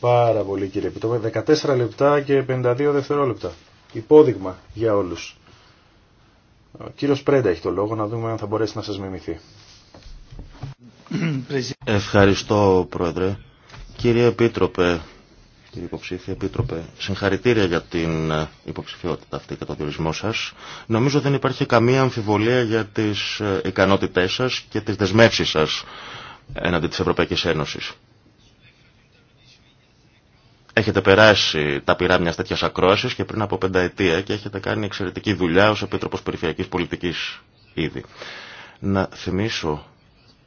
πάρα πολύ κύριε Επιτροπέ. 14 λεπτά και 52 δευτερόλεπτα. Υπόδειγμα για όλους. Ο κύριος Πρέντα έχει το λόγο να δούμε αν θα μπορέσει να σας μιμηθεί. Ευχαριστώ Πρόεδρε. Κύριε Επίτροπε, κύριε Υποψήφια Επίτροπε, συγχαρητήρια για την ε, υποψηφιότητα αυτή και το διορισμό σας. Νομίζω δεν υπάρχει καμία αμφιβολία για τις ε, ικανότητές σας και τις δεσμεύσεις σας εναντί της Ευρωπαϊκής Ένωσης. Έχετε περάσει τα πειρά μια τέτοια ακρόαση και πριν από πενταετία και έχετε κάνει εξαιρετική δουλειά ω Επίτροπο Περιφερειακή Πολιτική ήδη. Να θυμίσω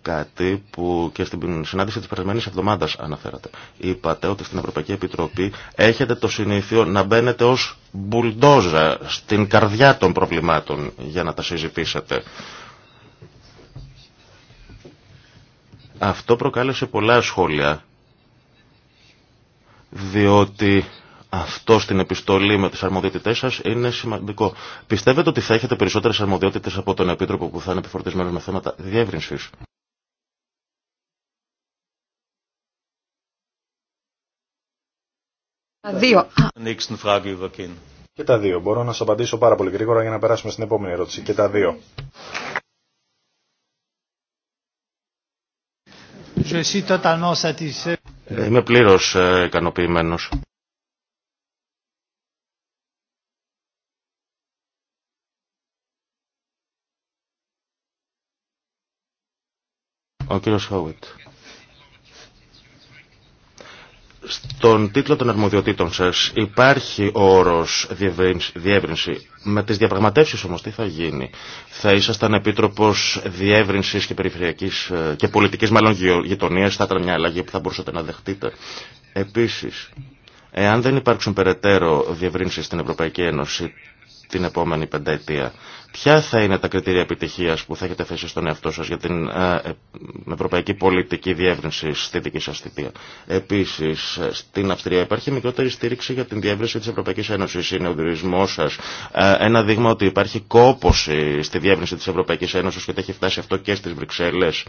κάτι που και στην συνάντηση τη περασμένη εβδομάδα αναφέρατε. Είπατε ότι στην Ευρωπαϊκή Επιτροπή έχετε το συνήθειο να μπαίνετε ω μπουλντόζα στην καρδιά των προβλημάτων για να τα συζητήσετε. Αυτό προκάλεσε πολλά σχόλια διότι αυτό στην επιστολή με τις αρμοδιότητές σας είναι σημαντικό. Πιστεύετε ότι θα έχετε περισσότερες αρμοδιότητες από τον Επίτροπο που θα είναι επιφορτισμένος με θέματα διεύρυνσης. Και τα δύο. Μπορώ να σας απαντήσω πάρα πολύ γρήγορα για να περάσουμε στην επόμενη ερώτηση. Και τα δύο. Je suis totalement satisfait. Ε, είμαι πλήρως ε, ικανοποιημένος. Ο κύριος Χόουιτ. Στον τίτλο των αρμοδιοτήτων σας υπάρχει ο όρος διεύρυνση. Με τις διαπραγματεύσεις όμως τι θα γίνει. Θα ήσασταν επίτροπος διεύρυνσης και, περιφερειακής, ε, και πολιτικής μάλλον γειτονίας. Θα ήταν μια αλλαγή που θα μπορούσατε να δεχτείτε. Επίσης, εάν δεν υπάρξουν περαιτέρω διευρύνσεις στην Ευρωπαϊκή Ένωση, την επόμενη πενταετία. Ποια θα είναι τα κριτήρια επιτυχίας που θα έχετε θέσει στον εαυτό σας για την ε, ε, ευρωπαϊκή πολιτική διεύρυνση στη δική σας θητεία. Επίσης, στην Αυστρία υπάρχει μικρότερη στήριξη για την διεύρυνση της Ευρωπαϊκής Ένωσης. Είναι ο σας ε, ένα δείγμα ότι υπάρχει κόποση στη διεύρυνση της Ευρωπαϊκής Ένωσης και ότι έχει φτάσει αυτό και στις Βρυξέλλες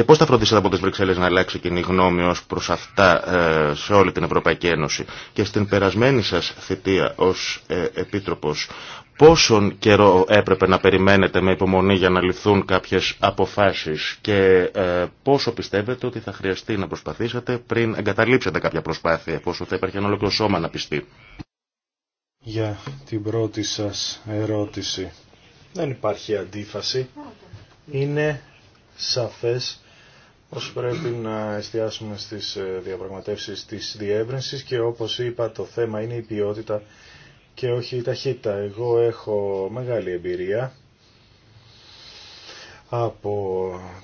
και πώ θα φροντίσετε από τις Βρυξέλλε να αλλάξει κοινή γνώμη ω προς αυτά ε, σε όλη την Ευρωπαϊκή Ένωση. Και στην περασμένη σας θητεία ως ε, Επίτροπος, πόσον καιρό έπρεπε να περιμένετε με υπομονή για να ληφθούν κάποιες αποφάσεις και ε, πόσο πιστεύετε ότι θα χρειαστεί να προσπαθήσετε πριν εγκαταλείψετε κάποια προσπάθεια, εφόσον θα υπάρχει ένα ολόκληρο σώμα να πιστεί. Για την πρώτη σας ερώτηση. Δεν υπάρχει αντίφαση. Είναι σαφές όσο πρέπει να εστιάσουμε στις ε, διαπραγματεύσεις της διεύρυνσης και όπως είπα το θέμα είναι η ποιότητα και όχι η ταχύτητα. Εγώ έχω μεγάλη εμπειρία από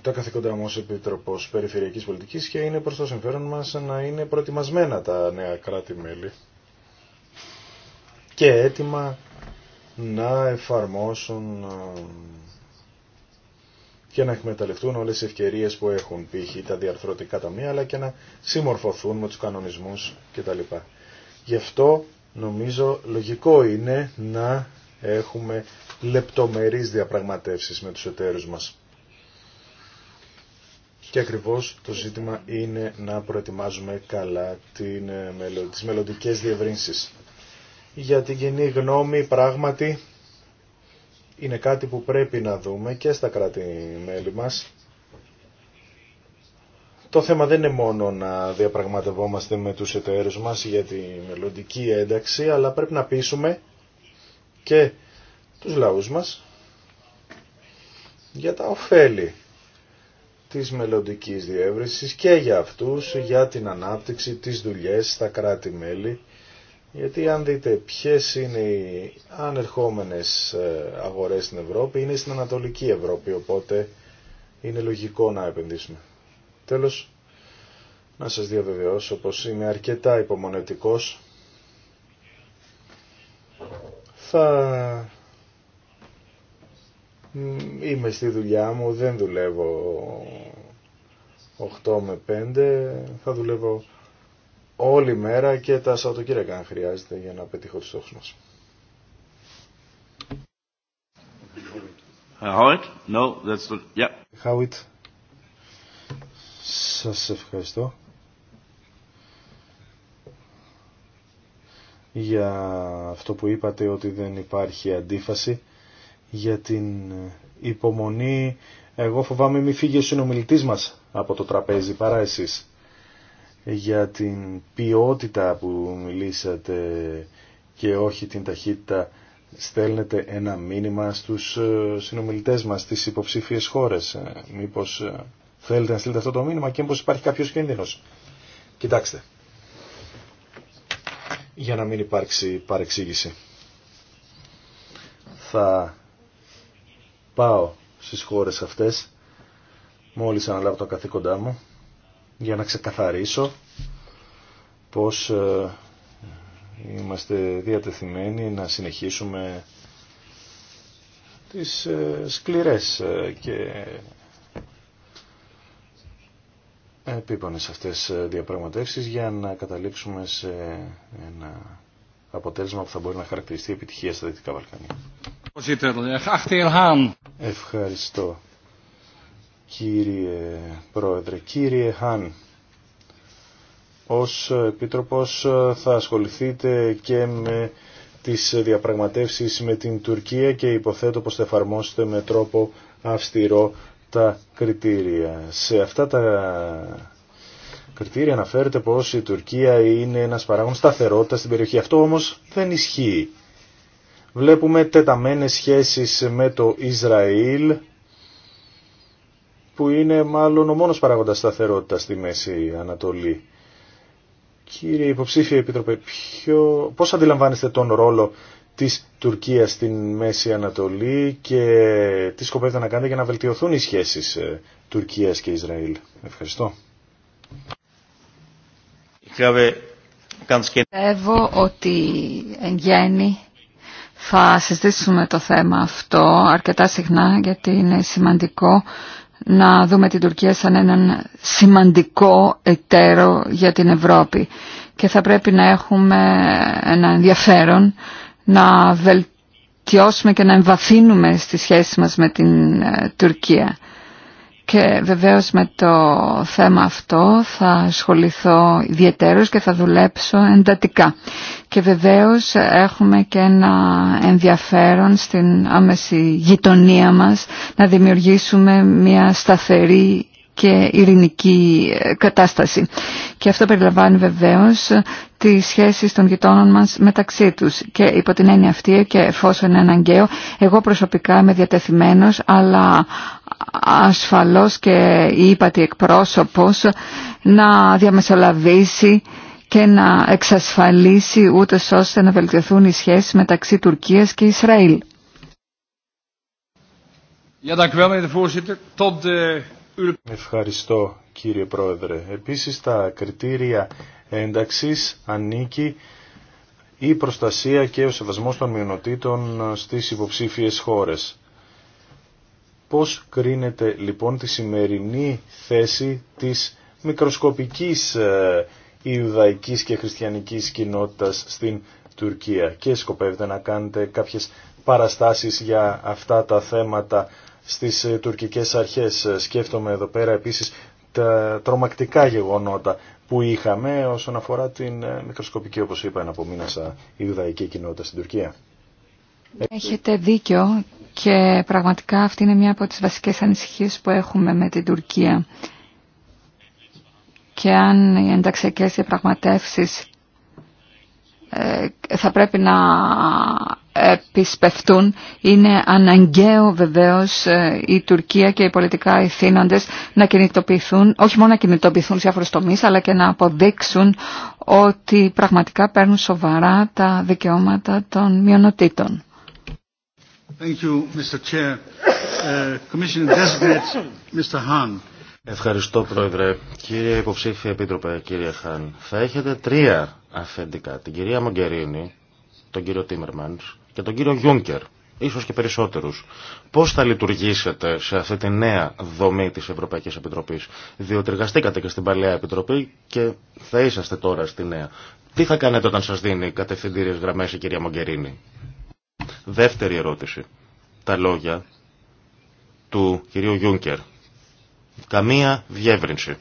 τα καθήκοντά μου ως Επιτροπός Περιφερειακής Πολιτικής και είναι προς το συμφέρον μας να είναι προετοιμασμένα τα νέα κράτη-μέλη και έτοιμα να εφαρμόσουν ε, και να εκμεταλλευτούν όλες τις ευκαιρίες που έχουν π.χ. τα διαρθρωτικά ταμεία αλλά και να συμμορφωθούν με τους κανονισμούς κτλ. Γι' αυτό νομίζω λογικό είναι να έχουμε λεπτομερείς διαπραγματεύσεις με τους εταίρους μας. Και ακριβώς το ζήτημα είναι να προετοιμάζουμε καλά την, ε, τις μελλοντικέ διευρύνσεις. Για την κοινή γνώμη πράγματι είναι κάτι που πρέπει να δούμε και στα κράτη-μέλη μας. Το θέμα δεν είναι μόνο να διαπραγματευόμαστε με τους εταίρους μας για τη μελλοντική ένταξη, αλλά πρέπει να πείσουμε και τους λαούς μας για τα ωφέλη της μελλοντική διεύρυνσης και για αυτούς, για την ανάπτυξη, τις δουλειές στα κράτη-μέλη γιατί αν δείτε ποιες είναι οι ανερχόμενες ε, αγορές στην Ευρώπη, είναι στην Ανατολική Ευρώπη, οπότε είναι λογικό να επενδύσουμε. Τέλος, να σας διαβεβαιώσω πως είμαι αρκετά υπομονετικός. Θα είμαι στη δουλειά μου, δεν δουλεύω 8 με 5, θα δουλεύω όλη μέρα και τα Σαββατοκύριακα αν χρειάζεται για να πετύχω τους στόχους μας. it? no, that's the... yeah. Σας ευχαριστώ. για αυτό που είπατε ότι δεν υπάρχει αντίφαση για την υπομονή εγώ φοβάμαι μη φύγει ο συνομιλητής μας από το τραπέζι παρά εσείς για την ποιότητα που μιλήσατε και όχι την ταχύτητα στέλνετε ένα μήνυμα στους ε, συνομιλητές μας στις υποψήφιες χώρες. Ε, μήπως ε, θέλετε να στείλετε αυτό το μήνυμα και μήπως υπάρχει κάποιος κίνδυνος. Κοιτάξτε. Για να μην υπάρξει παρεξήγηση. Θα πάω στις χώρες αυτές μόλις αναλάβω τα καθήκοντά μου για να ξεκαθαρίσω πως ε, είμαστε διατεθειμένοι να συνεχίσουμε τις ε, σκληρές ε, και επίπονες αυτές διαπραγματεύσεις για να καταλήξουμε σε ένα αποτέλεσμα που θα μπορεί να χαρακτηριστεί επιτυχία στα Δυτικά Βαλκάνια. Ευχαριστώ κύριε Πρόεδρε. Κύριε Χάν, ως Επίτροπος θα ασχοληθείτε και με τις διαπραγματεύσεις με την Τουρκία και υποθέτω πως θα εφαρμόσετε με τρόπο αυστηρό τα κριτήρια. Σε αυτά τα κριτήρια αναφέρεται πως η Τουρκία είναι ένας παράγων σταθερότητας στην περιοχή. Αυτό όμως δεν ισχύει. Βλέπουμε τεταμένες σχέσεις με το Ισραήλ που είναι μάλλον ο μόνος παράγοντας σταθερότητα στη Μέση Ανατολή. Κύριε υποψήφιοι Επίτροπε, ποιο... πώς αντιλαμβάνεστε τον ρόλο της Τουρκίας στην Μέση Ανατολή και τι σκοπεύετε να κάνετε για να βελτιωθούν οι σχέσεις ε, Τουρκίας και Ισραήλ. Ευχαριστώ. Πιστεύω ότι εν γέννη θα συζητήσουμε το θέμα αυτό αρκετά συχνά γιατί είναι σημαντικό να δούμε την Τουρκία σαν έναν σημαντικό εταίρο για την Ευρώπη και θα πρέπει να έχουμε ένα ενδιαφέρον να βελτιώσουμε και να εμβαθύνουμε στη σχέση μας με την ε, Τουρκία. Και βεβαίως με το θέμα αυτό θα ασχοληθώ ιδιαίτερως και θα δουλέψω εντατικά. Και βεβαίως έχουμε και ένα ενδιαφέρον στην άμεση γειτονία μας να δημιουργήσουμε μια σταθερή και ειρηνική ε, κατάσταση. Και αυτό περιλαμβάνει βεβαίως τις σχέσεις των γειτόνων μας μεταξύ τους. Και υπό την έννοια αυτή και εφόσον είναι αναγκαίο, εγώ προσωπικά είμαι διατεθειμένος, αλλά ασφαλώς και η ύπατη εκπρόσωπος να διαμεσολαβήσει και να εξασφαλίσει ούτε ώστε να βελτιωθούν οι σχέσεις μεταξύ Τουρκίας και Ισραήλ. Ευχαριστώ κύριε Πρόεδρε. Επίσης τα κριτήρια ένταξης ανήκει η προστασία και ο σεβασμός των μειονοτήτων στις υποψήφιες χώρες. Πώς κρίνεται λοιπόν τη σημερινή θέση της μικροσκοπικής ε, Ιουδαϊκής και Χριστιανικής κοινότητας στην Τουρκία και σκοπεύετε να κάνετε κάποιες παραστάσεις για αυτά τα θέματα στις ε, τουρκικές αρχές. Ε, σκέφτομαι εδώ πέρα επίσης τα τρομακτικά γεγονότα που είχαμε όσον αφορά την μικροσκοπική, όπως είπα, εναπομείνασα Ιουδαϊκή κοινότητα στην Τουρκία. Έχετε δίκιο και πραγματικά αυτή είναι μια από τις βασικές ανησυχίες που έχουμε με την Τουρκία. Και αν οι ενταξιακές διαπραγματεύσει ε, θα πρέπει να επισπευτούν. Είναι αναγκαίο βεβαίως ε, η Τουρκία και οι πολιτικά ηθήνοντες να κινητοποιηθούν, όχι μόνο να κινητοποιηθούν σε διάφορους τομείς, αλλά και να αποδείξουν ότι πραγματικά παίρνουν σοβαρά τα δικαιώματα των μειονοτήτων. Uh, Ευχαριστώ, Πρόεδρε. Κύριε Υποψήφια Επίτροπε, κύριε Χάν, θα έχετε τρία αφεντικά. Την κυρία Μογκερίνη, τον κύριο Τίμερμαντ και τον κύριο Γιούνκερ ίσως και περισσότερους. Πώς θα λειτουργήσετε σε αυτή τη νέα δομή της Ευρωπαϊκής Επιτροπής, διότι εργαστήκατε και στην παλαιά Επιτροπή και θα είσαστε τώρα στη νέα. Τι θα κάνετε όταν σας δίνει κατευθυντήριες γραμμές η κυρία Μογκερίνη. Δεύτερη ερώτηση. Τα λόγια του κυρίου Γιούνκερ. Καμία διεύρυνση.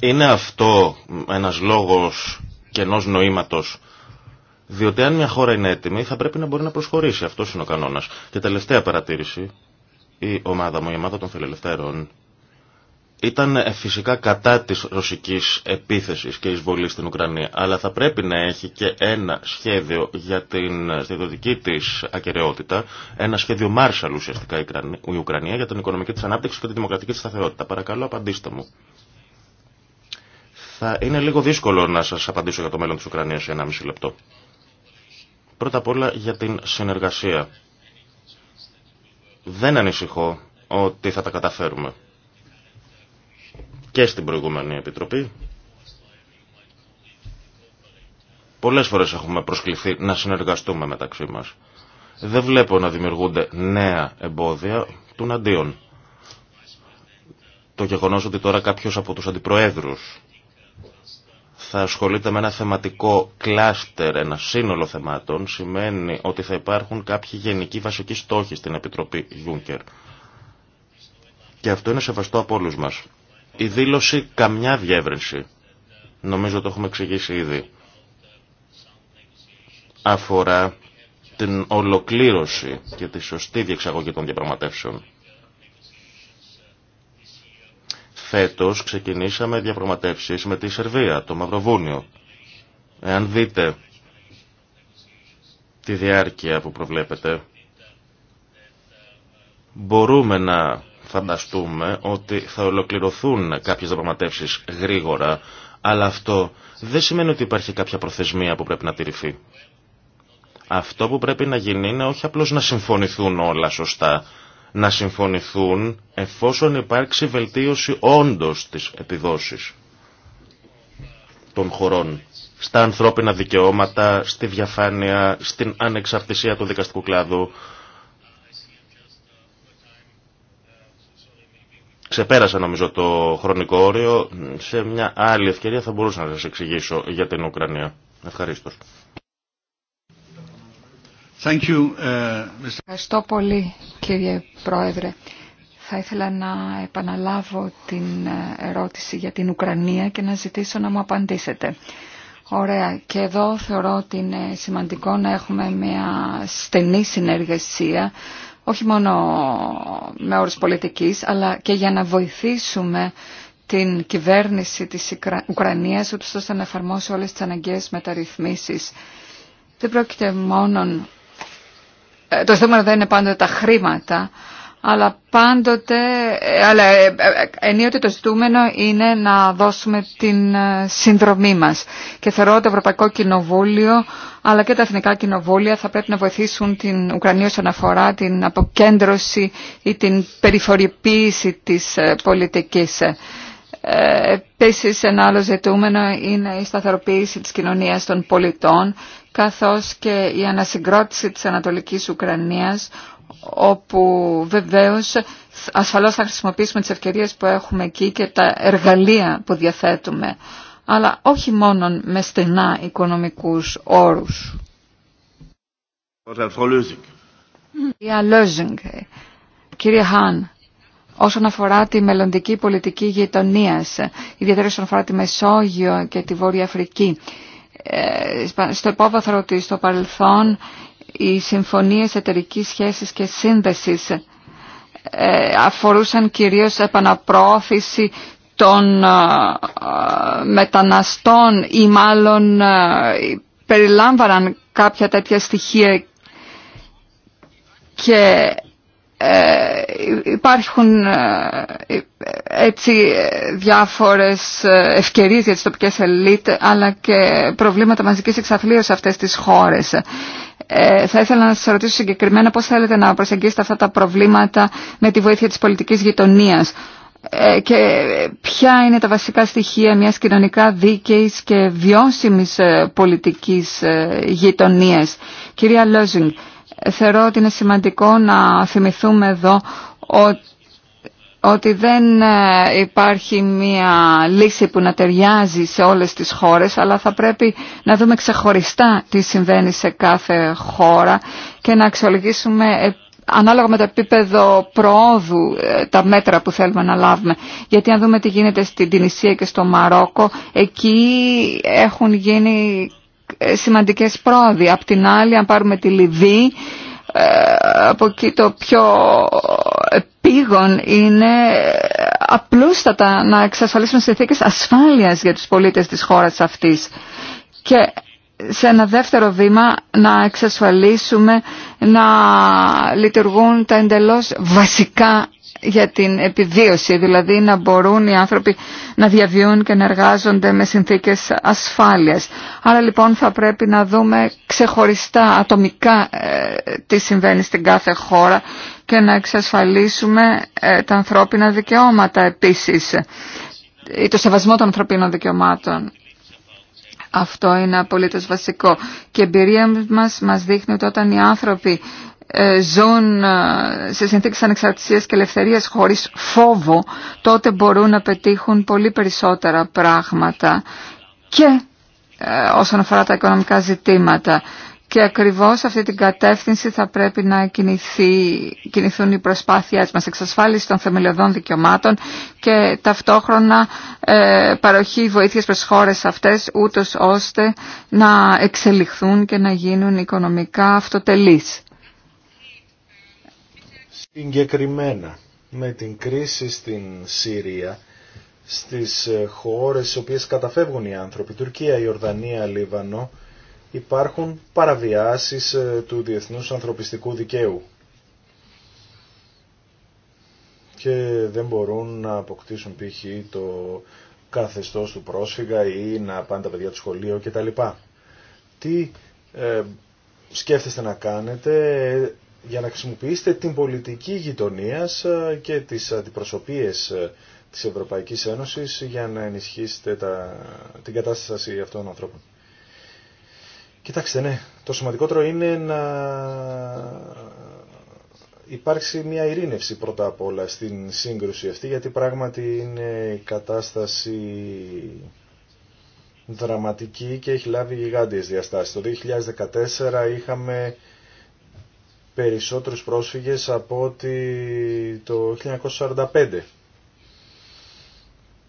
Είναι αυτό ένας λόγος κενός νοήματος διότι αν μια χώρα είναι έτοιμη θα πρέπει να μπορεί να προσχωρήσει. Αυτός είναι ο κανόνας. Και τελευταία παρατήρηση, η ομάδα μου, η ομάδα των φιλελευθέρων, ήταν ε, φυσικά κατά της ρωσικής επίθεσης και εισβολής στην Ουκρανία, αλλά θα πρέπει να έχει και ένα σχέδιο για την στρατιωτική της ακαιρεότητα, ένα σχέδιο Μάρσαλ ουσιαστικά η Ουκρανία για την οικονομική της ανάπτυξη και τη δημοκρατική της σταθερότητα. Παρακαλώ απαντήστε μου. Θα είναι λίγο δύσκολο να σας απαντήσω για το μέλλον της Ουκρανίας σε ένα μισή λεπτό. Πρώτα απ' όλα για την συνεργασία. Δεν ανησυχώ ότι θα τα καταφέρουμε και στην προηγούμενη Επιτροπή. Πολλές φορές έχουμε προσκληθεί να συνεργαστούμε μεταξύ μας. Δεν βλέπω να δημιουργούνται νέα εμπόδια των αντίον. Το γεγονός ότι τώρα κάποιος από τους αντιπροέδρους θα ασχολείται με ένα θεματικό κλάστερ, ένα σύνολο θεμάτων, σημαίνει ότι θα υπάρχουν κάποιοι γενικοί βασικοί στόχοι στην Επιτροπή Juncker. Και αυτό είναι σεβαστό από όλου μας. Η δήλωση καμιά διεύρυνση, νομίζω το έχουμε εξηγήσει ήδη, αφορά την ολοκλήρωση και τη σωστή διεξαγωγή των διαπραγματεύσεων. Φέτος ξεκινήσαμε διαπραγματεύσεις με τη Σερβία, το Μαυροβούνιο. Εάν δείτε τη διάρκεια που προβλέπετε, μπορούμε να φανταστούμε ότι θα ολοκληρωθούν κάποιες διαπραγματεύσεις γρήγορα, αλλά αυτό δεν σημαίνει ότι υπάρχει κάποια προθεσμία που πρέπει να τηρηθεί. Αυτό που πρέπει να γίνει είναι όχι απλώς να συμφωνηθούν όλα σωστά, να συμφωνηθούν εφόσον υπάρξει βελτίωση όντως της επιδόσης των χωρών στα ανθρώπινα δικαιώματα, στη διαφάνεια, στην ανεξαρτησία του δικαστικού κλάδου, Ξεπέρασα νομίζω το χρονικό όριο. Σε μια άλλη ευκαιρία θα μπορούσα να σας εξηγήσω για την Ουκρανία. Ευχαριστώ. Uh, Ευχαριστώ πολύ κύριε Πρόεδρε. Θα ήθελα να επαναλάβω την ε, ερώτηση για την Ουκρανία και να ζητήσω να μου απαντήσετε. Ωραία. Και εδώ θεωρώ ότι είναι σημαντικό να έχουμε μια στενή συνεργασία όχι μόνο με όρους πολιτικής, αλλά και για να βοηθήσουμε την κυβέρνηση της Ουκρανίας, ούτως ώστε να εφαρμόσει όλες τις αναγκαίες μεταρρυθμίσεις. Δεν πρόκειται μόνο... Ε, το θέμα δεν είναι πάντοτε τα χρήματα, αλλά πάντοτε, αλλά ε, ε, ενίοτε το ζητούμενο είναι να δώσουμε την ε, συνδρομή μας. Και θεωρώ ότι το Ευρωπαϊκό Κοινοβούλιο, αλλά και τα Εθνικά Κοινοβούλια θα πρέπει να βοηθήσουν την Ουκρανία όσον αφορά την αποκέντρωση ή την περιφοριοποίηση της πολιτικής. Επίση, ένα άλλο ζητούμενο είναι η σταθεροποίηση της κοινωνίας των πολιτών καθώς και η ανασυγκρότηση της Ανατολικής Ουκρανίας, όπου βεβαίως ασφαλώς θα χρησιμοποιήσουμε τις ευκαιρίες που έχουμε εκεί και τα εργαλεία που διαθέτουμε, αλλά όχι μόνον με στενά οικονομικούς όρους. κύριε Χάν, όσον αφορά τη μελλοντική πολιτική γειτονίας, ιδιαίτερα όσον αφορά τη Μεσόγειο και τη Βόρεια Αφρική, ε, στο υπόβαθρο ότι στο παρελθόν οι συμφωνίες εταιρική σχέσης και σύνδεσης ε, αφορούσαν κυρίως επαναπρόθεση των ε, μεταναστών ή μάλλον περιλάμβαναν κάποια τέτοια στοιχεία και ε, υπάρχουν ε, έτσι διάφορες ε, ευκαιρίες για τις τοπικές ελίτ αλλά και προβλήματα μαζικής εξαθλίωσης σε αυτές τις χώρες. Ε, θα ήθελα να σας ρωτήσω συγκεκριμένα πώς θέλετε να προσεγγίσετε αυτά τα προβλήματα με τη βοήθεια της πολιτικής γειτονίας και ποια είναι τα βασικά στοιχεία μιας κοινωνικά δίκαιης και βιώσιμης πολιτικής γειτονίας. Κυρία Λόζινγκ, θεωρώ ότι είναι σημαντικό να θυμηθούμε εδώ ότι δεν ε, υπάρχει μία λύση που να ταιριάζει σε όλες τις χώρες, αλλά θα πρέπει να δούμε ξεχωριστά τι συμβαίνει σε κάθε χώρα και να αξιολογήσουμε ε, ανάλογα με το επίπεδο προόδου ε, τα μέτρα που θέλουμε να λάβουμε. Γιατί αν δούμε τι γίνεται στην Τινησία και στο Μαρόκο, εκεί έχουν γίνει ε, σημαντικές πρόοδοι. Απ' την άλλη, αν πάρουμε τη Λιβύη, ε, από εκεί το πιο πήγον είναι ε, απλούστατα να εξασφαλίσουμε συνθήκες ασφάλειας για τους πολίτες της χώρας αυτής. Και σε ένα δεύτερο βήμα να εξασφαλίσουμε να λειτουργούν τα εντελώς βασικά για την επιβίωση, δηλαδή να μπορούν οι άνθρωποι να διαβιούν και να εργάζονται με συνθήκες ασφάλειας. Άρα λοιπόν θα πρέπει να δούμε ξεχωριστά ατομικά ε, τι συμβαίνει στην κάθε χώρα και να εξασφαλίσουμε ε, τα ανθρώπινα δικαιώματα επίσης, το σεβασμό των ανθρωπίνων δικαιωμάτων. Αυτό είναι απολύτως βασικό. Και η εμπειρία μας μας δείχνει ότι όταν οι άνθρωποι ε, ζουν ε, σε συνθήκες ανεξαρτησίας και ελευθερίας χωρίς φόβο, τότε μπορούν να πετύχουν πολύ περισσότερα πράγματα και ε, όσον αφορά τα οικονομικά ζητήματα. Και ακριβώς αυτή την κατεύθυνση θα πρέπει να κινηθεί, κινηθούν οι προσπάθειές μας εξασφάλιση των θεμελιωδών δικαιωμάτων και ταυτόχρονα παροχή βοήθειας προς χώρες αυτές ούτως ώστε να εξελιχθούν και να γίνουν οικονομικά αυτοτελείς. Συγκεκριμένα με την κρίση στην Συρία, στις ε, χώρες στις οποίες καταφεύγουν οι άνθρωποι, Τουρκία, Ιορδανία, Λίβανο, υπάρχουν παραβιάσεις ε, του διεθνούς ανθρωπιστικού δικαίου και δεν μπορούν να αποκτήσουν π.χ. το καθεστώς του πρόσφυγα ή να πάνε τα παιδιά του σχολείο κτλ. Τι ε, σκέφτεστε να κάνετε για να χρησιμοποιήσετε την πολιτική γειτονίας ε, και τις αντιπροσωπείες ε, της Ευρωπαϊκής Ένωσης για να ενισχύσετε τα, την κατάσταση αυτών των ανθρώπων. Κοιτάξτε, ναι, το σημαντικότερο είναι να υπάρξει μια ειρήνευση πρώτα απ' όλα στην σύγκρουση αυτή, γιατί πράγματι είναι η κατάσταση δραματική και έχει λάβει γιγάντιες διαστάσεις. Το 2014 είχαμε περισσότερους πρόσφυγες από ότι το 1945.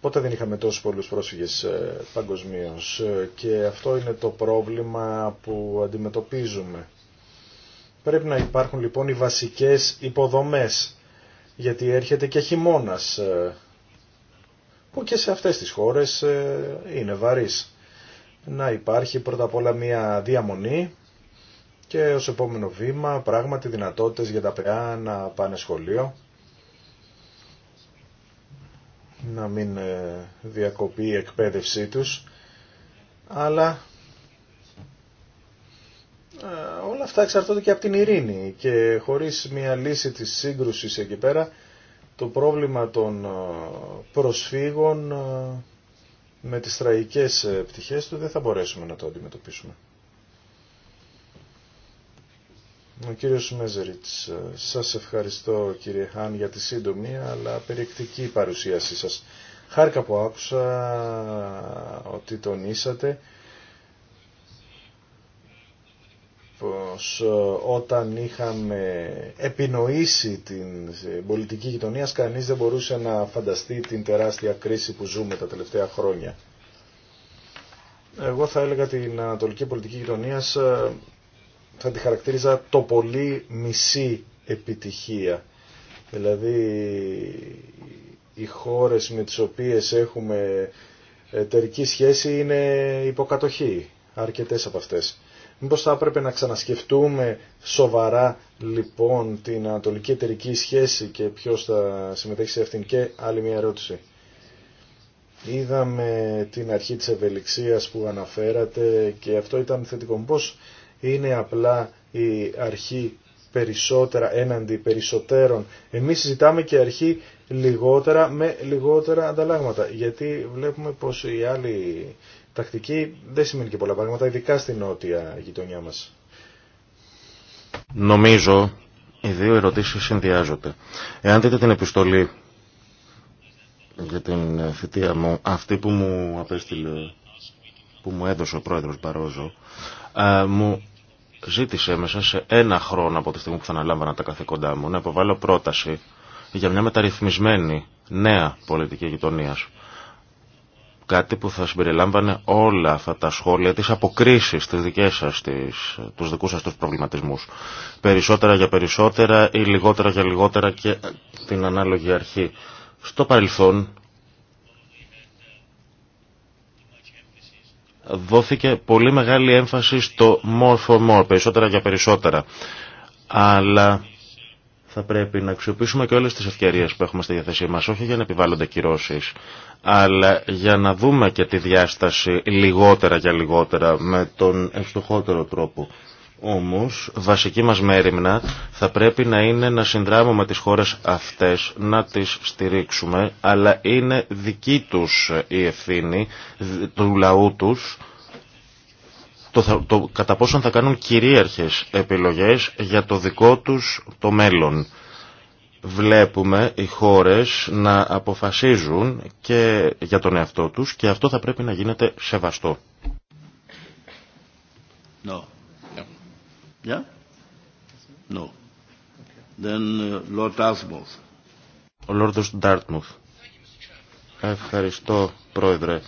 Πότε δεν είχαμε τόσους πολλούς πρόσφυγες ε, παγκοσμίω ε, και αυτό είναι το πρόβλημα που αντιμετωπίζουμε. Πρέπει να υπάρχουν λοιπόν οι βασικές υποδομές γιατί έρχεται και χειμώνας ε, που και σε αυτές τις χώρες είναι βαρύς. Να υπάρχει πρώτα απ' όλα μια διαμονή και ως επόμενο βήμα πράγματι δυνατότητες για τα παιδιά να πάνε σχολείο να μην ε, διακοπεί η εκπαίδευσή τους αλλά ε, όλα αυτά εξαρτώνται και από την ειρήνη και χωρίς μια λύση της σύγκρουσης εκεί πέρα το πρόβλημα των ε, προσφύγων με τις τραγικές πτυχές του δεν θα μπορέσουμε να το αντιμετωπίσουμε. Ο κύριος Μέζεριτς, ε, σας ευχαριστώ κύριε Χάν για τη σύντομη αλλά περιεκτική παρουσίασή σας. Χάρηκα που άκουσα ε, ότι τονίσατε πως ε, όταν είχαμε επινοήσει την πολιτική γειτονία κανείς δεν μπορούσε να φανταστεί την τεράστια κρίση που ζούμε τα τελευταία χρόνια. Εγώ θα έλεγα την ανατολική πολιτική γειτονία θα τη χαρακτήριζα το πολύ μισή επιτυχία. Δηλαδή οι χώρες με τις οποίες έχουμε εταιρική σχέση είναι υποκατοχή, αρκετές από αυτές. Μήπως θα έπρεπε να ξανασκεφτούμε σοβαρά λοιπόν την ανατολική εταιρική σχέση και ποιος θα συμμετέχει σε αυτήν και άλλη μια ερώτηση. Είδαμε την αρχή της ευελιξίας που αναφέρατε και αυτό ήταν θετικό. Πώς είναι απλά η αρχή περισσότερα έναντι περισσότερων. Εμείς συζητάμε και αρχή λιγότερα με λιγότερα ανταλλάγματα. Γιατί βλέπουμε πως η άλλη τακτική δεν σημαίνει και πολλά πράγματα, ειδικά στην νότια γειτονιά μας. Νομίζω οι δύο ερωτήσεις συνδυάζονται. Εάν δείτε την επιστολή για την θητεία μου, αυτή που μου απέστειλε, που μου έδωσε ο πρόεδρος Μπαρόζο, ε, μου ζήτησε μέσα σε ένα χρόνο από τη στιγμή που θα αναλάμβανα τα καθήκοντά μου να υποβάλω πρόταση για μια μεταρρυθμισμένη νέα πολιτική γειτονία. Κάτι που θα συμπεριλάμβανε όλα αυτά τα σχόλια, τις αποκρίσεις, τις δικές σας, τους δικούς σας προβληματισμούς. Περισσότερα για περισσότερα ή λιγότερα για λιγότερα και την ανάλογη αρχή. Στο παρελθόν δόθηκε πολύ μεγάλη έμφαση στο more for more, περισσότερα για περισσότερα. Αλλά θα πρέπει να αξιοποιήσουμε και όλες τις ευκαιρίες που έχουμε στη διαθέσή μας, όχι για να επιβάλλονται κυρώσεις, αλλά για να δούμε και τη διάσταση λιγότερα για λιγότερα με τον ευστοχότερο τρόπο. Όμως, βασική μας μέρημνα θα πρέπει να είναι να συνδράμουμε τις χώρες αυτές, να τις στηρίξουμε, αλλά είναι δική τους ε, η ευθύνη, του λαού τους, το, κατά πόσον θα κάνουν κυρίαρχες επιλογές για το δικό τους το μέλλον. Βλέπουμε οι χώρες να αποφασίζουν και για τον εαυτό τους και αυτό θα πρέπει να γίνεται σεβαστό. Yeah? No. Then uh, Lord Dartmouth. Ο Λόρδος Ντάρτμουθ. Ευχαριστώ, Πρόεδρε.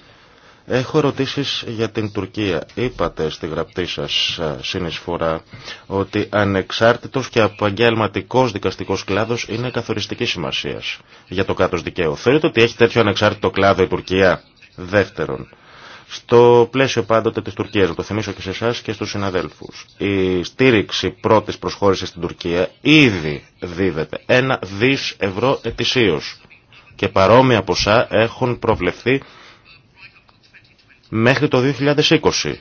Έχω ερωτήσει για την Τουρκία. Είπατε στη γραπτή σας συνεισφορά ότι ανεξάρτητος και απαγγελματικός δικαστικός κλάδος είναι καθοριστική σημασίας για το κάτω δικαίου. Θεωρείτε ότι έχει τέτοιο ανεξάρτητο κλάδο η Τουρκία. Δεύτερον, στο πλαίσιο πάντοτε τη Τουρκία, να το θυμίσω και σε εσά και στου συναδέλφου, η στήριξη πρώτη προσχώρηση στην Τουρκία ήδη δίδεται. Ένα δι ευρώ ετησίω. Και παρόμοια ποσά έχουν προβλεφθεί μέχρι το 2020.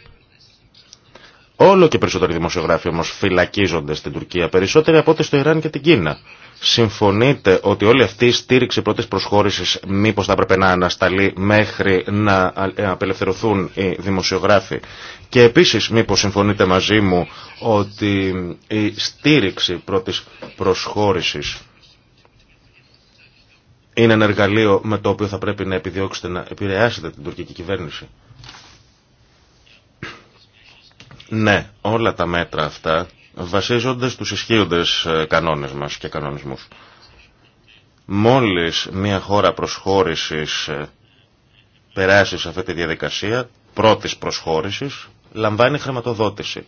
Όλο και περισσότεροι δημοσιογράφοι όμω φυλακίζονται στην Τουρκία, περισσότεροι από ό,τι στο Ιράν και την Κίνα. Συμφωνείτε ότι όλη αυτή η στήριξη πρώτη προσχώρηση μήπω θα έπρεπε να ανασταλεί μέχρι να απελευθερωθούν οι δημοσιογράφοι. Και επίση μήπω συμφωνείτε μαζί μου ότι η στήριξη πρώτη προσχώρηση είναι ένα εργαλείο με το οποίο θα πρέπει να επιδιώξετε να επηρεάσετε την τουρκική κυβέρνηση. Ναι, όλα τα μέτρα αυτά βασίζονται στους ισχύοντες ε, κανόνες μας και κανονισμούς. Μόλις μια χώρα προσχώρησης ε, περάσει σε αυτή τη διαδικασία, πρώτης προσχώρησης, λαμβάνει χρηματοδότηση.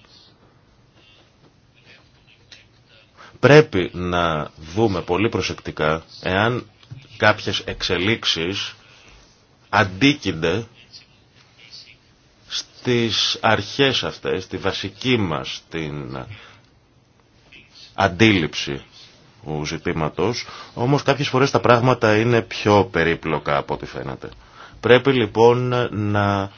Πρέπει να δούμε πολύ προσεκτικά εάν κάποιες εξελίξεις αντίκυνται τις αρχές αυτές, τη βασική μας την αντίληψη του ζητήματος, όμως κάποιες φορές τα πράγματα είναι πιο περίπλοκα από ό,τι φαίνεται. Πρέπει λοιπόν να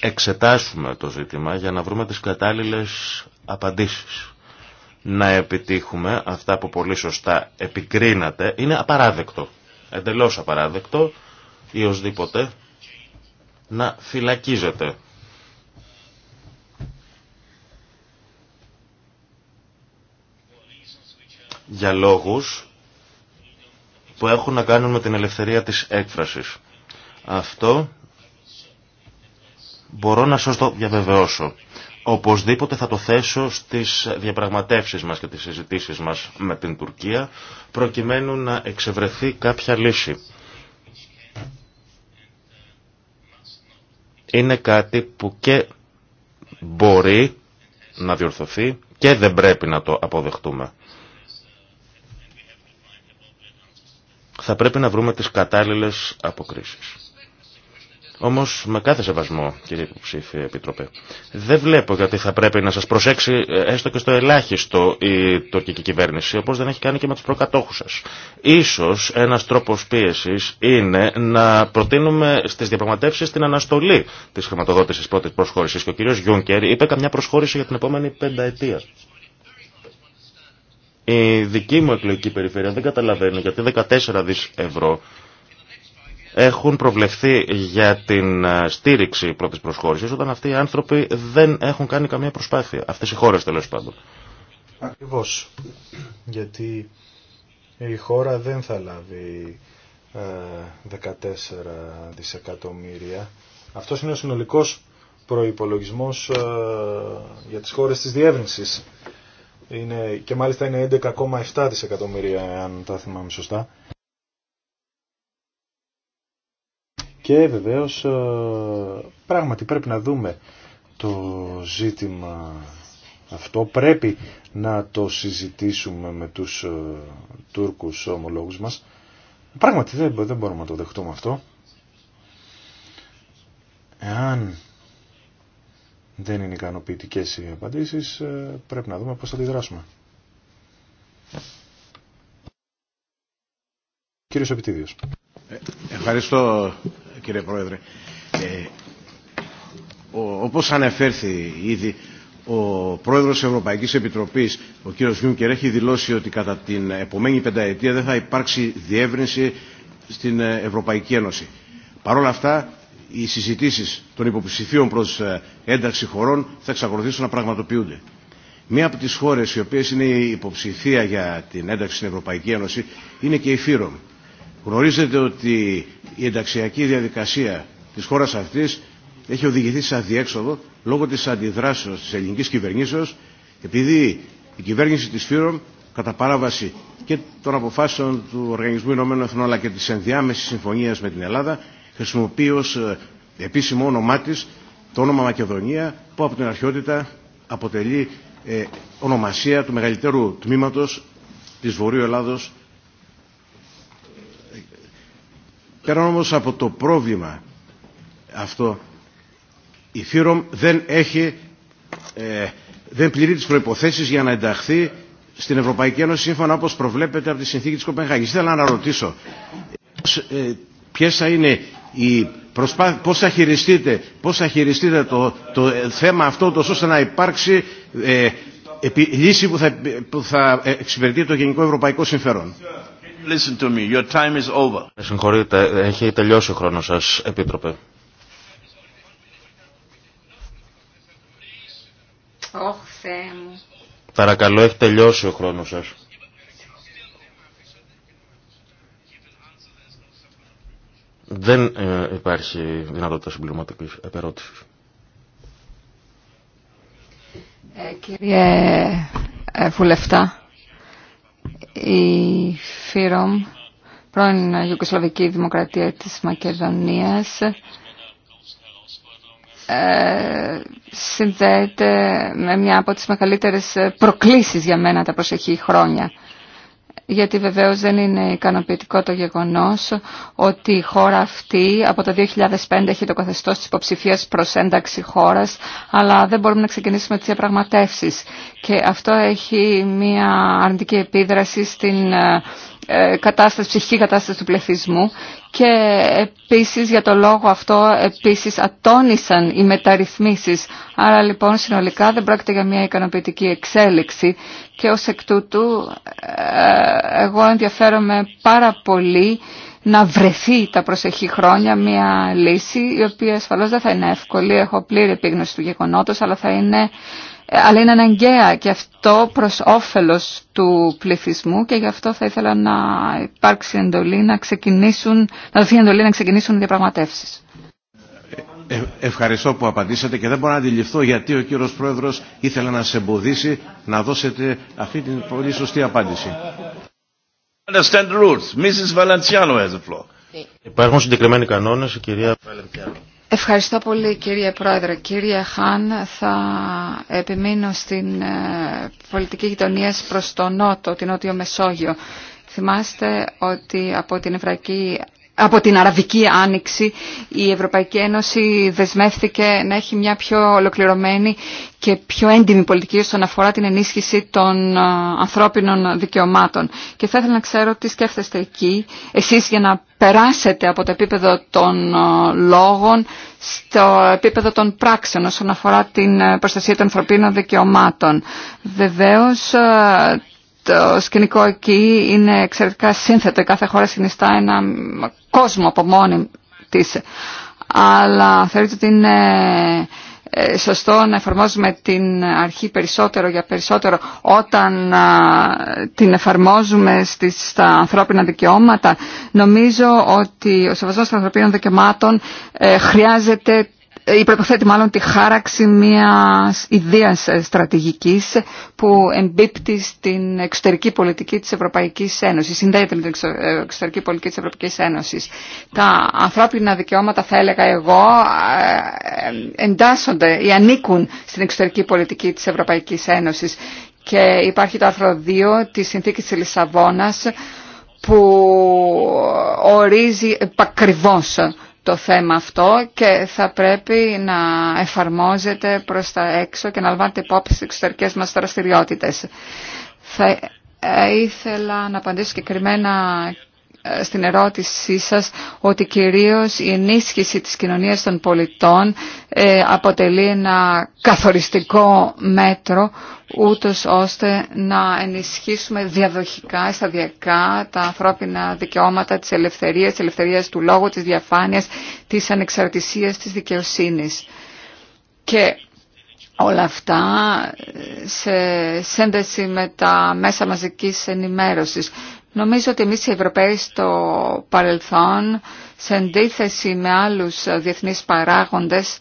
εξετάσουμε το ζήτημα για να βρούμε τις κατάλληλες απαντήσεις. Να επιτύχουμε αυτά που πολύ σωστά επικρίνατε είναι απαράδεκτο. Εντελώς απαράδεκτο ή οσδήποτε να φυλακίζεται. Για λόγους που έχουν να κάνουν με την ελευθερία της έκφρασης. Αυτό μπορώ να σας το διαβεβαιώσω. Οπωσδήποτε θα το θέσω στις διαπραγματεύσεις μας και τις συζητήσεις μας με την Τουρκία προκειμένου να εξευρεθεί κάποια λύση. είναι κάτι που και μπορεί να διορθωθεί και δεν πρέπει να το αποδεχτούμε. Θα πρέπει να βρούμε τις κατάλληλες αποκρίσεις. Όμω, με κάθε σεβασμό, κύριε υποψήφιε Επίτροπε, δεν βλέπω γιατί θα πρέπει να σα προσέξει ε, έστω και στο ελάχιστο η τουρκική κυβέρνηση, όπω δεν έχει κάνει και με του προκατόχου σα. σω ένα τρόπο πίεση είναι να προτείνουμε στι διαπραγματεύσει την αναστολή τη χρηματοδότηση πρώτη προσχώρηση. Και ο κύριο Γιούνκερ είπε καμιά προσχώρηση για την επόμενη πενταετία. Η δική μου εκλογική περιφέρεια δεν καταλαβαίνει γιατί 14 δις ευρώ έχουν προβλεφθεί για την ε, στήριξη πρώτη προσχώρηση όταν αυτοί οι άνθρωποι δεν έχουν κάνει καμία προσπάθεια. Αυτέ οι χώρε τέλο πάντων. Ακριβώ. Γιατί η χώρα δεν θα λάβει 14 ε, δισεκατομμύρια. Αυτό είναι ο συνολικό προπολογισμό ε, για τι χώρε τη διεύρυνση. Είναι, και μάλιστα είναι 11,7 δισεκατομμύρια, αν τα θυμάμαι σωστά. Και βεβαίως ε, πράγματι πρέπει να δούμε το ζήτημα αυτό. Πρέπει να το συζητήσουμε με τους ε, Τούρκους ομολόγους μας. Πράγματι δεν, δεν μπορούμε να το δεχτούμε αυτό. Εάν δεν είναι ικανοποιητικέ οι απαντήσεις, ε, πρέπει να δούμε πώς θα δράσουμε. Κύριος Επιτίδιος. Ε, ευχαριστώ κύριε Πρόεδρε. Ε, ο, όπως ανεφέρθη ήδη, ο πρόεδρος της Ευρωπαϊκής Επιτροπής, ο κύριος Γιούνκερ, έχει δηλώσει ότι κατά την επομένη πενταετία δεν θα υπάρξει διεύρυνση στην ε, Ευρωπαϊκή Ένωση. Παρ' όλα αυτά, οι συζητήσεις των υποψηφίων προς ε, ένταξη χωρών θα εξακολουθήσουν να πραγματοποιούνται. Μία από τις χώρες οι οποίες είναι η υποψηφία για την ένταξη στην Ευρωπαϊκή Ένωση είναι και η Φύρομ. Γνωρίζετε ότι η ενταξιακή διαδικασία της χώρας αυτής έχει οδηγηθεί σε αδιέξοδο λόγω της αντιδράσεως της ελληνικής κυβερνήσεως επειδή η κυβέρνηση της ΦΥΡΟΜ κατά παράβαση και των αποφάσεων του Οργανισμού Ηνωμένων Εθνών αλλά και της ενδιάμεσης συμφωνίας με την Ελλάδα χρησιμοποιεί ως ε, επίσημο όνομά της το όνομα Μακεδονία που από την αρχαιότητα αποτελεί ε, ονομασία του μεγαλύτερου τμήματος της Βορείου Ελλάδος Πέραν όμως από το πρόβλημα αυτό, η Φύρομ δεν έχει, ε, δεν πληρεί τις προϋποθέσεις για να ενταχθεί στην Ευρωπαϊκή Ένωση σύμφωνα όπως προβλέπεται από τη συνθήκη της Κοπενχάγης. Θέλω να ρωτήσω ε, θα είναι η προσπά... πώς θα χειριστείτε, πώς χειριστείτε το, το ε, θέμα αυτό ώστε να υπάρξει ε, λύση που θα, που θα ε, εξυπηρετεί το γενικό ευρωπαϊκό συμφέρον. Listen to me. Your time is over. Συγχωρείτε, έχει τελειώσει ο χρόνος σας, Επίτροπε. Oh, Θεέ Παρακαλώ, έχει τελειώσει ο χρόνος σας. Δεν ε, υπάρχει δυνατότητα συμπληρωματικής επερώτησης. Ε, κύριε ε, Βουλευτά, η ΦΥΡΟΜ, πρώην Ιουγκοσλαβική Δημοκρατία της Μακεδονίας, ε, συνδέεται με μια από τις μεγαλύτερες προκλήσεις για μένα τα προσεχή χρόνια γιατί βεβαίως δεν είναι ικανοποιητικό το γεγονός ότι η χώρα αυτή από το 2005 έχει το καθεστώς της υποψηφίας προς ένταξη χώρας, αλλά δεν μπορούμε να ξεκινήσουμε τις διαπραγματεύσεις. Και αυτό έχει μια αρνητική επίδραση στην ε, κατάσταση, ψυχική κατάσταση του πληθυσμού και επίσης για το λόγο αυτό επίσης ατόνισαν οι μεταρρυθμίσεις. Άρα λοιπόν συνολικά δεν πρόκειται για μια ικανοποιητική εξέλιξη και ως εκ τούτου ε, εγώ ενδιαφέρομαι πάρα πολύ να βρεθεί τα προσεχή χρόνια μια λύση η οποία ασφαλώς δεν θα είναι εύκολη, έχω πλήρη επίγνωση του γεγονότος αλλά θα είναι αλλά είναι αναγκαία και αυτό προς όφελος του πληθυσμού και γι' αυτό θα ήθελα να υπάρξει εντολή να ξεκινήσουν, να δοθεί εντολή να ξεκινήσουν οι διαπραγματεύσεις. Ε, ευχαριστώ που απαντήσατε και δεν μπορώ να αντιληφθώ γιατί ο κύριος Πρόεδρος ήθελε να σε εμποδίσει να δώσετε αυτή την πολύ σωστή απάντηση. Υπάρχουν συγκεκριμένοι κανόνες, η κυρία Βαλεντιάνο. Ευχαριστώ πολύ κύριε Πρόεδρε. Κύριε Χάν, θα επιμείνω στην ε, πολιτική γειτονία προς τον Νότο, την Νότιο Μεσόγειο. Θυμάστε ότι από την Ευρακή από την Αραβική Άνοιξη η Ευρωπαϊκή Ένωση δεσμεύθηκε να έχει μια πιο ολοκληρωμένη και πιο έντιμη πολιτική όσον αφορά την ενίσχυση των ανθρώπινων δικαιωμάτων. Και θα ήθελα να ξέρω τι σκέφτεστε εκεί εσείς για να περάσετε από το επίπεδο των λόγων στο επίπεδο των πράξεων όσον αφορά την ε, προστασία των ανθρωπίνων δικαιωμάτων. Βεβαίως το σκηνικό εκεί είναι εξαιρετικά σύνθετο. κάθε χώρα συνιστά ένα κόσμο από μόνη της. Αλλά θεωρείτε ότι είναι ε, σωστό να εφαρμόζουμε την αρχή περισσότερο για περισσότερο όταν την εφαρμόζουμε στις, στα ανθρώπινα δικαιώματα. Νομίζω ότι ο σεβασμός των ανθρωπίνων δικαιωμάτων ε, χρειάζεται ή προποθέτει μάλλον τη χάραξη μιας ιδέας στρατηγικής που εμπίπτει στην εξωτερική πολιτική της Ευρωπαϊκής Ένωσης, συνδέεται με την ε, εξωτερική πολιτική της Ευρωπαϊκής Ένωσης. Τα ανθρώπινα δικαιώματα, θα έλεγα εγώ, ε, εντάσσονται ή ανήκουν στην εξωτερική πολιτική της Ευρωπαϊκής Ένωσης. Και υπάρχει το άρθρο 2 της Συνθήκης της Λισαβόνας που ορίζει επακριβώς το θέμα αυτό και θα πρέπει να εφαρμόζεται προς τα έξω και να λαμβάνεται υπόψη στις εξωτερικές μας δραστηριότητες. Θα ήθελα να απαντήσω συγκεκριμένα ε, στην ερώτησή σας ότι κυρίως η ενίσχυση της κοινωνίας των πολιτών ε, αποτελεί ένα καθοριστικό μέτρο ούτως ώστε να ενισχύσουμε διαδοχικά, σταδιακά τα ανθρώπινα δικαιώματα της ελευθερίας, της ελευθερίας του λόγου, της διαφάνειας, της ανεξαρτησίας, της δικαιοσύνης. Και όλα αυτά ε, σε σύνδεση με τα μέσα μαζικής ενημέρωσης. Νομίζω ότι εμείς οι Ευρωπαίοι στο παρελθόν, σε αντίθεση με άλλους διεθνείς παράγοντες,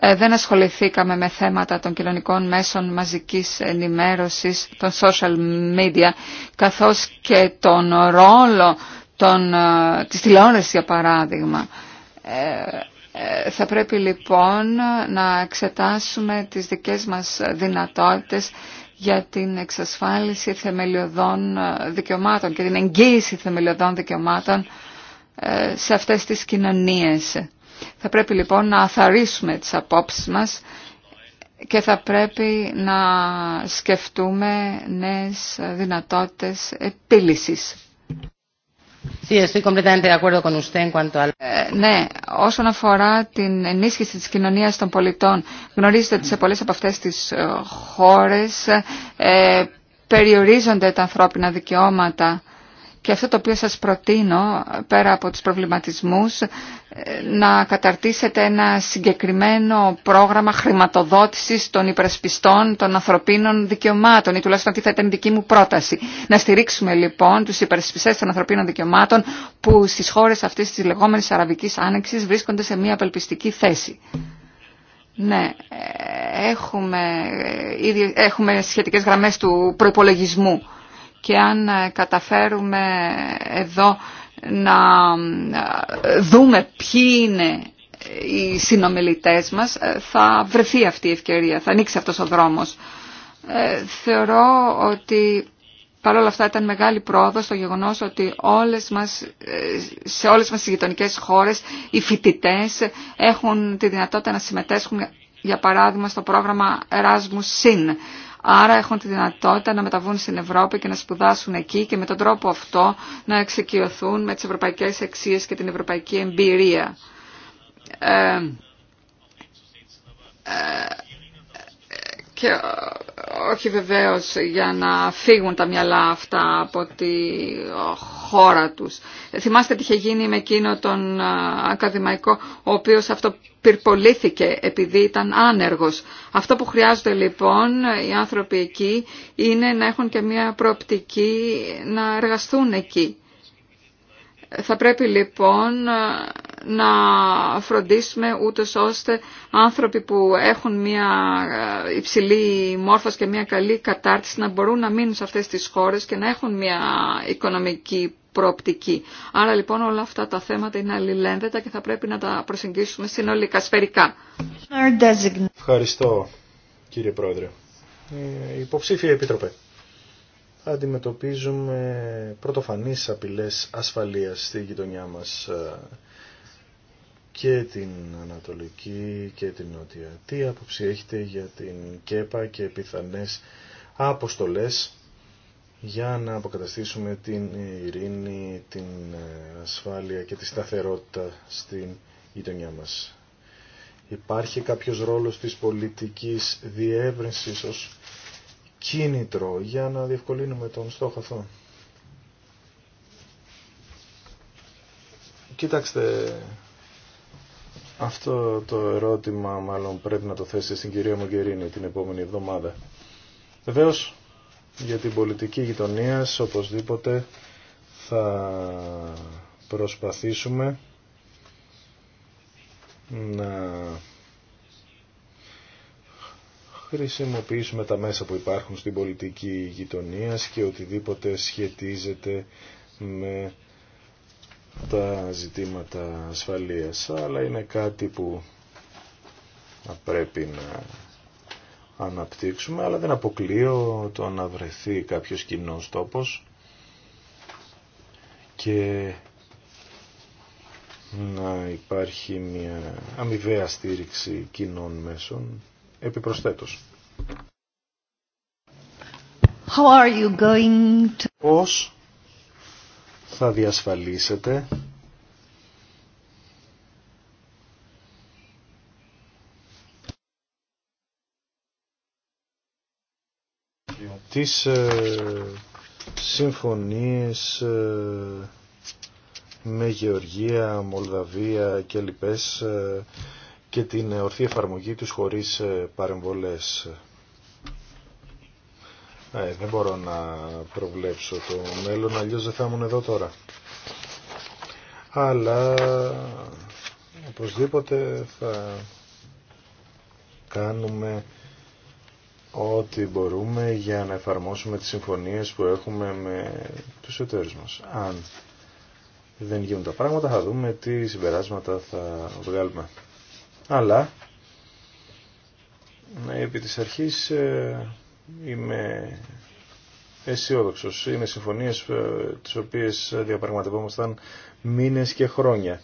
ε, δεν ασχοληθήκαμε με θέματα των κοινωνικών μέσων μαζικής ενημέρωσης, των social media, καθώς και τον ρόλο των, ε, της τηλεόρασης, για παράδειγμα. Ε, ε, θα πρέπει λοιπόν να εξετάσουμε τις δικές μας δυνατότητες για την εξασφάλιση θεμελιωδών ε, δικαιωμάτων και την εγγύηση θεμελιωδών δικαιωμάτων ε, σε αυτές τις κοινωνίες. Θα πρέπει λοιπόν να αθαρίσουμε τις απόψεις μας και θα πρέπει να σκεφτούμε νέες δυνατότητες επίλυσης. Ναι, όσον αφορά την ενίσχυση της κοινωνίας των πολιτών, γνωρίζετε ότι σε πολλές από αυτές τις ε, χώρες ε, περιορίζονται τα ανθρώπινα δικαιώματα και αυτό το οποίο σας προτείνω, πέρα από τους προβληματισμούς, ε, να καταρτήσετε ένα συγκεκριμένο πρόγραμμα χρηματοδότησης των υπερασπιστών των ανθρωπίνων δικαιωμάτων ή τουλάχιστον αυτή θα ήταν η δική μου πρόταση. Να στηρίξουμε λοιπόν τους υπερασπιστές των ανθρωπίνων δικαιωμάτων που στις χώρες αυτής της λεγόμενης αραβικής άνοιξης βρίσκονται σε μια απελπιστική θέση. Ναι, ε, έχουμε, ε, ήδη, έχουμε σχετικές γραμμές του προϋπολογισμού και αν ε, καταφέρουμε εδώ να ε, δούμε ποιοι είναι οι συνομιλητές μας, ε, θα βρεθεί αυτή η ευκαιρία, θα ανοίξει αυτός ο δρόμος. θεωρώ ότι παρόλα αυτά ήταν μεγάλη πρόοδος το γεγονός ότι όλες μας, σε όλες μας τις γειτονικέ χώρες οι φοιτητέ έχουν τη δυνατότητα να συμμετέσχουν για παράδειγμα στο πρόγραμμα Erasmus Sin Άρα έχουν τη δυνατότητα να μεταβούν στην Ευρώπη και να σπουδάσουν εκεί και με τον τρόπο αυτό να εξοικειωθούν με τις ευρωπαϊκές αξίες και την ευρωπαϊκή εμπειρία. Ε, ε, και ε, όχι βεβαίως για να φύγουν τα μυαλά αυτά από τη ε, χώρα τους. Θυμάστε τι είχε γίνει με εκείνο τον ε, ακαδημαϊκό, ο οποίος αυτό πυρπολήθηκε επειδή ήταν άνεργος. Αυτό που χρειάζονται λοιπόν οι άνθρωποι εκεί είναι να έχουν και μια προοπτική να εργαστούν εκεί. Θα πρέπει λοιπόν να φροντίσουμε ούτω ώστε άνθρωποι που έχουν μια ε, υψηλή μόρφωση και μια καλή κατάρτιση να μπορούν να μείνουν σε αυτές τις χώρες και να έχουν μια οικονομική προοπτική. Άρα λοιπόν όλα αυτά τα θέματα είναι αλληλένδετα και θα πρέπει να τα προσεγγίσουμε συνολικά, σφαιρικά. Ευχαριστώ κύριε Πρόεδρε. Ε, υποψήφια Επίτροπε αντιμετωπίζουμε πρωτοφανείς απειλές ασφαλείας στη γειτονιά μας ε, και την Ανατολική και την Νότια. Τι άποψη έχετε για την ΚΕΠΑ και πιθανές αποστολές για να αποκαταστήσουμε την ειρήνη, την ε, ασφάλεια και τη σταθερότητα στην γειτονιά μας. Υπάρχει κάποιος ρόλος της πολιτικής διεύρυνσης ως κίνητρο για να διευκολύνουμε τον στόχο αυτό. Κοίταξτε, αυτό το ερώτημα μάλλον πρέπει να το θέσετε στην κυρία Μογκερίνη την επόμενη εβδομάδα. Βεβαίω για την πολιτική γειτονία οπωσδήποτε θα προσπαθήσουμε να χρησιμοποιήσουμε τα μέσα που υπάρχουν στην πολιτική γειτονία και οτιδήποτε σχετίζεται με τα ζητήματα ασφαλείας, αλλά είναι κάτι που πρέπει να αναπτύξουμε, αλλά δεν αποκλείω το να βρεθεί κάποιος κοινό τόπος και να υπάρχει μια αμοιβαία στήριξη κοινών μέσων επιπροσθέτως. How are you going θα διασφαλίσετε τις ε, συμφωνίες ε, με Γεωργία, Μολδαβία και λοιπές ε, και την ορθή εφαρμογή τους χωρίς ε, παρεμβολές. Ε, δεν μπορώ να προβλέψω το μέλλον, αλλιώς δεν θα ήμουν εδώ τώρα. Αλλά οπωσδήποτε θα κάνουμε ό,τι μπορούμε για να εφαρμόσουμε τις συμφωνίες που έχουμε με τους εταίρους μας. Αν δεν γίνουν τα πράγματα θα δούμε τι συμπεράσματα θα βγάλουμε. Αλλά ναι, επί της αρχής ε, είμαι αισιόδοξο. Είναι συμφωνίε ε, τι οποίες διαπραγματευόμασταν μήνες και χρόνια.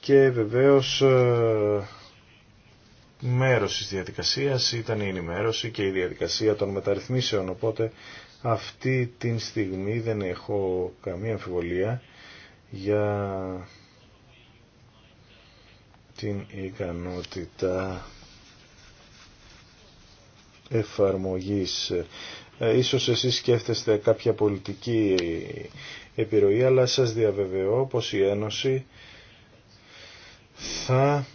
Και βεβαίως ε, μέρος της διαδικασίας ήταν η ενημέρωση και η διαδικασία των μεταρρυθμίσεων. Οπότε αυτή τη στιγμή δεν έχω καμία αμφιβολία για την ικανότητα εφαρμογής. Ε, ίσως εσείς σκέφτεστε κάποια πολιτική επιρροή, αλλά σας διαβεβαιώ πως η Ένωση θα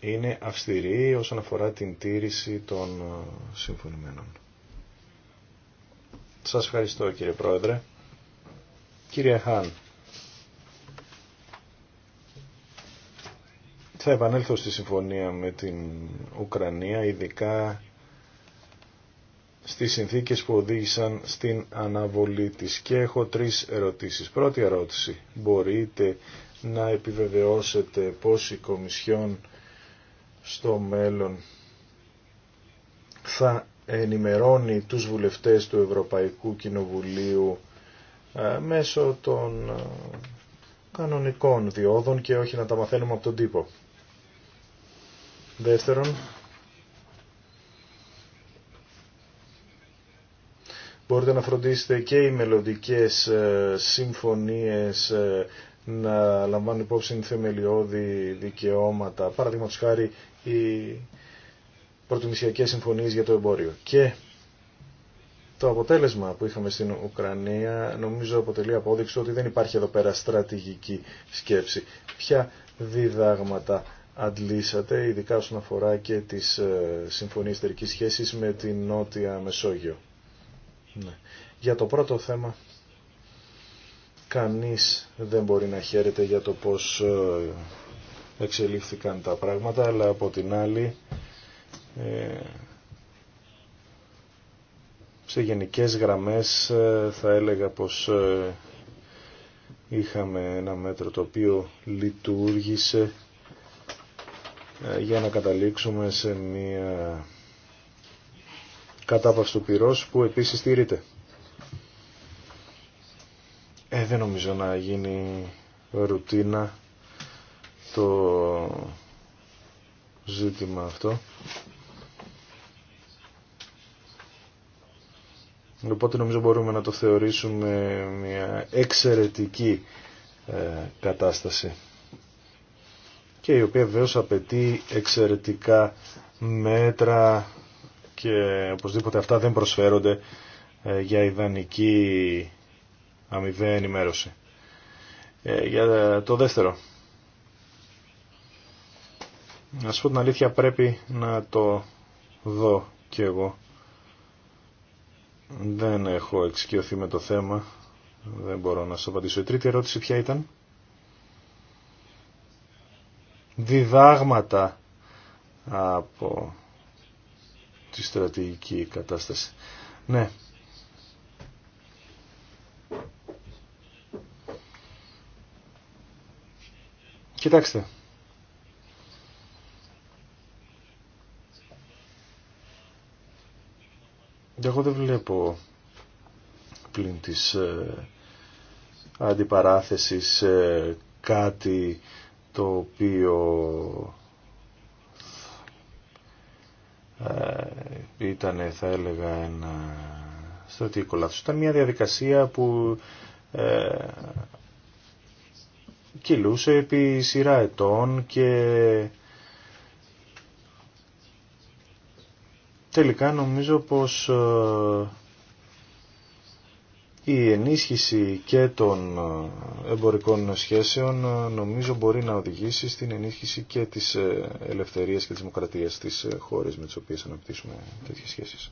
είναι αυστηρή όσον αφορά την τήρηση των ε, συμφωνημένων. Σας ευχαριστώ κύριε Πρόεδρε. Κύριε Χάν, Θα επανέλθω στη συμφωνία με την Ουκρανία, ειδικά στις συνθήκες που οδήγησαν στην αναβολή της. Και έχω τρεις ερωτήσεις. Πρώτη ερώτηση. Μπορείτε να επιβεβαιώσετε πώς η Κομισιόν στο μέλλον θα ενημερώνει τους βουλευτές του Ευρωπαϊκού Κοινοβουλίου ε, μέσω των ε, κανονικών διόδων και όχι να τα μαθαίνουμε από τον τύπο. Δεύτερον, μπορείτε να φροντίσετε και οι μελλοντικές ε, συμφωνίες ε, να λαμβάνουν υπόψη θεμελιώδη δικαιώματα, παραδείγματος χάρη οι πρωτομισιακές συμφωνίες για το εμπόριο. Και το αποτέλεσμα που είχαμε στην Ουκρανία νομίζω αποτελεί απόδειξη ότι δεν υπάρχει εδώ πέρα στρατηγική σκέψη. Ποια διδάγματα αντλήσατε, ειδικά όσον αφορά και τις ε, συμφωνίες τερική σχέσης με την Νότια Μεσόγειο. Ναι. Για το πρώτο θέμα, κανείς δεν μπορεί να χαίρεται για το πώς ε, εξελίχθηκαν τα πράγματα, αλλά από την άλλη, ε, σε γενικές γραμμές θα έλεγα πως είχαμε ένα μέτρο το οποίο λειτουργήσε ε, για να καταλήξουμε σε μια κατάπαυση του πυρός που επίσης στηρείται. Ε, δεν νομίζω να γίνει ρουτίνα το ζήτημα αυτό. Οπότε νομίζω μπορούμε να το θεωρήσουμε μια εξαιρετική ε, κατάσταση και η οποία βεβαίω απαιτεί εξαιρετικά μέτρα και οπωσδήποτε αυτά δεν προσφέρονται ε, για ιδανική αμοιβαία ενημέρωση. Ε, για το δεύτερο. Να σου πω την αλήθεια πρέπει να το δω και εγώ. Δεν έχω εξοικειωθεί με το θέμα. Δεν μπορώ να σας απαντήσω. Η τρίτη ερώτηση ποια ήταν διδάγματα από τη στρατηγική κατάσταση. Ναι. Κοιτάξτε. Εγώ δεν βλέπω πλην της ε, αντιπαράθεσης ε, κάτι το οποίο ε, ήταν θα έλεγα ένα στρατηγικό λάθος. Ήταν μια διαδικασία που ε, κυλούσε επί σειρά ετών και τελικά νομίζω πως ε, η ενίσχυση και των ε, εμπορικών σχέσεων ε, νομίζω μπορεί να οδηγήσει στην ενίσχυση και της ε, ελευθερίας και της δημοκρατίας στις χώρες με τις οποίες αναπτύσσουμε τέτοιες σχέσεις.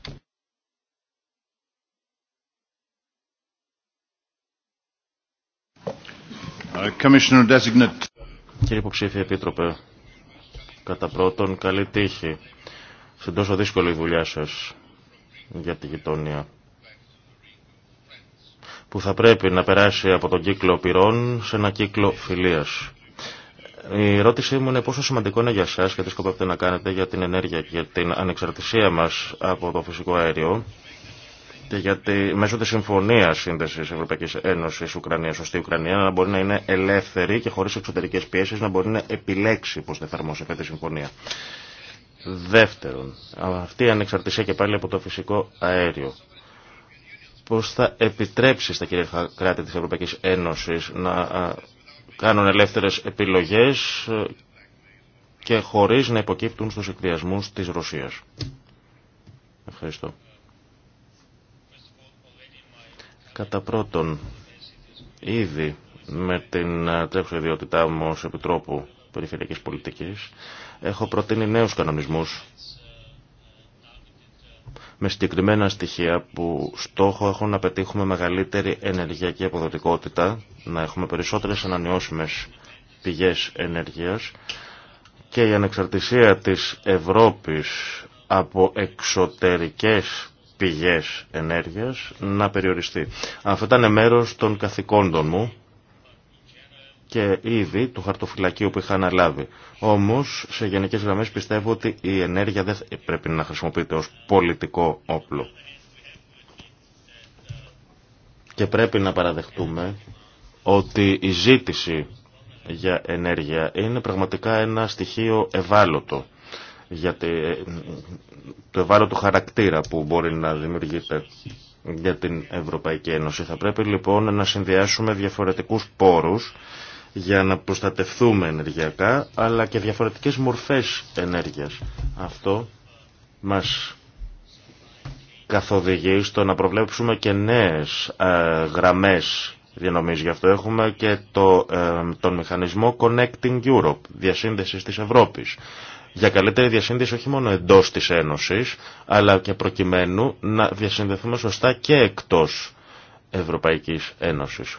Uh, Κύριε Υποψήφια Επίτροπε, κατά πρώτον καλή τύχη στην τόσο δύσκολη δουλειά σας για τη γειτονία που θα πρέπει να περάσει από τον κύκλο πυρών σε ένα κύκλο φιλίας. Η ερώτησή μου είναι πόσο σημαντικό είναι για εσά και τι σκοπεύετε να κάνετε για την ενέργεια και την ανεξαρτησία μα από το φυσικό αέριο και γιατί μέσω τη συμφωνία σύνδεση Ευρωπαϊκή Ένωση Ουκρανία, Ένωσης-Ουκρανία-Σωστή η Ουκρανία να μπορεί να είναι ελεύθερη και χωρί εξωτερικέ πιέσει να μπορεί να επιλέξει πώ θα εφαρμόσει αυτή τη συμφωνία. Δεύτερον, αυτή η ανεξαρτησία και πάλι από το φυσικό αέριο πως θα επιτρέψει στα κυρίαρχα κράτη της Ευρωπαϊκής Ένωσης να κάνουν ελεύθερες επιλογές ε, και χωρίς να υποκύπτουν στους εκδιασμούς της Ρωσίας. Ευχαριστώ. Κατά πρώτον, ήδη με την ε, τρέχουσα ιδιότητά μου ως Επιτρόπου Περιφερειακής Πολιτικής έχω προτείνει νέους κανονισμούς με συγκεκριμένα στοιχεία που στόχο έχουν να πετύχουμε μεγαλύτερη ενεργειακή αποδοτικότητα, να έχουμε περισσότερες ανανεώσιμες πηγές ενέργειας και η ανεξαρτησία της Ευρώπης από εξωτερικές πηγές ενέργειας να περιοριστεί. Αυτό ήταν μέρος των καθηκόντων μου και ήδη του χαρτοφυλακίου που είχα αναλάβει. Όμως, σε γενικές γραμμές πιστεύω ότι η ενέργεια δεν πρέπει να χρησιμοποιείται ως πολιτικό όπλο. Και πρέπει να παραδεχτούμε ότι η ζήτηση για ενέργεια είναι πραγματικά ένα στοιχείο ευάλωτο γιατί ε, το ευάλωτο χαρακτήρα που μπορεί να δημιουργείται για την Ευρωπαϊκή Ένωση. Θα πρέπει λοιπόν να συνδυάσουμε διαφορετικούς πόρους για να προστατευτούμε ενεργειακά, αλλά και διαφορετικές μορφές ενέργειας. Αυτό μας καθοδηγεί στο να προβλέψουμε και νέες ε, γραμμές διανομής. Γι' αυτό έχουμε και το, ε, τον μηχανισμό Connecting Europe, διασύνδεση της Ευρώπης για καλύτερη διασύνδεση όχι μόνο εντός της Ένωσης, αλλά και προκειμένου να διασυνδεθούμε σωστά και εκτός Ευρωπαϊκής Ένωσης.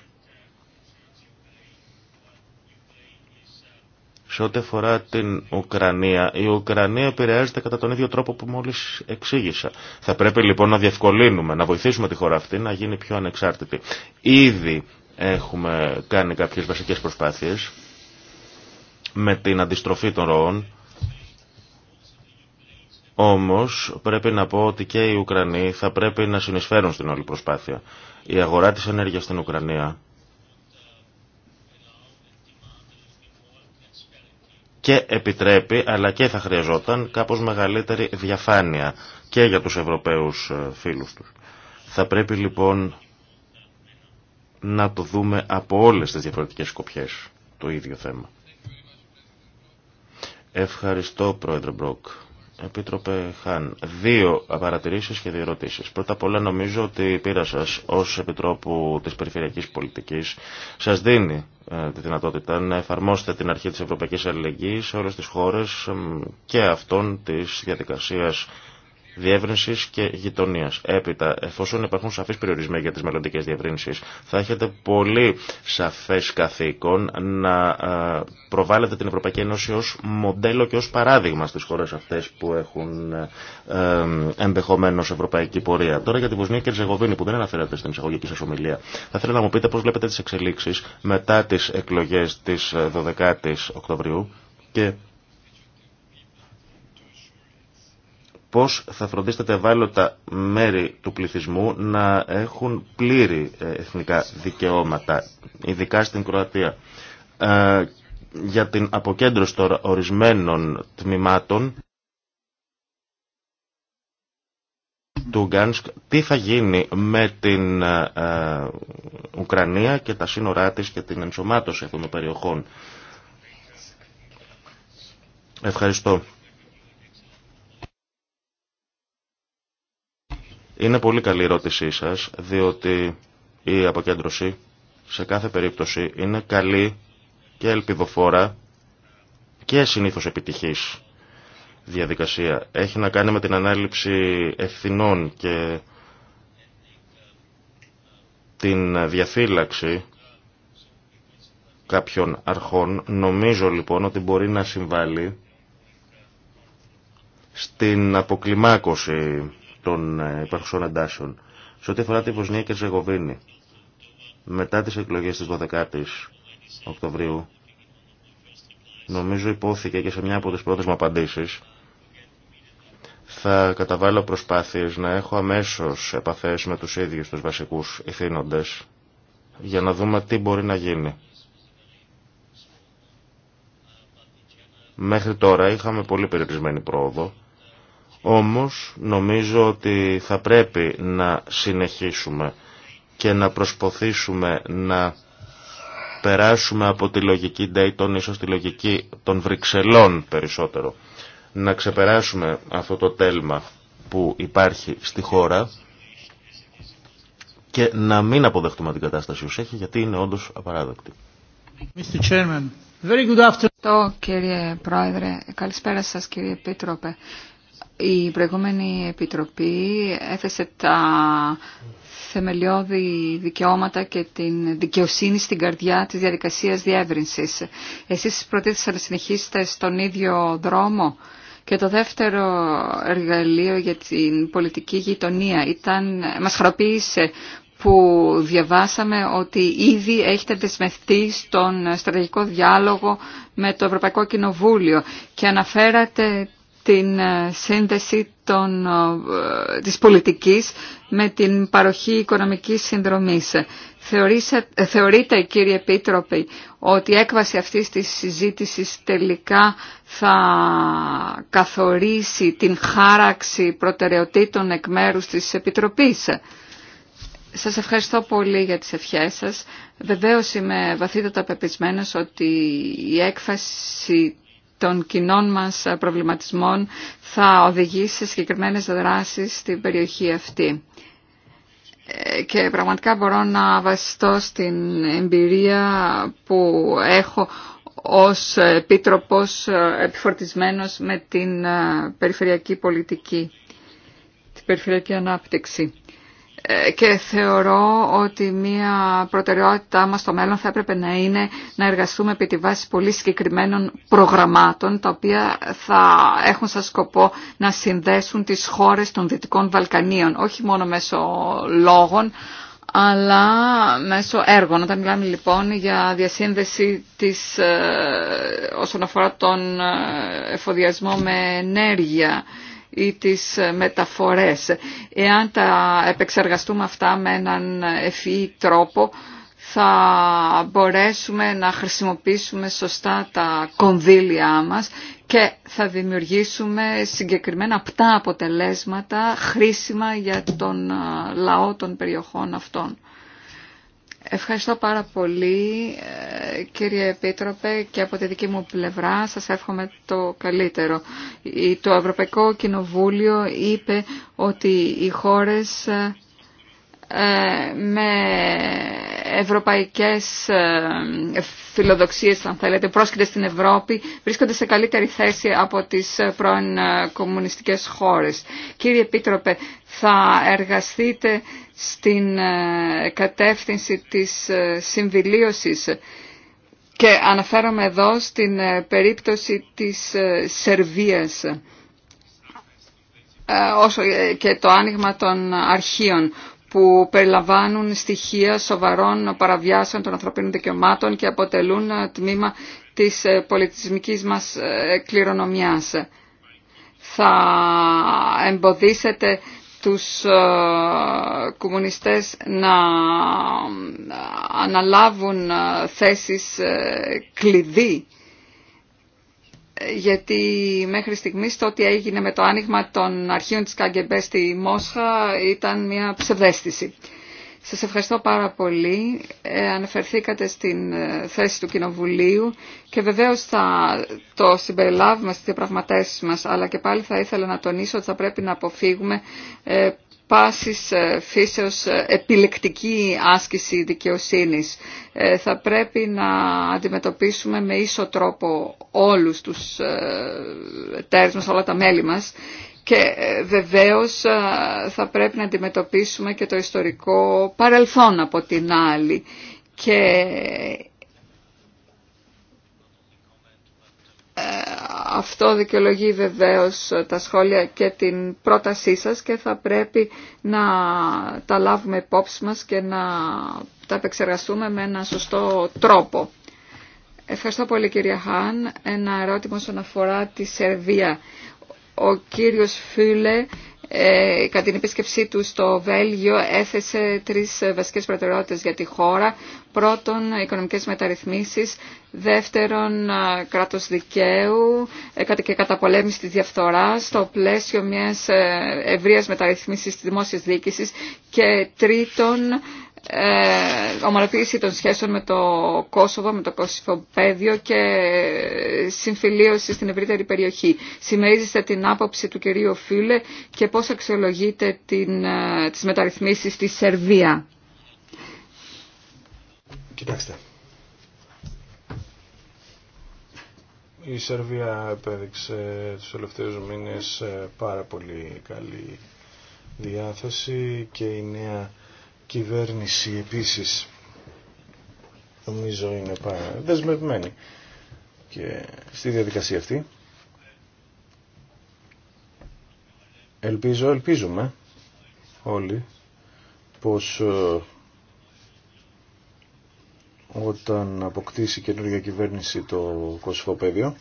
Σε ό,τι αφορά την Ουκρανία, η Ουκρανία επηρεάζεται κατά τον ίδιο τρόπο που μόλις εξήγησα. Θα πρέπει λοιπόν να διευκολύνουμε, να βοηθήσουμε τη χώρα αυτή να γίνει πιο ανεξάρτητη. Ήδη έχουμε κάνει κάποιες βασικές προσπάθειες με την αντιστροφή των ροών. Όμως πρέπει να πω ότι και οι Ουκρανοί θα πρέπει να συνεισφέρουν στην όλη προσπάθεια. Η αγορά της ενέργειας στην Ουκρανία και επιτρέπει αλλά και θα χρειαζόταν κάπως μεγαλύτερη διαφάνεια και για τους Ευρωπαίους ε, φίλους τους. Θα πρέπει λοιπόν να το δούμε από όλες τις διαφορετικές σκοπιές το ίδιο θέμα. Ευχαριστώ πρόεδρε Μπρόκ. Επίτροπε Χάν, δύο παρατηρήσεις και δύο ερωτήσεις. Πρώτα απ' όλα νομίζω ότι η πείρα σας ως Επιτρόπου της Περιφερειακής Πολιτικής σας δίνει ε, τη δυνατότητα να εφαρμόσετε την αρχή της Ευρωπαϊκής Αλληλεγγύης σε όλες τις χώρες και αυτών της διαδικασίας διεύρυνση και γειτονία. Έπειτα, εφόσον υπάρχουν σαφεί περιορισμοί για τι μελλοντικέ διευρύνσει, θα έχετε πολύ σαφέ καθήκον να ε, προβάλλετε την Ευρωπαϊκή Ένωση ω μοντέλο και ω παράδειγμα στι χώρε αυτέ που έχουν ε, ε, ενδεχομένω ευρωπαϊκή πορεία. Τώρα για τη Βοσνία και Ζεγοβίνη που δεν αναφέρατε στην εισαγωγική σα ομιλία, θα ήθελα να μου πείτε πώ βλέπετε τι εξελίξει μετά τι εκλογέ τη 12η Οκτωβρίου και πώς θα φροντίσετε ευάλωτα μέρη του πληθυσμού να έχουν πλήρη ε, εθνικά δικαιώματα, ειδικά στην Κροατία. Ε, για την αποκέντρωση των ορισμένων τμήματων του Γκάνσκ, τι θα γίνει με την ε, Ουκρανία και τα σύνορά της και την ενσωμάτωση αυτών των περιοχών. Ευχαριστώ. Είναι πολύ καλή η ερώτησή σας, διότι η αποκέντρωση σε κάθε περίπτωση είναι καλή και ελπιδοφόρα και συνήθως επιτυχής διαδικασία. Έχει να κάνει με την ανάληψη ευθυνών και την διαφύλαξη κάποιων αρχών. Νομίζω λοιπόν ότι μπορεί να συμβάλλει στην αποκλιμάκωση των ε, υπάρχουσων εντάσεων. Σε ό,τι αφορά τη Βοσνία και Ζεγοβίνη, μετά τις εκλογές της 12ης Οκτωβρίου, νομίζω υπόθηκε και σε μια από τις πρώτες μου απαντήσεις, θα καταβάλω προσπάθειες να έχω αμέσως επαφές με τους ίδιους τους βασικούς ηθήνοντες για να δούμε τι μπορεί να γίνει. Μέχρι τώρα είχαμε πολύ περιορισμένη πρόοδο όμως νομίζω ότι θα πρέπει να συνεχίσουμε και να προσποθήσουμε να περάσουμε από τη λογική Dayton ίσως τη λογική των Βρυξελών περισσότερο. Να ξεπεράσουμε αυτό το τέλμα που υπάρχει στη χώρα και να μην αποδεχτούμε την κατάσταση ως έχει γιατί είναι όντως απαράδεκτη. Mr. very good afternoon. Το κύριε Πρόεδρε, καλησπέρα σας κύριε Επίτροπε. Η προηγούμενη Επιτροπή έθεσε τα θεμελιώδη δικαιώματα και την δικαιοσύνη στην καρδιά της διαδικασίας διεύρυνσης. Εσείς προτίθεσα να συνεχίσετε στον ίδιο δρόμο. Και το δεύτερο εργαλείο για την πολιτική γειτονία ήταν, μας χαροποίησε που διαβάσαμε ότι ήδη έχετε δεσμευτεί στον στρατηγικό διάλογο με το Ευρωπαϊκό Κοινοβούλιο και αναφέρατε την ε, σύνδεση των, ε, της πολιτικής με την παροχή οικονομικής συνδρομής. Θεωρήσα, ε, θεωρείτε κύριε Επίτροπε ότι η έκβαση αυτής της συζήτησης τελικά θα καθορίσει την χάραξη προτεραιοτήτων εκ μέρους της Επιτροπής. Σας ευχαριστώ πολύ για τις ευχές σας. Βεβαίως είμαι βαθύτατα πεπισμένος ότι η έκφαση των κοινών μας προβληματισμών θα οδηγήσει σε συγκεκριμένες δράσεις στην περιοχή αυτή. Ε, και πραγματικά μπορώ να βασιστώ στην εμπειρία που έχω ως επίτροπος επιφορτισμένος με την ε, περιφερειακή πολιτική, την περιφερειακή ανάπτυξη. Ε, και θεωρώ ότι μία προτεραιότητά μας στο μέλλον θα έπρεπε να είναι να εργαστούμε επί τη βάση πολύ συγκεκριμένων προγραμμάτων τα οποία θα έχουν σαν σκοπό να συνδέσουν τις χώρες των Δυτικών Βαλκανίων όχι μόνο μέσω λόγων αλλά μέσω έργων. Όταν μιλάμε λοιπόν για διασύνδεση της, ε, όσον αφορά τον ε, εφοδιασμό με ενέργεια ή τις ε, μεταφορές. Εάν τα επεξεργαστούμε αυτά με έναν ευφυή τρόπο, θα μπορέσουμε να χρησιμοποιήσουμε σωστά τα κονδύλια μας και θα δημιουργήσουμε συγκεκριμένα απτά αποτελέσματα χρήσιμα για τον ε, λαό των περιοχών αυτών. Ευχαριστώ πάρα πολύ ε, κύριε Επίτροπε και από τη δική μου πλευρά σας εύχομαι το καλύτερο. Το Ευρωπαϊκό Κοινοβούλιο είπε ότι οι χώρες ε, ε, με ευρωπαϊκές ε, φιλοδοξίες, αν θέλετε, πρόσκειται στην Ευρώπη, βρίσκονται σε καλύτερη θέση από τις πρώην ε, κομμουνιστικές χώρες. Κύριε Επίτροπε, θα εργαστείτε στην ε, κατεύθυνση της συμβιλίωσης και αναφέρομαι εδώ στην περίπτωση της Σερβίας όσο και το άνοιγμα των αρχείων που περιλαμβάνουν στοιχεία σοβαρών παραβιάσεων των ανθρωπίνων δικαιωμάτων και αποτελούν ε, τμήμα της ε, πολιτισμικής μας ε, κληρονομιάς. Θα εμποδίσετε τους κομμουνιστές να αναλάβουν θέσεις κλειδί γιατί μέχρι στιγμής το ότι έγινε με το άνοιγμα των αρχείων της ΚΑΓΚΕΜΠΕ στη Μόσχα ήταν μια ψευδέστηση. Σας ευχαριστώ πάρα πολύ. Ε, αναφερθήκατε στην ε, θέση του Κοινοβουλίου και βεβαίως θα το συμπεριλάβουμε στις διαπραγματεύσεις μας, αλλά και πάλι θα ήθελα να τονίσω ότι θα πρέπει να αποφύγουμε ε, πάσης ε, φύσεως ε, επιλεκτική άσκηση δικαιοσύνης. Ε, θα πρέπει να αντιμετωπίσουμε με ίσο τρόπο όλους τους τέρους μας, όλα τα μέλη μας και βεβαίως θα πρέπει να αντιμετωπίσουμε και το ιστορικό παρελθόν από την άλλη και αυτό δικαιολογεί βεβαίως τα σχόλια και την πρότασή σας και θα πρέπει να τα λάβουμε υπόψη μας και να τα επεξεργαστούμε με ένα σωστό τρόπο. Ευχαριστώ πολύ κυρία Χάν. Ένα ερώτημα όσον αφορά τη Σερβία. Ο κύριος Φίλε ε, κατά την επίσκεψή του στο Βέλγιο έθεσε τρεις βασικές προτεραιότητες για τη χώρα. Πρώτον, οικονομικές μεταρρυθμίσεις. Δεύτερον, ε, κράτος δικαίου ε, και καταπολέμηση της διαφθοράς στο πλαίσιο μιας ευρείας μεταρρυθμίσης της δημόσιας διοίκησης. Και τρίτον, ε, ομαλοποίηση των σχέσεων με το Κόσοβο, με το Κωσυφοπαίδιο και συμφιλίωση στην ευρύτερη περιοχή. Συμμερίζεστε την άποψη του κυρίου Φίλε και πώς αξιολογείτε την, ε, τις μεταρρυθμίσεις στη Σερβία. Κοιτάξτε. Η Σερβία επέδειξε τους τελευταίους μήνες ε, πάρα πολύ καλή διάθεση και η νέα κυβέρνηση επίσης νομίζω είναι δεσμευμένη και στη διαδικασία αυτή. Ελπίζω, ελπίζουμε όλοι πως ε, όταν αποκτήσει καινούργια κυβέρνηση το κοσφοπέδιο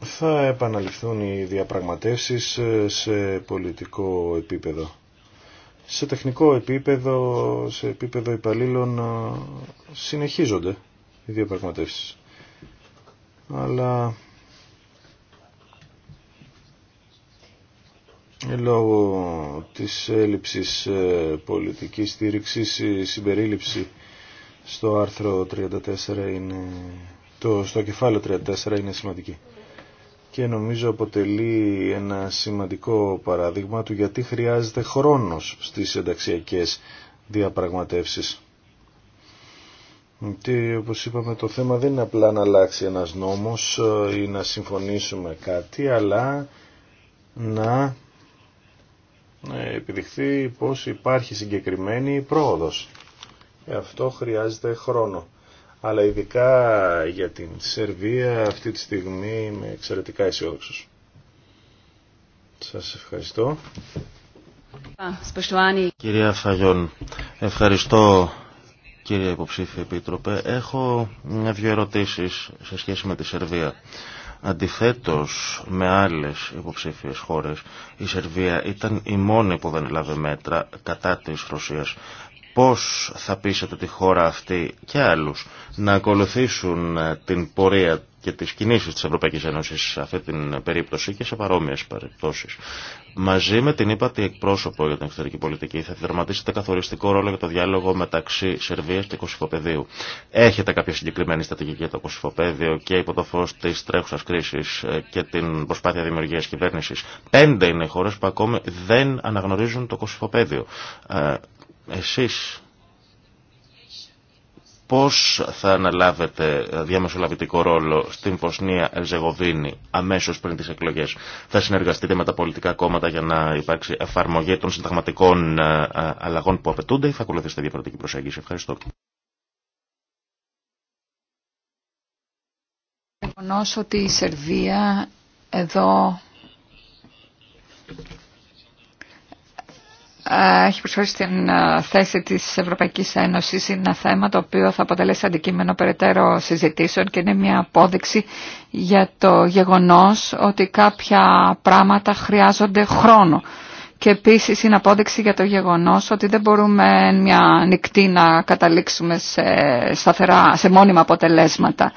θα επαναληφθούν οι διαπραγματεύσεις ε, σε πολιτικό επίπεδο. Σε τεχνικό επίπεδο, σε επίπεδο υπαλλήλων ε, συνεχίζονται οι διαπραγματεύσεις. Αλλά λόγω της έλλειψης ε, πολιτικής στήριξης η συμπερίληψη στο άρθρο 34 είναι, το, στο κεφάλαιο 34 είναι σημαντική και νομίζω αποτελεί ένα σημαντικό παράδειγμα του γιατί χρειάζεται χρόνος στις ενταξιακές διαπραγματεύσεις. Γιατί όπως είπαμε το θέμα δεν είναι απλά να αλλάξει ένας νόμος ε, ή να συμφωνήσουμε κάτι αλλά να ε, επιδειχθεί πως υπάρχει συγκεκριμένη πρόοδος. Και ε, αυτό χρειάζεται χρόνο αλλά ειδικά για την Σερβία αυτή τη στιγμή είμαι εξαιρετικά αισιόδοξο. Σας ευχαριστώ. Κυρία Φαγιόν, ευχαριστώ κύριε υποψήφιε επίτροπε. Έχω μια-δυο ερωτήσεις σε σχέση με τη Σερβία. Αντιθέτως με άλλες υποψήφιες χώρες, η Σερβία ήταν η μόνη που δεν έλαβε μέτρα κατά της Ρωσίας πώς θα πείσετε τη χώρα αυτή και άλλους να ακολουθήσουν ε, την πορεία και τις κινήσεις της Ευρωπαϊκής Ένωσης σε αυτή την περίπτωση και σε παρόμοιες περιπτώσεις. Μαζί με την ύπατη εκπρόσωπο για την εξωτερική πολιτική θα δραματίσετε καθοριστικό ρόλο για το διάλογο μεταξύ Σερβίας και Κωσυφοπεδίου. Έχετε κάποια συγκεκριμένη στατική για το Κωσυφοπέδιο και υπό το φως της τρέχουσας κρίσης ε, και την προσπάθεια δημιουργίας κυβέρνησης. Πέντε είναι οι χώρες που ακόμη δεν αναγνωρίζουν το Κωσυφοπέδιο. Ε, εσείς πώς θα αναλάβετε διαμεσολαβητικό ρόλο στην Ποσνία ελζεγοβίνη αμέσως πριν τις εκλογές. Θα συνεργαστείτε με τα πολιτικά κόμματα για να υπάρξει εφαρμογή των συνταγματικών ε, αλλαγών που απαιτούνται ή θα ακολουθήσετε διαφορετική προσέγγιση. Ευχαριστώ. ότι η Σερβία εδώ έχει προσφέρει στην ε, θέση της Ευρωπαϊκής Ένωσης είναι ένα θέμα το οποίο θα αποτελέσει αντικείμενο περαιτέρω συζητήσεων και είναι μια απόδειξη για το γεγονός ότι κάποια πράγματα χρειάζονται χρόνο. Και επίσης είναι απόδειξη για το γεγονός ότι δεν μπορούμε μια νυχτή να καταλήξουμε σε, σταθερά, σε μόνιμα αποτελέσματα.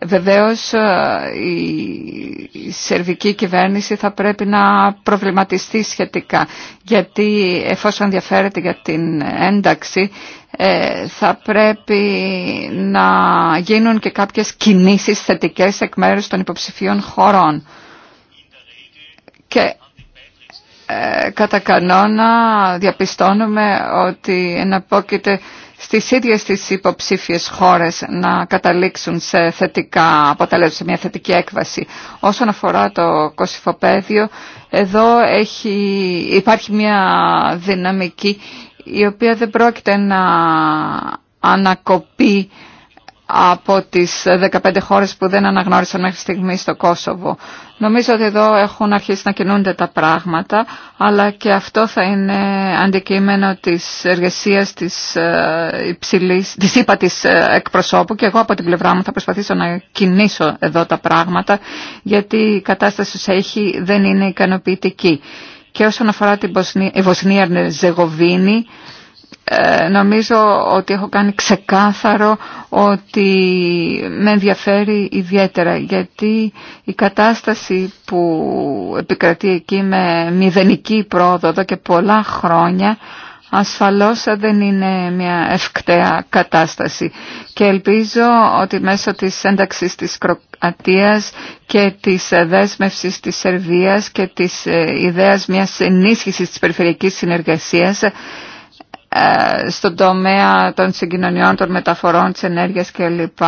Βεβαίως ε, η σερβική κυβέρνηση θα πρέπει να προβληματιστεί σχετικά γιατί εφόσον ενδιαφέρεται για την ένταξη ε, θα πρέπει να γίνουν και κάποιες κινήσεις θετικές εκ μέρους των υποψηφίων χωρών. Και ε, κατά κανόνα διαπιστώνουμε ότι εναπόκειται στις ίδιες τις υποψήφιες χώρες να καταλήξουν σε θετικά αποτελέσματα, σε μια θετική έκβαση. Όσον αφορά το κοσυφοπαίδιο, εδώ έχει, υπάρχει μια δυναμική η οποία δεν πρόκειται να ανακοπεί από τις 15 χώρες που δεν αναγνώρισαν μέχρι στιγμή στο Κόσοβο. Νομίζω ότι εδώ έχουν αρχίσει να κινούνται τα πράγματα, αλλά και αυτό θα είναι αντικείμενο της εργασίας της, ε, υψηλής, της ΥΠΑ ε, εκπροσώπου και εγώ από την πλευρά μου θα προσπαθήσω να κινήσω εδώ τα πράγματα, γιατί η κατάσταση που έχει δεν είναι ικανοποιητική. Και όσον αφορά την Βοσνία Ζεγοβίνη, ε, νομίζω ότι έχω κάνει ξεκάθαρο ότι με ενδιαφέρει ιδιαίτερα γιατί η κατάσταση που επικρατεί εκεί με μηδενική πρόοδο εδώ και πολλά χρόνια ασφαλώς δεν είναι μια ευκταία κατάσταση και ελπίζω ότι μέσω της ένταξης της Κροατίας και της ε, δέσμευσης της Σερβίας και της ε, ιδέας μιας ενίσχυσης της περιφερειακής συνεργασίας ε, στον τομέα των συγκοινωνιών, των μεταφορών, της ενέργειας κλπ.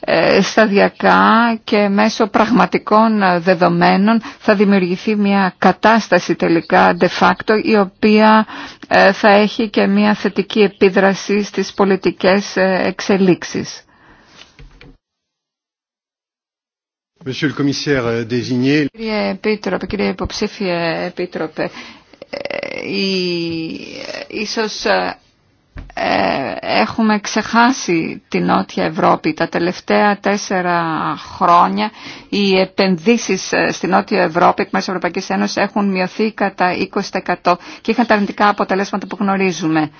Ε, σταδιακά και μέσω πραγματικών δεδομένων θα δημιουργηθεί μια κατάσταση τελικά de facto η οποία ε, θα έχει και μια θετική επίδραση στις πολιτικές εξελίξεις. Euh, κύριε Επίτροπε, κύριε Υποψήφιε Επίτροπε, ε, ίσως ε, ε, έχουμε ξεχάσει την Νότια Ευρώπη. Τα τελευταία τέσσερα χρόνια οι επενδύσεις στην Νότια Ευρώπη εκ μέσω Ευρωπαϊκής Ένωσης έχουν μειωθεί κατά 20% και είχαν τα αρνητικά αποτελέσματα που γνωρίζουμε.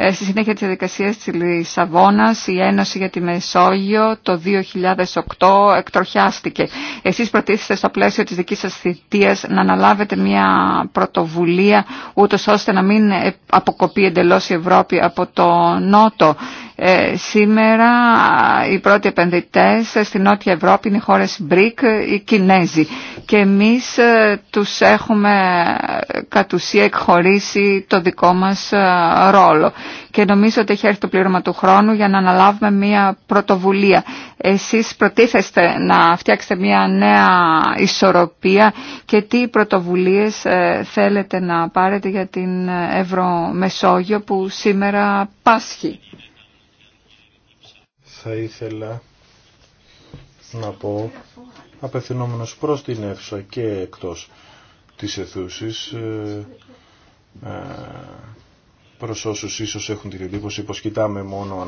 Ε, στη συνέχεια της διαδικασίας της Λισαβόνας η Ένωση για τη Μεσόγειο το 2008 εκτροχιάστηκε. Εσείς προτίθεστε στο πλαίσιο της δικής σας θητείας να αναλάβετε μια πρωτοβουλία ούτως ώστε να μην αποκοπεί εντελώς η Ευρώπη από το Νότο ε, σήμερα οι πρώτοι επενδυτές στην Νότια Ευρώπη είναι οι χώρες BRIC, οι Κινέζοι. Και εμείς ε, τους έχουμε ε, κατ' ουσία εκχωρήσει το δικό μας ρόλο. Και νομίζω ότι έχει έρθει το πλήρωμα του χρόνου για να αναλάβουμε μια πρωτοβουλία. Εσείς προτίθεστε να φτιάξετε μια νέα ισορροπία και τι πρωτοβουλίες θέλετε να πάρετε για την Ευρωμεσόγειο που σήμερα πάσχει θα ήθελα να πω απευθυνόμενος προς την αίθουσα και εκτός της αιθούσης ε, ε, προς όσους ίσως έχουν την εντύπωση πως κοιτάμε μόνο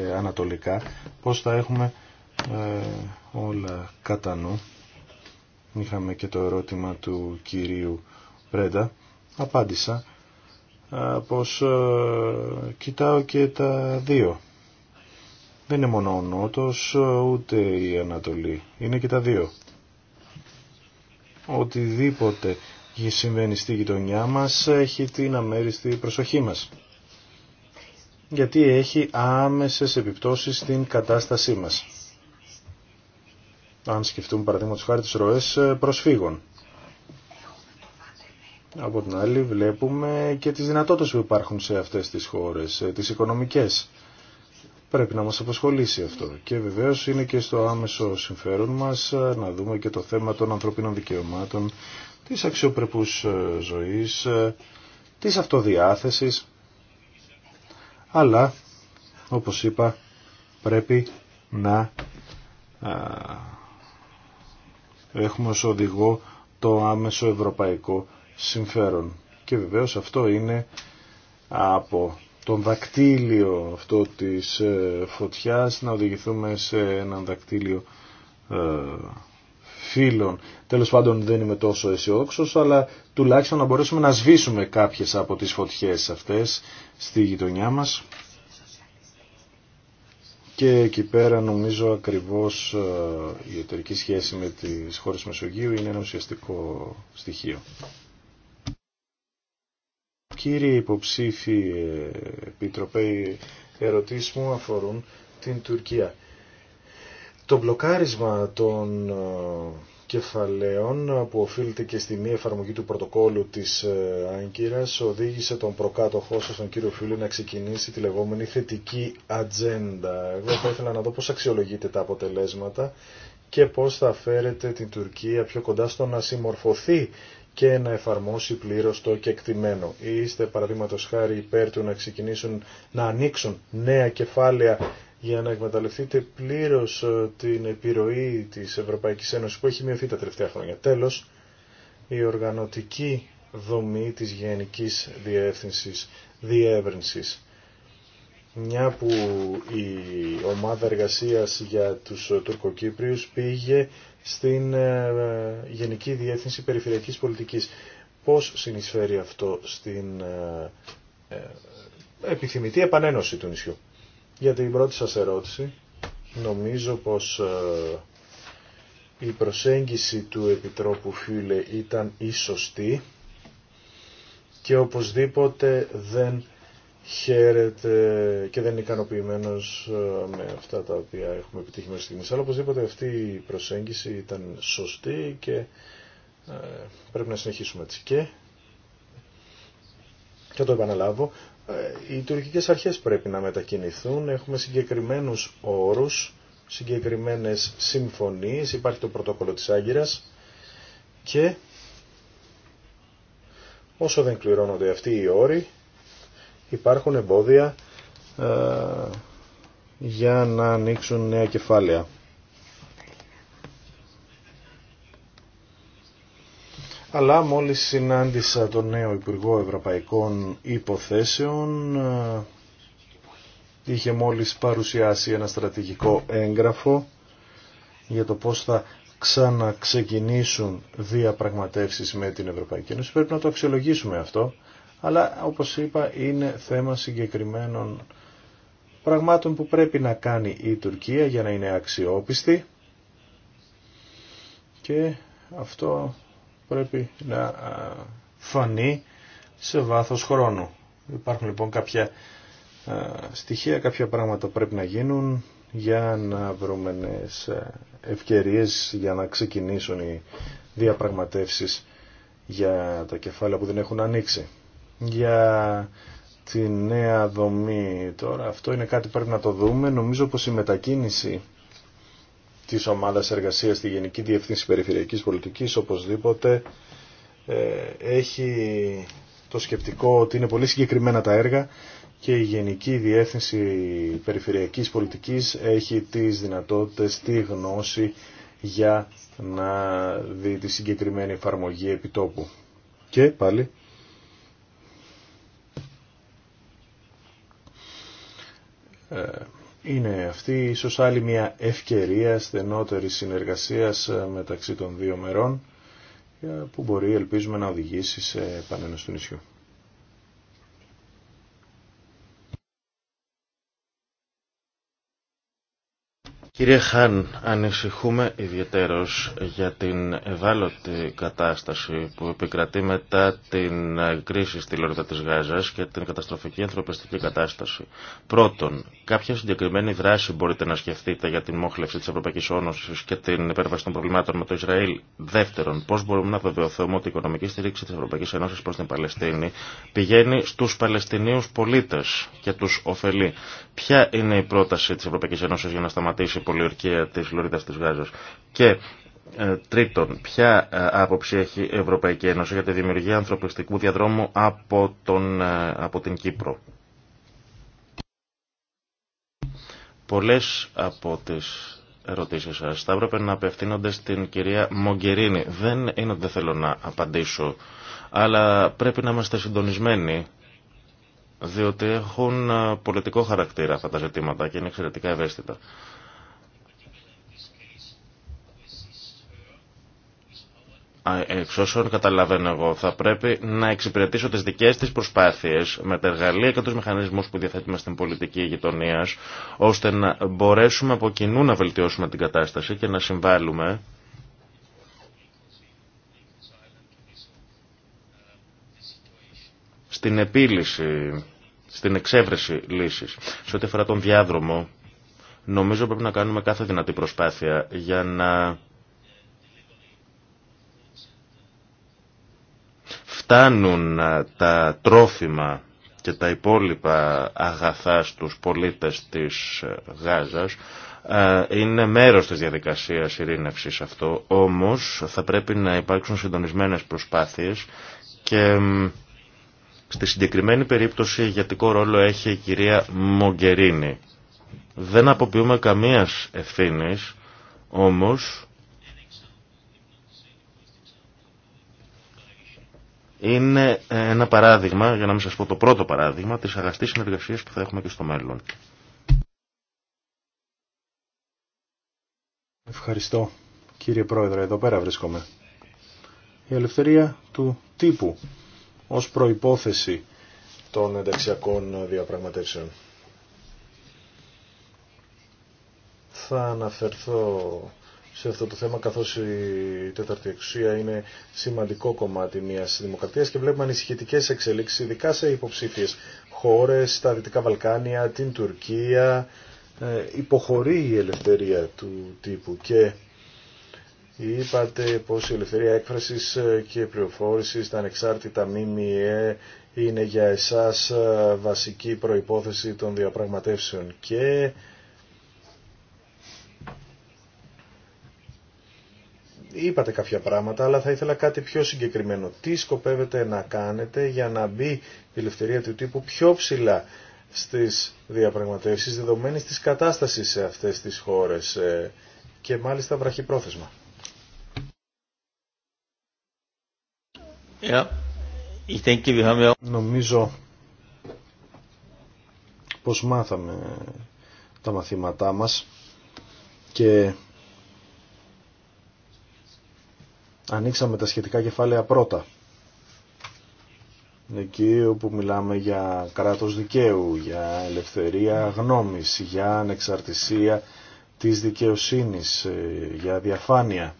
ε, ανατολικά πως θα έχουμε όλα κατά νου είχαμε και το ερώτημα του κυρίου Πρέντα απάντησα πως κοιτάω και τα δύο δεν είναι μόνο ο Νότος, ούτε η Ανατολή. Είναι και τα δύο. Οτιδήποτε συμβαίνει στη γειτονιά μας έχει την αμέριστη προσοχή μας. Γιατί έχει άμεσες επιπτώσεις στην κατάστασή μας. Αν σκεφτούμε παραδείγματος χάρη τις ροές προσφύγων. Από την άλλη βλέπουμε και τις δυνατότητες που υπάρχουν σε αυτές τις χώρες, ε, τις οικονομικές πρέπει να μας αποσχολήσει αυτό. Και βεβαίως είναι και στο άμεσο συμφέρον μας ε, να δούμε και το θέμα των ανθρωπίνων δικαιωμάτων, της αξιοπρεπούς ε, ζωής, ε, της αυτοδιάθεσης, αλλά, όπως είπα, πρέπει να έχουμε ως οδηγό το άμεσο ευρωπαϊκό συμφέρον. Και βεβαίως αυτό είναι από τον δακτύλιο αυτό της ε, φωτιάς να οδηγηθούμε σε έναν δακτύλιο ε, φίλων. Τέλος πάντων δεν είμαι τόσο αισιόδοξο, αλλά τουλάχιστον να μπορέσουμε να σβήσουμε κάποιες από τις φωτιές αυτές στη γειτονιά μας. Και εκεί πέρα νομίζω ακριβώς ε, η εταιρική σχέση με τις χώρες Μεσογείου είναι ένα ουσιαστικό στοιχείο. Κύριε υποψήφοι ε, επιτροπέ, ερωτήσει μου αφορούν την Τουρκία. Το μπλοκάρισμα των ε, κεφαλαίων που οφείλεται και στη μη εφαρμογή του πρωτοκόλου της ε, Άγκυρας οδήγησε τον προκάτοχό σας, τον κύριο Φίλου, να ξεκινήσει τη λεγόμενη θετική ατζέντα. Εγώ θα ήθελα να δω πώς αξιολογείτε τα αποτελέσματα και πώς θα φέρετε την Τουρκία πιο κοντά στο να συμμορφωθεί και να εφαρμόσει πλήρω το κεκτημένο. Είστε παραδείγματο χάρη υπέρ του να ξεκινήσουν να ανοίξουν νέα κεφάλαια για να εκμεταλλευτείτε πλήρω ε, την επιρροή της Ευρωπαϊκής Ένωση που έχει μειωθεί τα τελευταία χρόνια. Τέλος, η οργανωτική δομή της Γενικής διεύθυνση Διεύρυνσης μια που η ομάδα εργασίας για τους Τουρκοκύπριους πήγε στην ε, Γενική Διεύθυνση Περιφερειακής Πολιτικής. Πώς συνεισφέρει αυτό στην ε, ε, επιθυμητή επανένωση του νησιού. Για την πρώτη σας ερώτηση, νομίζω πως η προσέγγιση του Επιτρόπου Φίλε ήταν η σωστή και οπωσδήποτε δεν χαίρεται και δεν είναι ικανοποιημένο ε, με αυτά τα οποία έχουμε επιτύχει μέχρι στιγμής. Αλλά οπωσδήποτε αυτή η προσέγγιση ήταν σωστή και ε, πρέπει να συνεχίσουμε έτσι. Και, και το επαναλάβω, ε, οι τουρκικές αρχές πρέπει να μετακινηθούν, έχουμε συγκεκριμένους όρους, συγκεκριμένες συμφωνίες, υπάρχει το πρωτόκολλο της Άγκυρας και όσο δεν κληρώνονται αυτοί οι όροι, υπάρχουν εμπόδια ε, για να ανοίξουν νέα κεφάλαια. Αλλά μόλις συνάντησα τον νέο Υπουργό Ευρωπαϊκών Υποθέσεων, ε, είχε μόλις παρουσιάσει ένα στρατηγικό έγγραφο για το πώς θα ξαναξεκινήσουν διαπραγματεύσεις με την Ευρωπαϊκή Ένωση. Πρέπει να το αξιολογήσουμε αυτό αλλά όπως είπα είναι θέμα συγκεκριμένων πραγμάτων που πρέπει να κάνει η Τουρκία για να είναι αξιόπιστη και αυτό πρέπει να φανεί σε βάθος χρόνου. Υπάρχουν λοιπόν κάποια στοιχεία, κάποια πράγματα πρέπει να γίνουν για να βρούμε νέες ευκαιρίες για να ξεκινήσουν οι διαπραγματεύσεις για τα κεφάλαια που δεν έχουν ανοίξει για τη νέα δομή τώρα. Αυτό είναι κάτι πρέπει να το δούμε. Νομίζω πως η μετακίνηση της ομάδας εργασίας στη Γενική Διευθύνση Περιφερειακής Πολιτικής οπωσδήποτε ε, έχει το σκεπτικό ότι είναι πολύ συγκεκριμένα τα έργα και η Γενική Διεύθυνση Περιφερειακής Πολιτικής έχει τις δυνατότητες, τη γνώση για να δει τη συγκεκριμένη εφαρμογή επιτόπου. Και πάλι Ε, είναι αυτή ίσως άλλη μια ευκαιρία στενότερης συνεργασίας ε, μεταξύ των δύο μερών ε, που μπορεί ελπίζουμε να οδηγήσει σε επανένωση του νησιού. Κύριε Χάν, ανησυχούμε ιδιαίτερως για την ευάλωτη κατάσταση που επικρατεί μετά την κρίση στη Λόρδα της Γάζας και την καταστροφική ανθρωπιστική κατάσταση. Πρώτον, κάποια συγκεκριμένη δράση μπορείτε να σκεφτείτε για την μόχλευση της Ευρωπαϊκής Ένωσης και την υπέρβαση των προβλημάτων με το Ισραήλ. Δεύτερον, πώς μπορούμε να βεβαιωθούμε ότι η οικονομική στήριξη της Ευρωπαϊκής Ένωσης προς την Παλαιστίνη πηγαίνει στους Παλαιστινίους πολίτες και τους ωφελεί. Ποια είναι η πρόταση της Ευρωπαϊκής Ένωσης για να σταματήσει πολιορκία της Λωρίδας της Γάζας. Και ε, τρίτον, ποια ε, άποψη έχει η Ευρωπαϊκή Ένωση για τη δημιουργία ανθρωπιστικού διαδρόμου από, τον, ε, από την Κύπρο. Πολλές από τις ερωτήσεις σας θα έπρεπε να απευθύνονται στην κυρία Μογκερίνη. Δεν είναι ότι δεν θέλω να απαντήσω, αλλά πρέπει να είμαστε συντονισμένοι διότι έχουν πολιτικό χαρακτήρα αυτά τα ζητήματα και είναι εξαιρετικά ευαίσθητα. εξ όσων καταλαβαίνω εγώ, θα πρέπει να εξυπηρετήσω τι δικέ τη προσπάθειε με τα εργαλεία και του μηχανισμού που διαθέτουμε στην πολιτική γειτονία, ώστε να μπορέσουμε από κοινού να βελτιώσουμε την κατάσταση και να συμβάλλουμε στην επίλυση, στην εξέβρεση λύσης. Σε ό,τι αφορά τον διάδρομο, νομίζω πρέπει να κάνουμε κάθε δυνατή προσπάθεια για να φτάνουν τα τρόφιμα και τα υπόλοιπα αγαθά στους πολίτες της ε, Γάζας είναι μέρος της διαδικασίας ειρήνευσης αυτό, όμως θα πρέπει να υπάρξουν συντονισμένες προσπάθειες και στη συγκεκριμένη περίπτωση ηγετικό ρόλο έχει η κυρία Μογκερίνη. Δεν αποποιούμε καμίας ευθύνης, όμως είναι ένα παράδειγμα, για να μην σας πω το πρώτο παράδειγμα, της αγαστής συνεργασίας που θα έχουμε και στο μέλλον. Ευχαριστώ κύριε Πρόεδρε, εδώ πέρα βρίσκομαι. Η ελευθερία του τύπου ως προϋπόθεση των ενταξιακών διαπραγματεύσεων. Θα αναφερθώ σε αυτό το θέμα καθώς η τέταρτη εξουσία είναι σημαντικό κομμάτι μιας δημοκρατίας και βλέπουμε ανησυχητικέ εξελίξεις ειδικά σε υποψήφιες χώρες, τα Δυτικά Βαλκάνια, την Τουρκία, ε, υποχωρεί η ελευθερία του τύπου και είπατε πως η ελευθερία έκφρασης ε, και πληροφόρηση τα ανεξάρτητα ΜΜΕ είναι για εσάς ε, βασική προϋπόθεση των διαπραγματεύσεων και Είπατε κάποια πράγματα, αλλά θα ήθελα κάτι πιο συγκεκριμένο. Τι σκοπεύετε να κάνετε για να μπει η ελευθερία του τύπου πιο ψηλά στις διαπραγματεύσεις δεδομένης της κατάστασης σε αυτές τις χώρες ε, και μάλιστα βραχυπρόθεσμα. Yeah. Νομίζω πως μάθαμε τα μαθήματά μας και ανοίξαμε τα σχετικά κεφάλαια πρώτα. Εκεί όπου μιλάμε για κράτος δικαίου, για ελευθερία γνώμης, για ανεξαρτησία της δικαιοσύνης, ε, για διαφάνεια.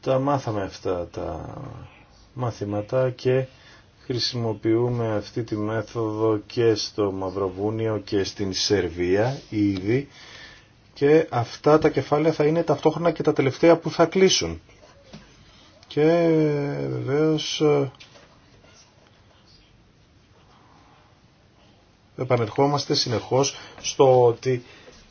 Τα μάθαμε αυτά τα μαθήματα και χρησιμοποιούμε αυτή τη μέθοδο και στο Μαυροβούνιο και στην Σερβία ήδη και αυτά τα κεφάλαια θα είναι ταυτόχρονα και τα τελευταία που θα κλείσουν. Και βεβαίως ε, επανερχόμαστε συνεχώς στο ότι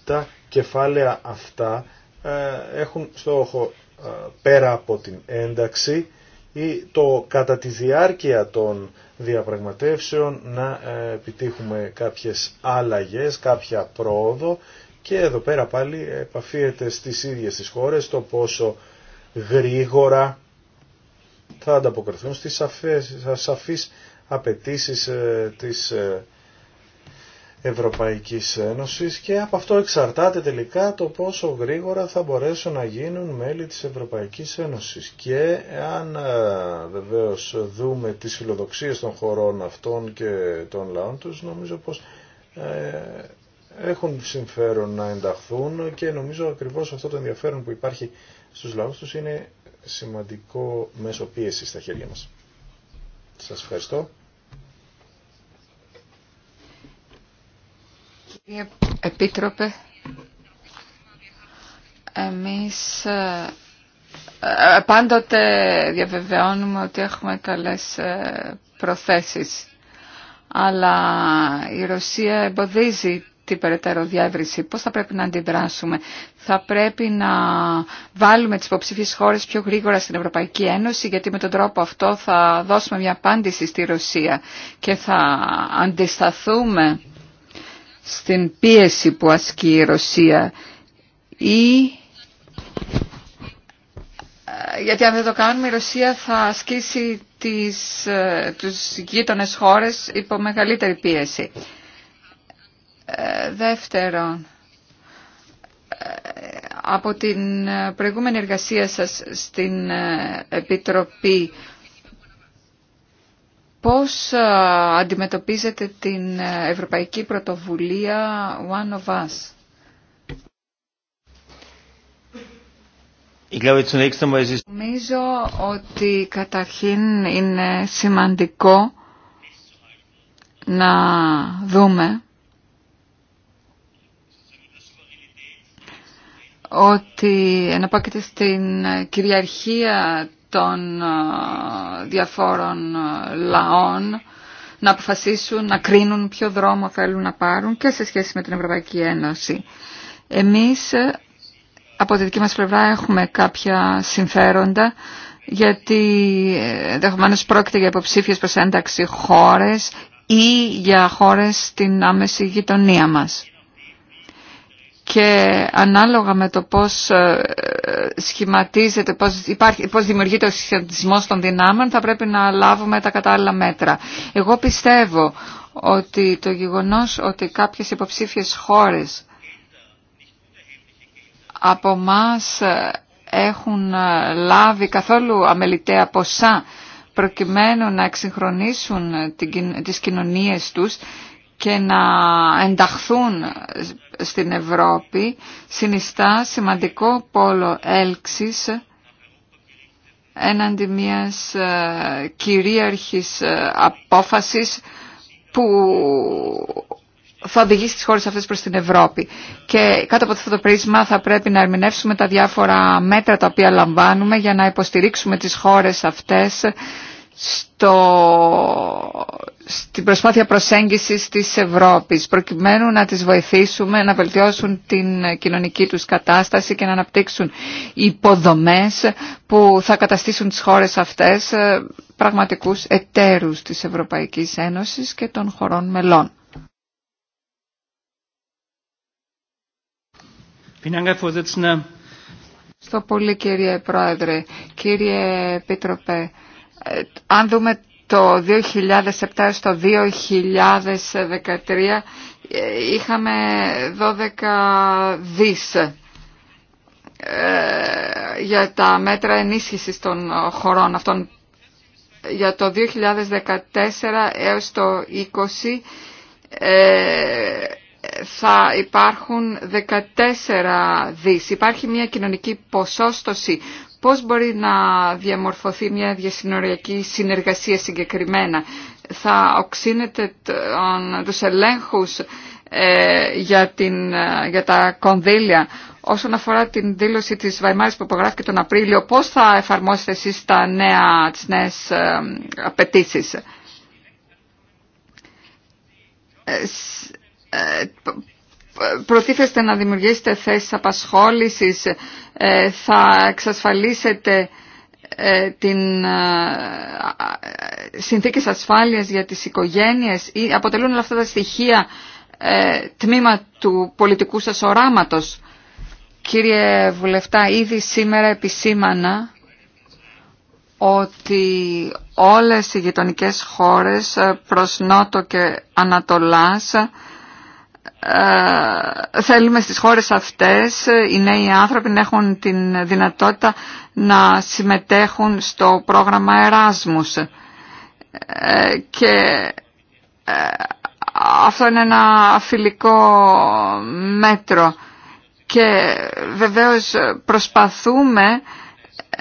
τα κεφάλαια αυτά ε, έχουν στόχο ε, πέρα από την ένταξη ή το κατά τη διάρκεια των διαπραγματεύσεων να επιτύχουμε κάποιες άλλαγες, κάποια πρόοδο και εδώ πέρα πάλι επαφίεται στις ίδιες τις χώρες το πόσο γρήγορα θα ανταποκριθούν στις σαφές, σαφείς απαιτήσεις ε, της ε, Ευρωπαϊκής Ένωσης και από αυτό εξαρτάται τελικά το πόσο γρήγορα θα μπορέσουν να γίνουν μέλη της Ευρωπαϊκής Ένωσης. Και αν ε, βεβαίως δούμε τις φιλοδοξίες των χωρών αυτών και των λαών τους, νομίζω πως έχουν συμφέρον να ενταχθούν και νομίζω ακριβώς αυτό το ενδιαφέρον που υπάρχει στους λαούς τους είναι σημαντικό μέσο πίεση στα χέρια μας. Σας ευχαριστώ. Κύριε Επίτροπε, εμείς ε, ε, πάντοτε διαβεβαιώνουμε ότι έχουμε καλές ε, προθέσεις αλλά η Ρωσία εμποδίζει την περαιτέρω διεύρυνση. Πώς θα πρέπει να αντιδράσουμε. Θα πρέπει να βάλουμε τις υποψήφιες χώρες πιο γρήγορα στην Ευρωπαϊκή Ένωση γιατί με τον τρόπο αυτό θα δώσουμε μια απάντηση στη Ρωσία και θα αντισταθούμε στην πίεση που ασκεί η Ρωσία ή ε, γιατί αν δεν το κάνουμε η Ρωσία θα ασκήσει τις, ε, τους γείτονες χώρες υπό μεγαλύτερη πίεση δεύτερον, από την προηγούμενη εργασία σας στην Επιτροπή, πώς αντιμετωπίζετε την Ευρωπαϊκή Πρωτοβουλία One of Us. Νομίζω ότι καταρχήν είναι σημαντικό να δούμε ότι εναπόκειται στην κυριαρχία των ε, διαφόρων ε, λαών να αποφασίσουν, να κρίνουν ποιο δρόμο θέλουν να πάρουν και σε σχέση με την Ευρωπαϊκή Ένωση. Εμείς ε, από τη δική μας πλευρά έχουμε κάποια συμφέροντα γιατί ενδεχομένω πρόκειται για υποψήφιες προς ένταξη χώρες ή για χώρες στην άμεση γειτονία μας και ανάλογα με το πώς ε, σχηματίζεται, πώς, υπάρχει, πώς δημιουργείται ο σχεδιασμός των δυνάμεων θα πρέπει να λάβουμε τα κατάλληλα μέτρα. Εγώ πιστεύω ότι το γεγονός ότι κάποιες υποψήφιες χώρες από μας έχουν ε, λάβει καθόλου αμεληταία ποσά προκειμένου να εξυγχρονίσουν τις κοινωνίες τους και να ενταχθούν στην Ευρώπη συνιστά σημαντικό πόλο έλξης έναντι μιας ε, κυρίαρχης ε, απόφασης που θα οδηγήσει τις χώρες αυτές προς την Ευρώπη. Και κάτω από αυτό το πρίσμα θα πρέπει να ερμηνεύσουμε τα διάφορα μέτρα τα οποία λαμβάνουμε για να υποστηρίξουμε τις χώρες αυτές στο, στην προσπάθεια προσέγγισης της Ευρώπης προκειμένου να τις βοηθήσουμε να βελτιώσουν την κοινωνική τους κατάσταση και να αναπτύξουν υποδομές που θα καταστήσουν τις χώρες αυτές ε, πραγματικούς εταίρους της Ευρωπαϊκής Ένωσης και των χωρών μελών. Στο πολύ κύριε Πρόεδρε, κύριε Πίτροπε, ε, αν δούμε το 2007 στο 2013 είχαμε 12 δις ε, για τα μέτρα ενίσχυσης των χωρών αυτών για το 2014 έως το 20 ε, θα υπάρχουν 14 δις. Υπάρχει μια κοινωνική ποσόστοση πώς μπορεί να διαμορφωθεί μια διασυνοριακή συνεργασία συγκεκριμένα. Θα οξύνετε τους ελέγχους ε, για, την, ε, τα κονδύλια όσον αφορά την δήλωση της Βαϊμάρης που υπογράφηκε τον Απρίλιο. Πώς θα εφαρμόσετε εσείς τα νέα, τις νέες ε, απαιτήσεις προτίθεστε να δημιουργήσετε θέσεις απασχόλησης, ε, θα εξασφαλίσετε ε, την ε, συνθήκες ασφάλειας για τις οικογένειες ή αποτελούν όλα αυτά τα στοιχεία τμήμα του πολιτικού σας οράματος. Κύριε Βουλευτά, ήδη σήμερα επισήμανα ότι όλες οι γειτονικές χώρες προς Νότο και Ανατολάς ε, θέλουμε στις χώρες αυτές ε, οι νέοι άνθρωποι να έχουν την δυνατότητα να συμμετέχουν στο πρόγραμμα Εράσμους. Ε, και αυτό είναι ένα φιλικό μέτρο. Και βεβαίως προσπαθούμε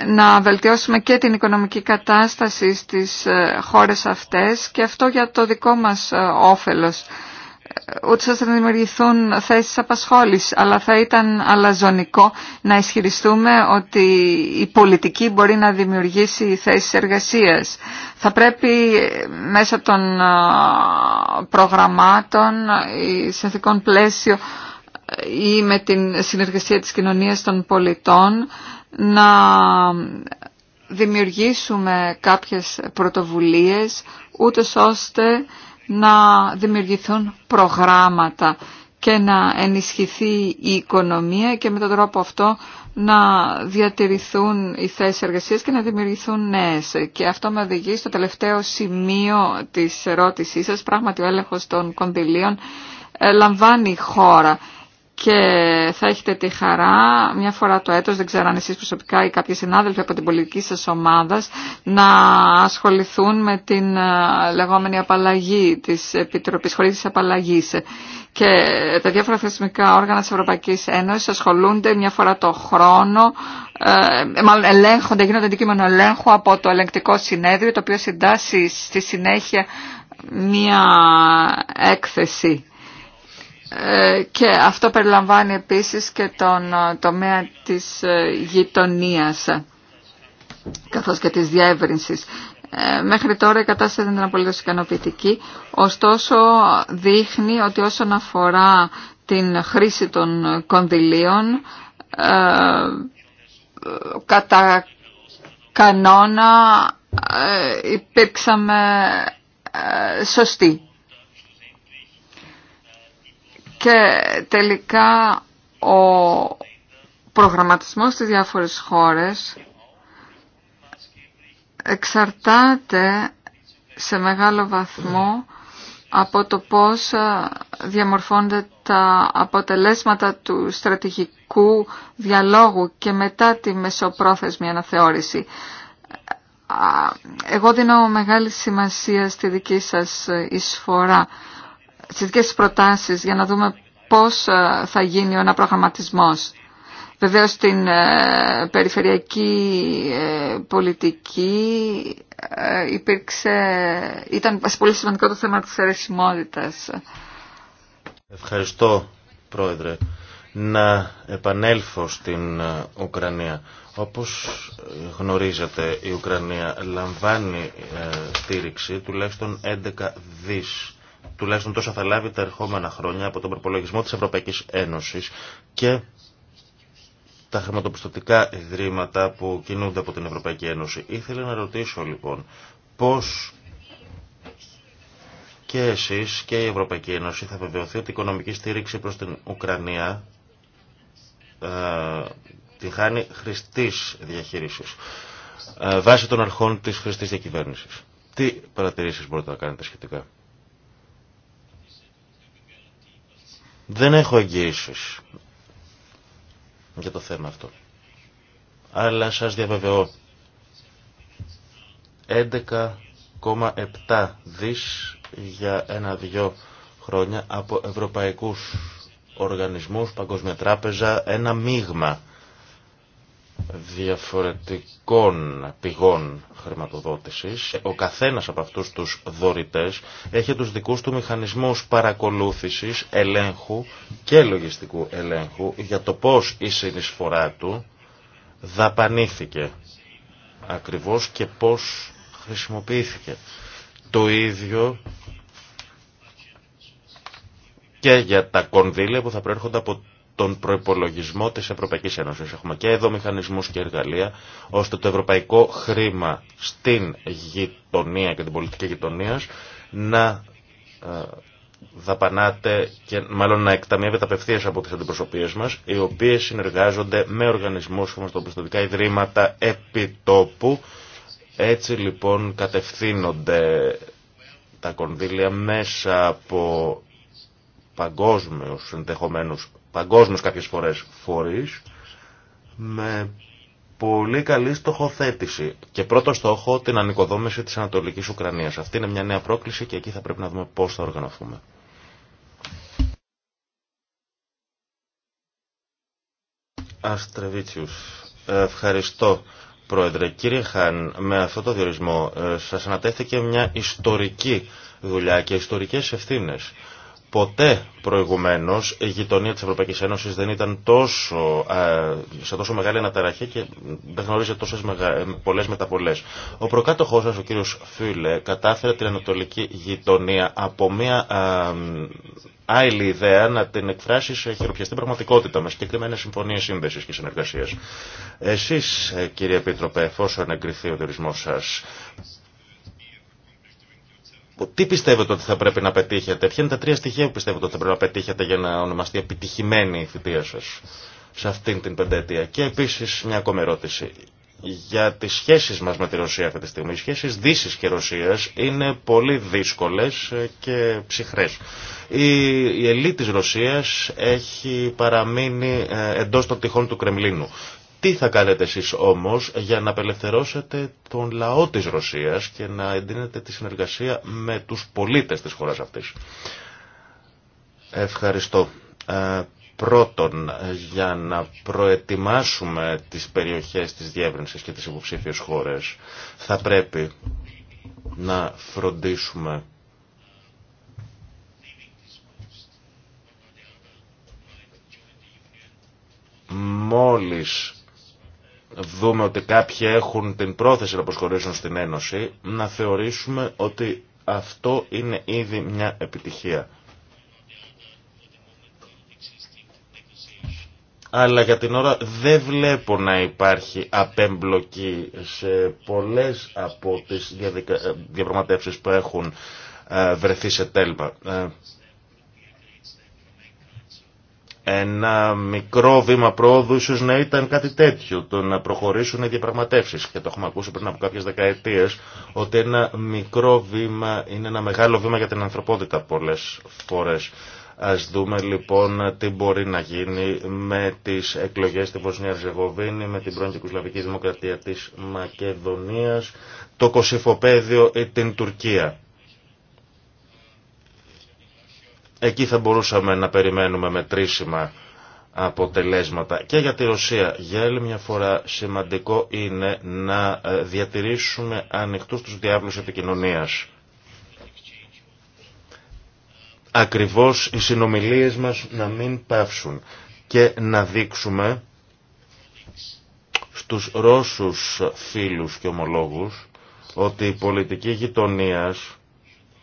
να βελτιώσουμε και την οικονομική κατάσταση στις χώρες αυτές και αυτό για το δικό μας όφελος ούτως ώστε να δημιουργηθούν θέσεις απασχόλησης. Αλλά θα ήταν αλαζονικό να ισχυριστούμε ότι η πολιτική μπορεί να δημιουργήσει θέσεις εργασίας. Θα πρέπει μέσα των προγραμμάτων, σε πλαίσιο ή με την συνεργασία της κοινωνίας των πολιτών να δημιουργήσουμε κάποιες πρωτοβουλίες ούτως ώστε να δημιουργηθούν προγράμματα και να ενισχυθεί η οικονομία και με τον τρόπο αυτό να διατηρηθούν οι θέσεις εργασίας και να δημιουργηθούν νέες. Και αυτό με οδηγεί στο τελευταίο σημείο της ερώτησής σας, πράγματι ο έλεγχος των κονδυλίων ε, λαμβάνει χώρα και θα έχετε τη χαρά μια φορά το έτος, δεν ξέρω αν εσείς προσωπικά ή κάποιοι συνάδελφοι από την πολιτική σας ομάδα να ασχοληθούν με την ε, λεγόμενη απαλλαγή της Επιτροπής Χωρίς της Απαλλαγής και τα διάφορα θεσμικά όργανα της Ευρωπαϊκής Ένωσης ασχολούνται μια φορά το χρόνο ε, ε, μάλλον ελέγχονται, γίνονται αντικείμενο ελέγχου από το ελεγκτικό συνέδριο το οποίο συντάσσει στη συνέχεια μια έκθεση ε, και αυτό περιλαμβάνει επίσης και τον ε, τομέα της ε, γειτονίας καθώς και της διεύρυνσης. Μέχρι τώρα η κατάσταση δεν ήταν πολύ ικανοποιητική, ωστόσο δείχνει ότι όσον αφορά την χρήση των κονδυλίων, κατά κανόνα υπήρξαμε σωστοί. Και τελικά ο προγραμματισμός στις διάφορες χώρες εξαρτάται σε μεγάλο βαθμό από το πώς διαμορφώνται τα αποτελέσματα του στρατηγικού διαλόγου και μετά τη μεσοπρόθεσμη αναθεώρηση. Εγώ δίνω μεγάλη σημασία στη δική σας εισφορά σχετικές προτάσεις για να δούμε πώς ε, θα γίνει ο αναπρογραμματισμός. Βεβαίως στην ε, περιφερειακή ε, πολιτική υπήρξε, ήταν πολύ σημαντικό το θέμα της αιρεσιμότητας. Ευχαριστώ Πρόεδρε. Να επανέλθω στην Ουκρανία. Όπως γνωρίζετε η Ουκρανία λαμβάνει στήριξη τουλάχιστον 11 δις τουλάχιστον τόσα θα λάβει τα ερχόμενα χρόνια από τον προπολογισμό της Ευρωπαϊκής Ένωσης και τα χρηματοπιστωτικά ιδρύματα που κινούνται από την Ευρωπαϊκή Ένωση. Ήθελα να ρωτήσω λοιπόν πώς και εσείς και η Ευρωπαϊκή Ένωση θα βεβαιωθεί ότι η οικονομική στήριξη προς την Ουκρανία ε, τη χάνει χρηστής διαχείρισης ε, βάσει των αρχών της χρηστής διακυβέρνησης. Τι παρατηρήσεις μπορείτε να κάνετε σχετικά. Δεν έχω εγγύησει για το θέμα αυτό. Αλλά σας διαβεβαιώ. 11,7 δις για ένα-δυο χρόνια από ευρωπαϊκούς οργανισμούς, Παγκόσμια Τράπεζα, ένα μείγμα διαφορετικών πηγών χρηματοδότησης. Ο καθένας από αυτούς τους δωρητές έχει τους δικούς του μηχανισμούς παρακολούθησης, ελέγχου και λογιστικού ελέγχου για το πώς η συνεισφορά του δαπανήθηκε ακριβώς και πώς χρησιμοποιήθηκε. Το ίδιο και για τα κονδύλια που θα προέρχονται από τον προπολογισμό της Ευρωπαϊκής Ένωσης. Έχουμε και εδώ μηχανισμούς και εργαλεία, ώστε το ευρωπαϊκό χρήμα στην γειτονία και την πολιτική γειτονία να ε, δαπανάται και μάλλον να εκταμιεύεται απευθεία από τις αντιπροσωπείες μας, οι οποίες συνεργάζονται με οργανισμούς χρηματοπιστωτικά ιδρύματα επιτόπου. Έτσι λοιπόν κατευθύνονται τα κονδύλια μέσα από παγκόσμιους ενδεχομένου Παγκόσμιο κάποιες φορές φορεί με πολύ καλή στοχοθέτηση και πρώτο στόχο την ανοικοδόμηση της Ανατολικής Ουκρανίας. Αυτή είναι μια νέα πρόκληση και εκεί θα πρέπει να δούμε πώς θα οργανωθούμε. Αστρεβίτσιου, ευχαριστώ. Πρόεδρε, κύριε Χάν, με αυτό το διορισμό ε, σας ανατέθηκε μια ιστορική δουλειά και ιστορικές ευθύνες. Ποτέ προηγουμένω η γειτονία τη Ευρωπαϊκή Ένωση δεν ήταν τόσο, ε, σε τόσο μεγάλη αναταραχή και δεν γνωρίζει τόσε πολλέ μεταπολέ. Ο προκάτοχός σα, ο κύριο Φίλε, κατάφερε την ανατολική γειτονία από μια ε, άλλη ιδέα να την εκφράσει σε χειροπιαστή πραγματικότητα με συγκεκριμένε συμφωνίε σύνδεση και συνεργασία. Εσεί, ε, κύριε Επίτροπε, εφόσον εγκριθεί ο διορισμό σα, τι πιστεύετε ότι θα πρέπει να πετύχετε, ποια είναι τα τρία στοιχεία που πιστεύετε ότι θα πρέπει να πετύχετε για να ονομαστεί επιτυχημένη η θητεία σα σε αυτήν την πεντέτεια. Και επίσης μια ακόμη ερώτηση για τις σχέσεις μας με τη Ρωσία αυτή τη στιγμή. Οι σχέσεις Δύση και Ρωσία είναι πολύ δύσκολε και ψυχρέ. Η, η ελίτ Ρωσίας έχει παραμείνει ε, εντό των τυχών του Κρεμλίνου τι θα κάνετε εσείς όμως για να απελευθερώσετε τον λαό της Ρωσίας και να εντείνετε τη συνεργασία με τους πολίτες της χώρας αυτής. Ευχαριστώ. Ε, πρώτον, για να προετοιμάσουμε τις περιοχές της διεύρυνσης και τις υποψήφιες χώρες, θα πρέπει να φροντίσουμε μόλις δούμε ότι κάποιοι έχουν την πρόθεση να προσχωρήσουν στην Ένωση, να θεωρήσουμε ότι αυτό είναι ήδη μια επιτυχία. αλλά για την ώρα δεν βλέπω να υπάρχει απέμπλοκη σε πολλές από τις ε, διαπραγματεύσεις που έχουν ε, βρεθεί σε τέλμα. Ε, ένα μικρό βήμα πρόοδου ίσως να ήταν κάτι τέτοιο, το να προχωρήσουν οι διαπραγματεύσεις. Και το έχουμε ακούσει πριν από κάποιες δεκαετίες, ότι ένα μικρό βήμα είναι ένα μεγάλο βήμα για την ανθρωπότητα πολλές φορές. Ας δούμε λοιπόν τι μπορεί να γίνει με τις εκλογές στη Βοσνία Ριζεγοβίνη, με την πρώην κυκλοσλαβική Δημοκρατία της Μακεδονίας, το Κωσυφοπαίδιο ή την Τουρκία. Εκεί θα μπορούσαμε να περιμένουμε μετρήσιμα αποτελέσματα. Και για τη Ρωσία, για άλλη μια φορά, σημαντικό είναι να ε, διατηρήσουμε ανοιχτούς τους διάβλους επικοινωνίας. Ακριβώς οι συνομιλίες μας να μην παύσουν και να δείξουμε στους Ρώσους φίλους και ομολόγους ότι η πολιτική γειτονίας,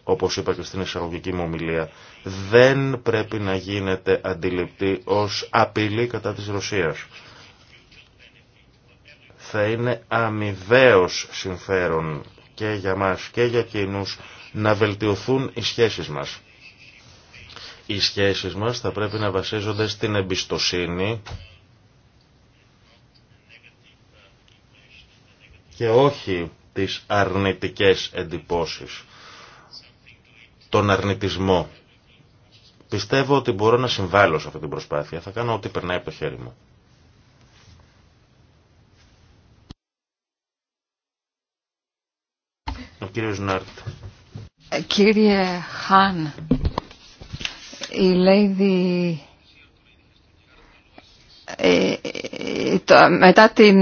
όπως είπα και στην εισαγωγική μου ομιλία, δεν πρέπει να γίνεται αντιληπτή ως απειλή κατά της Ρωσίας. Θα είναι αμοιβαίως συμφέρον και για μας και για εκείνους να βελτιωθούν οι σχέσεις μας. Οι σχέσεις μας θα πρέπει να βασίζονται στην εμπιστοσύνη και όχι τις αρνητικές εντυπώσεις, τον αρνητισμό. Πιστεύω ότι μπορώ να συμβάλλω σε αυτή την προσπάθεια. Θα κάνω ό,τι περνάει από το χέρι μου. Ο κύριος Νάρτ. Ε, κύριε Χάν, η Λέιδη ε, ε, μετά την,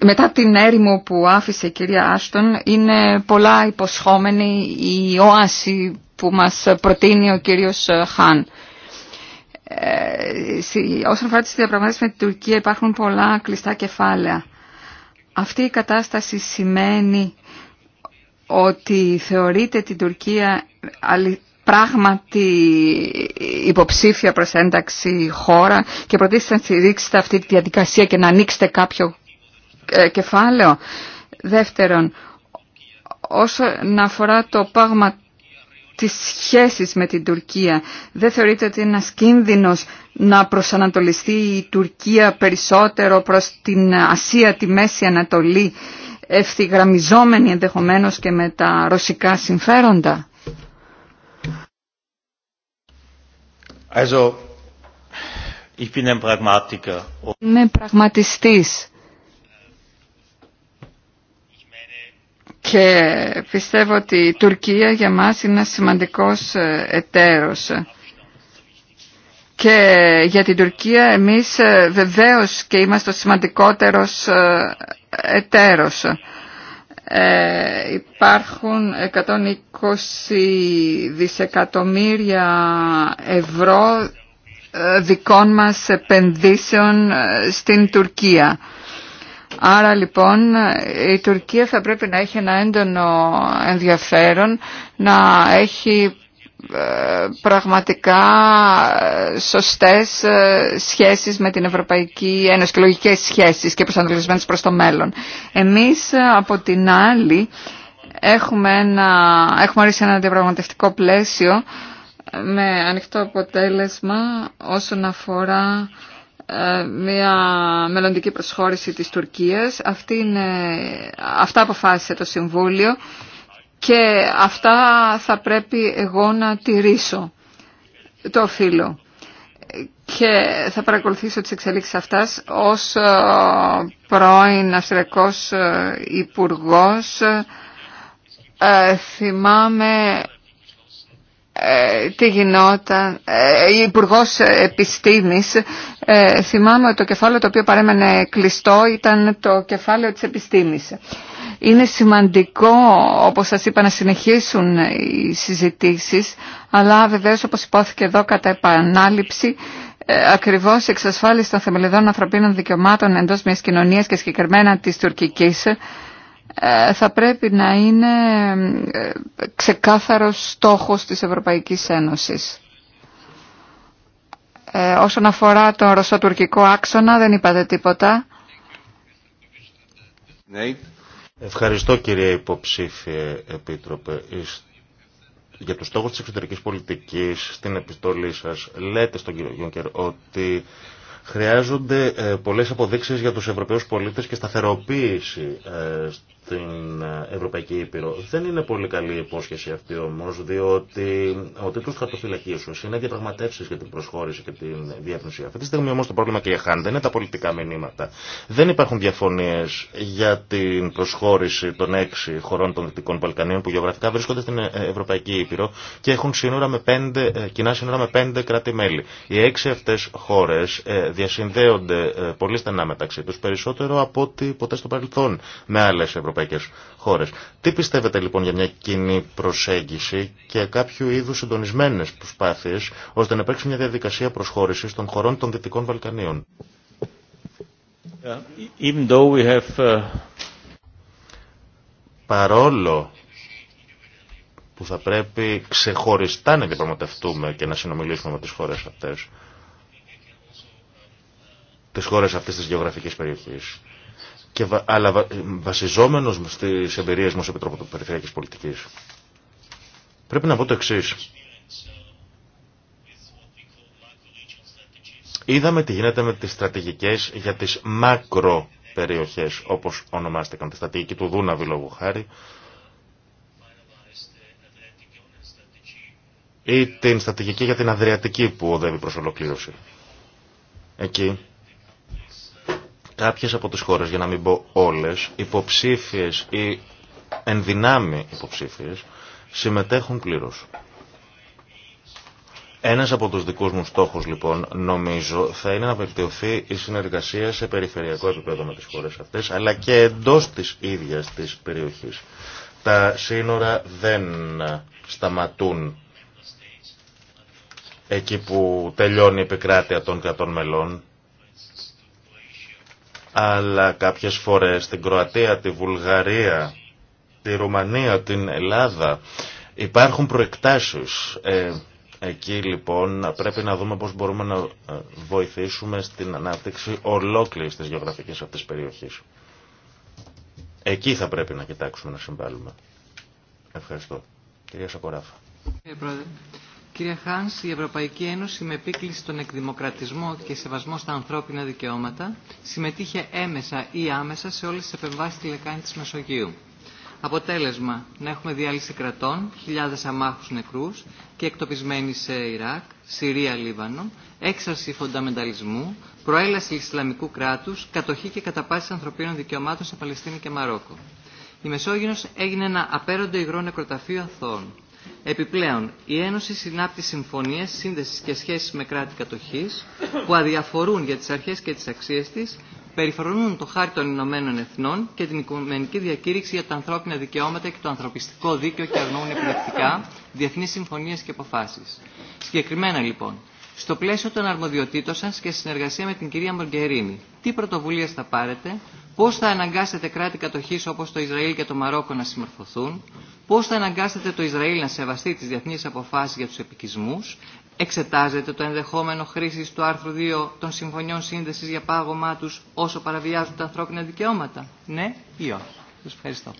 μετά την έρημο που άφησε η κυρία Άστον είναι πολλά υποσχόμενη η οάση που μας προτείνει ο κύριος Χάν. Ε, όσον αφορά τις διαπραγματεύσεις με την Τουρκία υπάρχουν πολλά κλειστά κεφάλαια. Αυτή η κατάσταση σημαίνει ότι θεωρείται την Τουρκία πράγματι υποψήφια προς ένταξη χώρα και προτίθεται να στηρίξετε αυτή τη διαδικασία και να ανοίξετε κάποιο ε, κεφάλαιο. Δεύτερον, όσον αφορά το πάγμα τις σχέσεις με την Τουρκία. Δεν θεωρείτε ότι είναι ένας κίνδυνος να προσανατολιστεί η Τουρκία περισσότερο προς την Ασία, τη Μέση Ανατολή, ευθυγραμμιζόμενη ενδεχομένως και με τα ρωσικά συμφέροντα. Also, ich bin ein Είμαι πραγματιστής και πιστεύω ότι η Τουρκία για μας είναι ένας σημαντικός ε, εταίρος. Και για την Τουρκία εμείς ε, βεβαίως και είμαστε ο σημαντικότερος ε, εταίρος. υπάρχουν 120 δισεκατομμύρια ευρώ δικών μας επενδύσεων στην Τουρκία. Άρα λοιπόν η Τουρκία θα πρέπει να έχει ένα έντονο ενδιαφέρον, να έχει ε, πραγματικά ε, σωστές ε, σχέσεις με την Ευρωπαϊκή Ένωση και λογικές σχέσεις και προσανατολισμένες προς το μέλλον. Εμείς από την άλλη έχουμε, ένα, έχουμε ορίσει ένα διαπραγματευτικό πλαίσιο με ανοιχτό αποτέλεσμα όσον αφορά ε, μια μελλοντική προσχώρηση της Τουρκίας. Αυτή αυτά αποφάσισε το Συμβούλιο και αυτά θα πρέπει εγώ να τηρήσω το φίλο και θα παρακολουθήσω τις εξελίξεις αυτάς ως ε, πρώην Αυστριακός ε, Υπουργός θυμάμαι ε, τι γινόταν, ε, η Υπουργό Επιστήμης, ε, θυμάμαι ότι το κεφάλαιο το οποίο παρέμενε κλειστό ήταν το κεφάλαιο της επιστήμης. Είναι σημαντικό, όπως σας είπα, να συνεχίσουν οι συζητήσεις, αλλά βεβαίως όπως υπόθηκε εδώ κατά επανάληψη, ακριβώς εξασφάλιση των θεμελιδών ανθρωπίνων δικαιωμάτων εντός μιας κοινωνίας και συγκεκριμένα της τουρκικής, ε, θα πρέπει να είναι ε, ξεκάθαρος στόχος της Ευρωπαϊκής Ένωσης. Ε, όσον αφορά τον ρωσοτουρκικό άξονα δεν είπατε τίποτα. Ναι. Ευχαριστώ κύριε υποψήφιε επίτροπε για τους στόχους της εξωτερικής πολιτικής στην επιστολή σας λέτε στον κύριο Γιόνκερ ότι χρειάζονται πολλές αποδείξεις για τους Ευρωπαίους πολίτες και σταθεροποίηση στην ε, Ευρωπαϊκή Ήπειρο. Δεν είναι πολύ καλή η υπόσχεση αυτή όμω, διότι ο τίτλος χαρτοφυλακίου είναι διαπραγματεύσει για την προσχώρηση και την διεύθυνση. Αυτή τη στιγμή όμω το πρόβλημα και για δεν είναι τα πολιτικά μηνύματα. Δεν υπάρχουν διαφωνίε για την προσχώρηση των έξι χωρών των Δυτικών Βαλκανίων που γεωγραφικά βρίσκονται στην ε, Ευρωπαϊκή Ήπειρο και έχουν σύνορα με πέντε, ε, κοινά σύνορα με πέντε κράτη-μέλη. Οι έξι αυτέ χώρε διασυνδέονται πολύ στενά μεταξύ του περισσότερο από ό,τι ποτέ στο παρελθόν με άλλε τι πιστεύετε λοιπόν για μια κοινή προσέγγιση και κάποιο είδους συντονισμένες προσπάθειες ώστε να υπάρξει μια διαδικασία προσχώρησης των χωρών των Δυτικών Βαλκανίων. even though uh, Παρόλο που θα πρέπει ξεχωριστά να διαπραγματευτούμε και να συνομιλήσουμε με τις χώρες αυτές, τις χώρες αυτής της γεωγραφικής περιοχής. Και, αλλά βα, βασιζόμενος στις εμπειρίες μου ως Επιτρόπο Περιφερειακής Πολιτικής, πρέπει να πω το εξή. Είδαμε τι γίνεται με τις στρατηγικές για τις μακροπεριοχές, όπως ονομάστηκαν, τη στρατηγική του Δούναβη λόγου χάρη, ή την στρατηγική για την Αδριατική που οδεύει προς ολοκλήρωση. Εκεί κάποιες από τις χώρες, για να μην πω όλες, υποψήφιες ή ενδυνάμει υποψήφιες, συμμετέχουν πλήρως. Ένας από τους δικούς μου στόχους λοιπόν νομίζω θα είναι να βελτιωθεί η συνεργασία σε περιφερειακό επίπεδο με τις χώρες αυτές αλλά και εντός της ίδιας της περιοχής. Τα σύνορα δεν σταματούν εκεί που τελειώνει η επικράτεια των κρατών μελών αλλά κάποιες φορές στην Κροατία, τη Βουλγαρία, τη Ρουμανία, την Ελλάδα υπάρχουν προεκτάσεις. Ε, εκεί λοιπόν πρέπει να δούμε πώς μπορούμε να ε, βοηθήσουμε στην ανάπτυξη ολόκληρης της γεωγραφικής αυτής περιοχής. Εκεί θα πρέπει να κοιτάξουμε να συμβάλλουμε. Ευχαριστώ. Κυρία Σακοράφα. Κύριε Χάνς, η Ευρωπαϊκή Ένωση με επίκληση στον εκδημοκρατισμό και σεβασμό στα ανθρώπινα δικαιώματα συμμετείχε έμεσα ή άμεσα σε όλες τις επεμβάσεις στη λεκάνη της Μεσογείου. Αποτέλεσμα να έχουμε διάλυση κρατών, χιλιάδες αμάχους νεκρούς και εκτοπισμένοι σε Ιράκ, Συρία, Λίβανο, έξαρση φονταμενταλισμού, προέλαση Ισλαμικού κράτους, κατοχή και καταπάτηση ανθρωπίνων δικαιωμάτων σε Παλαιστίνη και Μαρόκο. Η Μεσόγειος έγινε ένα απέροντο υγρό νεκροταφείο αθώων. Επιπλέον, η Ένωση συνάπτει συμφωνίε σύνδεση και σχέσει με κράτη κατοχή που αδιαφορούν για τι αρχέ και τι αξίε τη, περιφρονούν το χάρτη των Ηνωμένων Εθνών και την Οικουμενική Διακήρυξη για τα ανθρώπινα δικαιώματα και το ανθρωπιστικό δίκαιο και αγνοούν επιλεκτικά διεθνεί συμφωνίε και αποφάσει. Συγκεκριμένα λοιπόν, στο πλαίσιο των αρμοδιοτήτων σας και συνεργασία με την κυρία Μοργκερίνη. Τι πρωτοβουλίες θα πάρετε, πώς θα αναγκάσετε κράτη κατοχής όπως το Ισραήλ και το Μαρόκο να συμμορφωθούν, πώς θα αναγκάσετε το Ισραήλ να σεβαστεί τις διεθνείς αποφάσεις για τους επικισμούς, εξετάζετε το ενδεχόμενο χρήση του άρθρου 2 των συμφωνιών σύνδεσης για πάγωμά τους όσο παραβιάζουν τα ανθρώπινα δικαιώματα. Ναι ή όχι. Σας ευχαριστώ.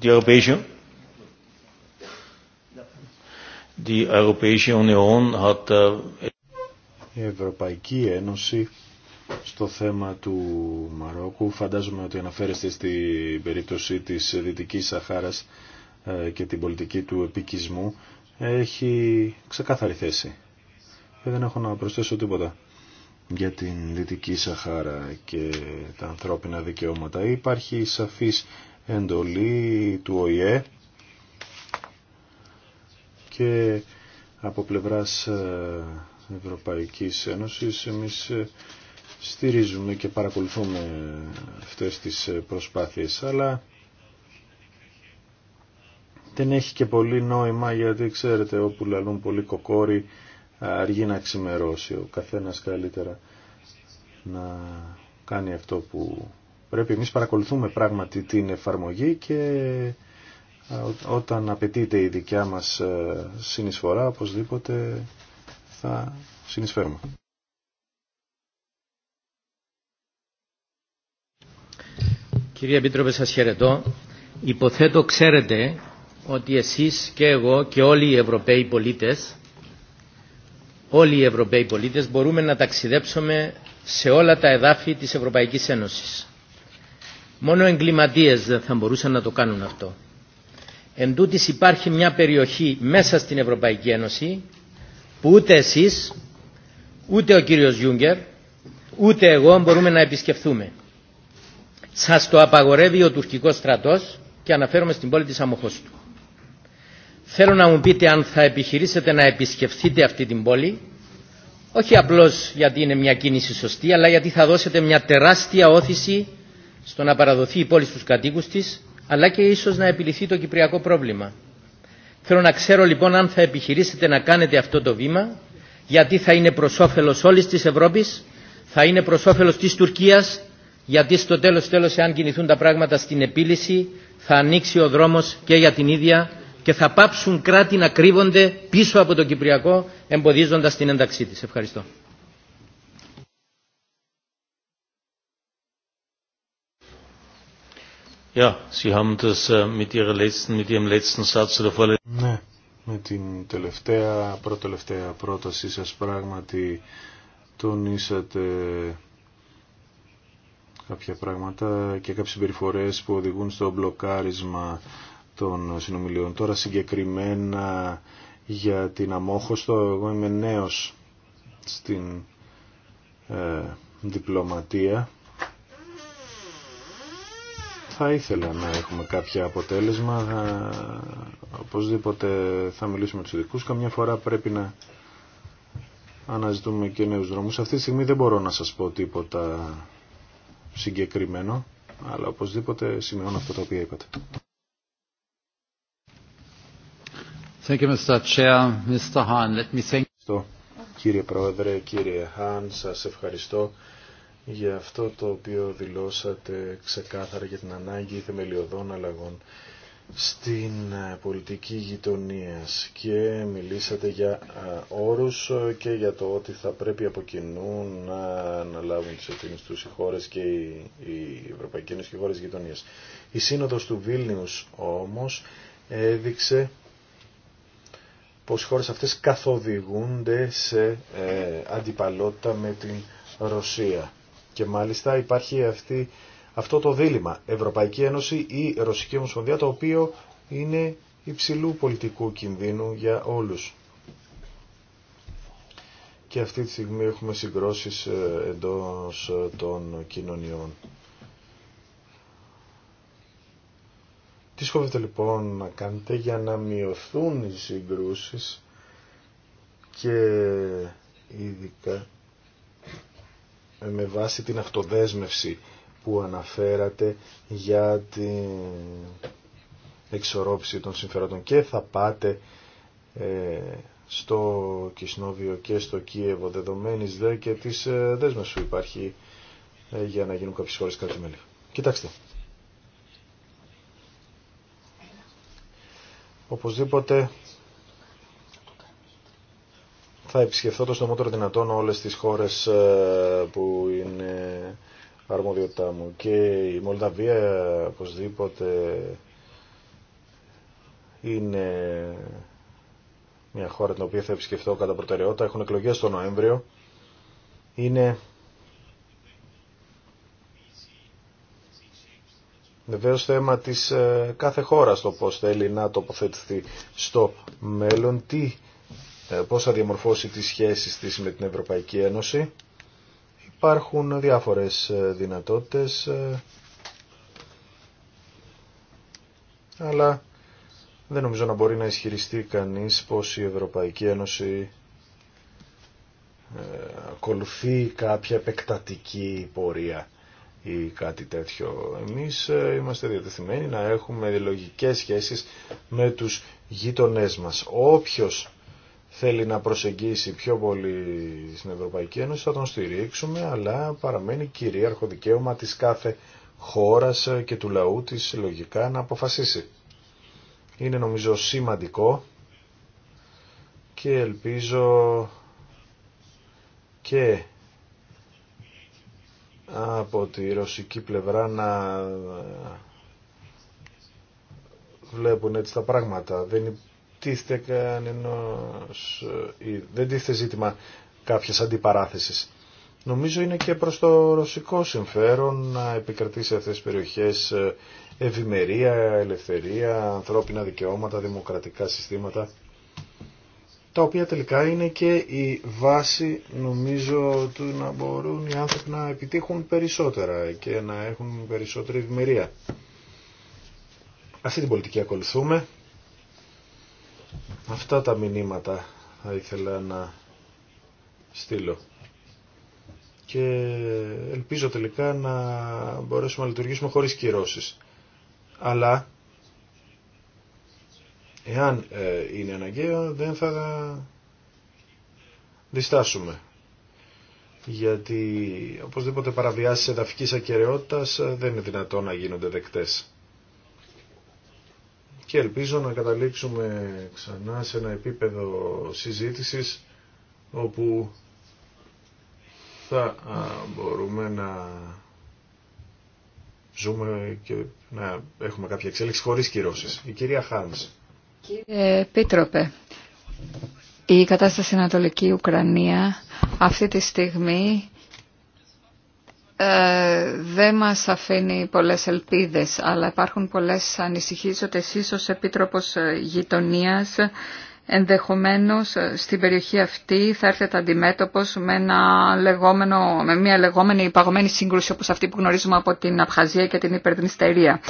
Uh, η Ευρωπαϊκή Ένωση στο θέμα του Μαρόκου φαντάζομαι ότι αναφέρεστε στην περίπτωση της Δυτικής Σαχάρας ε, και την πολιτική του επικισμού έχει ξεκάθαρη θέση ε, δεν έχω να προσθέσω τίποτα για την Δυτική Σαχάρα και τα ανθρώπινα δικαιώματα. Υπάρχει σαφής εντολή του ΟΗΕ και από πλευράς ε, Ευρωπαϊκής Ένωσης εμείς ε, στηρίζουμε και παρακολουθούμε αυτές τις ε, προσπάθειες αλλά δεν έχει και πολύ νόημα γιατί ξέρετε όπου λαλούν πολύ κοκόροι αργεί να ξημερώσει ο καθένας καλύτερα να κάνει αυτό που Πρέπει εμείς παρακολουθούμε πράγματι την εφαρμογή και όταν απαιτείται η δικιά μας ε, συνεισφορά, οπωσδήποτε θα συνεισφέρουμε. Κύριε Επίτροπε, σας χαιρετώ. Υποθέτω ξέρετε ότι εσείς και εγώ και όλοι οι Ευρωπαίοι πολίτες όλοι οι Ευρωπαίοι πολίτες μπορούμε να ταξιδέψουμε σε όλα τα εδάφη της Ευρωπαϊκής Ένωσης. Μόνο εγκληματίες δεν θα μπορούσαν να το κάνουν αυτό. Εν τούτης υπάρχει μια περιοχή μέσα στην Ευρωπαϊκή Ένωση που ούτε εσείς, ούτε ο κύριος Γιούγκερ, ούτε εγώ μπορούμε να επισκεφθούμε. Σας το απαγορεύει ο τουρκικός στρατός και αναφέρομαι στην πόλη της Αμοχώστου. Θέλω να μου πείτε αν θα επιχειρήσετε να επισκεφθείτε αυτή την πόλη, όχι απλώς γιατί είναι μια κίνηση σωστή, αλλά γιατί θα δώσετε μια τεράστια όθηση στο να παραδοθεί η πόλη στους κατοίκους της, αλλά και ίσως να επιληθεί το κυπριακό πρόβλημα. Θέλω να ξέρω λοιπόν αν θα επιχειρήσετε να κάνετε αυτό το βήμα, γιατί θα είναι προς όφελος όλης της Ευρώπης, θα είναι προς όφελος της Τουρκίας, γιατί στο τέλος τέλος εάν κινηθούν τα πράγματα στην επίλυση θα ανοίξει ο δρόμος και για την ίδια και θα πάψουν κράτη να κρύβονται πίσω από το Κυπριακό εμποδίζοντας την ένταξή της. Ευχαριστώ. Ναι, με την τελευταία, πρώτη-τελευταία πρότασή σας πράγματι τονίσατε κάποια πράγματα και κάποιες συμπεριφορέ που οδηγούν στο μπλοκάρισμα των συνομιλιών. Τώρα συγκεκριμένα για την αμόχωστο, εγώ είμαι νέος στην ε, διπλωματία θα ήθελα να έχουμε κάποια αποτέλεσμα. Οπωσδήποτε θα μιλήσουμε με τους ειδικού. Καμιά φορά πρέπει να αναζητούμε και νέους δρόμους. Αυτή τη στιγμή δεν μπορώ να σας πω τίποτα συγκεκριμένο, αλλά οπωσδήποτε σημειώνω αυτό το οποίο είπατε. Κύριε Πρόεδρε, κύριε Χάν, σας ευχαριστώ για αυτό το οποίο δηλώσατε ξεκάθαρα για την ανάγκη θεμελιωδών αλλαγών στην ε, πολιτική γειτονία και μιλήσατε για ε, όρους και για το ότι θα πρέπει από κοινού να αναλάβουν τις ευθύνες τους οι χώρες και οι, ευρωπαϊκές και οι χώρες Η σύνοδος του Βίλνιους όμως έδειξε πως οι χώρες αυτές καθοδηγούνται σε ε, αντιπαλότητα με την Ρωσία. Και μάλιστα υπάρχει αυτό το δίλημα Ευρωπαϊκή Ένωση ή Ρωσική Ομοσπονδία το οποίο είναι υψηλού πολιτικού κινδύνου για όλους. Και αυτή τη στιγμή έχουμε συγκρόσεις ε, εντός ε, των κοινωνιών. Τι σκοπεύετε λοιπόν να κάνετε για να μειωθούν οι συγκρούσεις και ειδικά με βάση την αυτοδέσμευση που αναφέρατε για την εξορόψη των συμφερόντων και θα πάτε ε, στο Κισνόβιο και στο Κίεβο δεδομένης δε και της ε, δέσμευσης που υπάρχει ε, για να γίνουν κάποιες χώρες κάτι μέλη. Κοιτάξτε. Οπωσδήποτε θα επισκεφθώ το στομότερο δυνατόν όλες τις χώρες ε, που είναι αρμοδιότητά μου. Και η Μολδαβία οπωσδήποτε είναι μια χώρα την οποία θα επισκεφθώ κατά προτεραιότητα. Έχουν εκλογές το Νοέμβριο. Είναι Βεβαίω θέμα της ε, κάθε χώρας το πώς θέλει να τοποθετηθεί στο μέλλον, τι ε, πώς θα διαμορφώσει τις σχέσεις της με την Ευρωπαϊκή Ένωση. Υπάρχουν διάφορες ε, δυνατότητες, ε, αλλά δεν νομίζω να μπορεί να ισχυριστεί κανείς πως η Ευρωπαϊκή Ένωση ακολουθεί κάποια επεκτατική πορεία ή κάτι τέτοιο. Εμείς είμαστε διατεθειμένοι να έχουμε λογικές σχέσεις με τους γείτονές μας. Όποιος θέλει να προσεγγίσει πιο πολύ στην Ευρωπαϊκή Ένωση θα τον στηρίξουμε αλλά παραμένει κυρίαρχο δικαίωμα της κάθε χώρας και του λαού της λογικά να αποφασίσει. Είναι νομίζω σημαντικό και ελπίζω και από τη ρωσική πλευρά να βλέπουν έτσι τα πράγματα. Δεν ε, δεν τίθεται ζήτημα κάποια αντιπαράθεσης. Νομίζω είναι και προς το ρωσικό συμφέρον να επικρατήσει σε αυτές τις περιοχές ε, ευημερία, ελευθερία, ανθρώπινα δικαιώματα, δημοκρατικά συστήματα, τα οποία τελικά είναι και η βάση νομίζω του να μπορούν οι άνθρωποι να επιτύχουν περισσότερα και να έχουν περισσότερη ευημερία. Αυτή την πολιτική ακολουθούμε Αυτά τα μηνύματα θα ήθελα να στείλω. Και ελπίζω τελικά να μπορέσουμε να λειτουργήσουμε χωρίς κυρώσεις. Αλλά, εάν ε, είναι αναγκαίο, δεν θα διστάσουμε. Γιατί οπωσδήποτε παραβιάσεις εδαφικής ακαιρεότητας ε, δεν είναι δυνατόν να γίνονται δεκτές και ελπίζω να καταλήξουμε ξανά σε ένα επίπεδο συζήτησης όπου θα μπορούμε να ζούμε και να έχουμε κάποια εξέλιξη χωρίς κυρώσεις. Η κυρία Κύριε Πίτροπε, η κατάσταση στην Ανατολική Ουκρανία αυτή τη στιγμή ε, δεν μας αφήνει πολλές ελπίδες, αλλά υπάρχουν πολλές ανησυχίες ότι εσείς ως Επίτροπος ε, Γειτονίας ενδεχομένως ε, στην περιοχή αυτή θα έρθετε αντιμέτωπος με, ένα λεγόμενο, με μια λεγόμενη παγωμένη σύγκρουση όπως αυτή που γνωρίζουμε από την Απχαζία και την Υπερδνηστερία.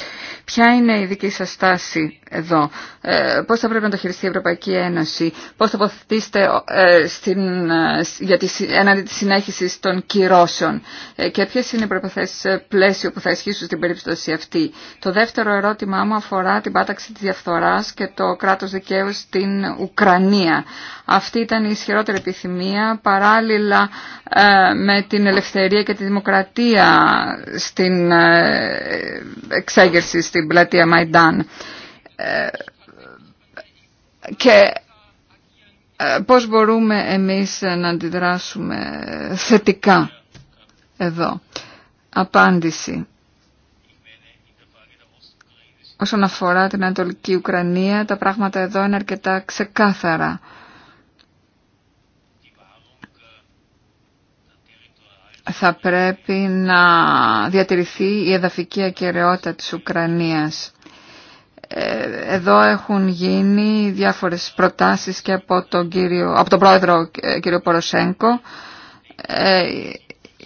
Ποια είναι η δική σας στάση εδώ, ε, πώς θα πρέπει να το χειριστεί η Ευρωπαϊκή Ένωση, πώς θα αποθετήσετε ε, ε, για τη, έναντι της των κυρώσεων και ποιες είναι οι προϋποθέσεις πλαίσιο που θα ισχύσουν στην περίπτωση αυτή. Το δεύτερο ερώτημά μου αφορά την πάταξη της διαφθοράς και το κράτος δικαίου στην Ουκρανία. Αυτή ήταν η ισχυρότερη επιθυμία παράλληλα ε, με την ελευθερία και τη δημοκρατία στην ε, εξέγερση στην πλατεία Μαϊντάν. Ε, και πώς μπορούμε εμείς να αντιδράσουμε θετικά εδώ. Απάντηση. Όσον αφορά την Ανατολική Ουκρανία, τα πράγματα εδώ είναι αρκετά ξεκάθαρα. Θα πρέπει να διατηρηθεί η εδαφική ακεραιότητα της Ουκρανίας. Ε, εδώ έχουν γίνει διάφορες προτάσεις και από τον, κύριο, από τον πρόεδρο ε, κύριο Ποροσέγκο ε,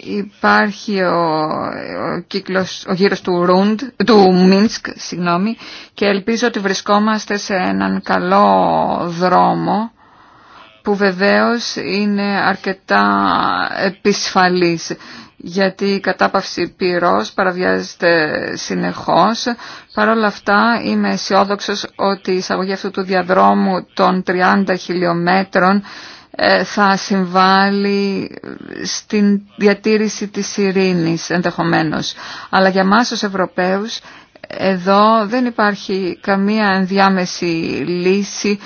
υπάρχει ο, ο, κύκλος, ο γύρος του, Ρουντ, του Μίνσκ συγγνώμη, και ελπίζω ότι βρισκόμαστε σε έναν καλό δρόμο που βεβαίως είναι αρκετά επισφαλής γιατί η κατάπαυση πυρός παραβιάζεται συνεχώς. Παρ' όλα αυτά είμαι αισιόδοξο ότι η εισαγωγή αυτού του διαδρόμου των 30 χιλιόμετρων ε, θα συμβάλλει στην διατήρηση της ειρήνης ενδεχομένως. Αλλά για μας ως Ευρωπαίους εδώ δεν υπάρχει καμία ενδιάμεση λύση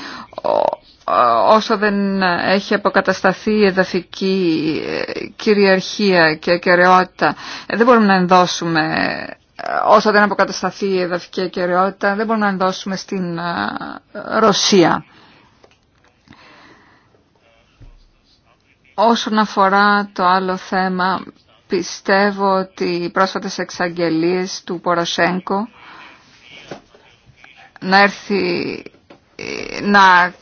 όσο δεν έχει αποκατασταθεί η εδαφική ε, κυριαρχία και ακαιρεότητα. Ε, δεν μπορούμε να ενδώσουμε όσο δεν αποκατασταθεί η εδαφική ακαιρεότητα, δεν μπορούμε να ενδώσουμε στην Ρωσία. Όσον αφορά το άλλο θέμα, πιστεύω ότι οι πρόσφατες εξαγγελίες του Ποροσέγκο να έρθει, να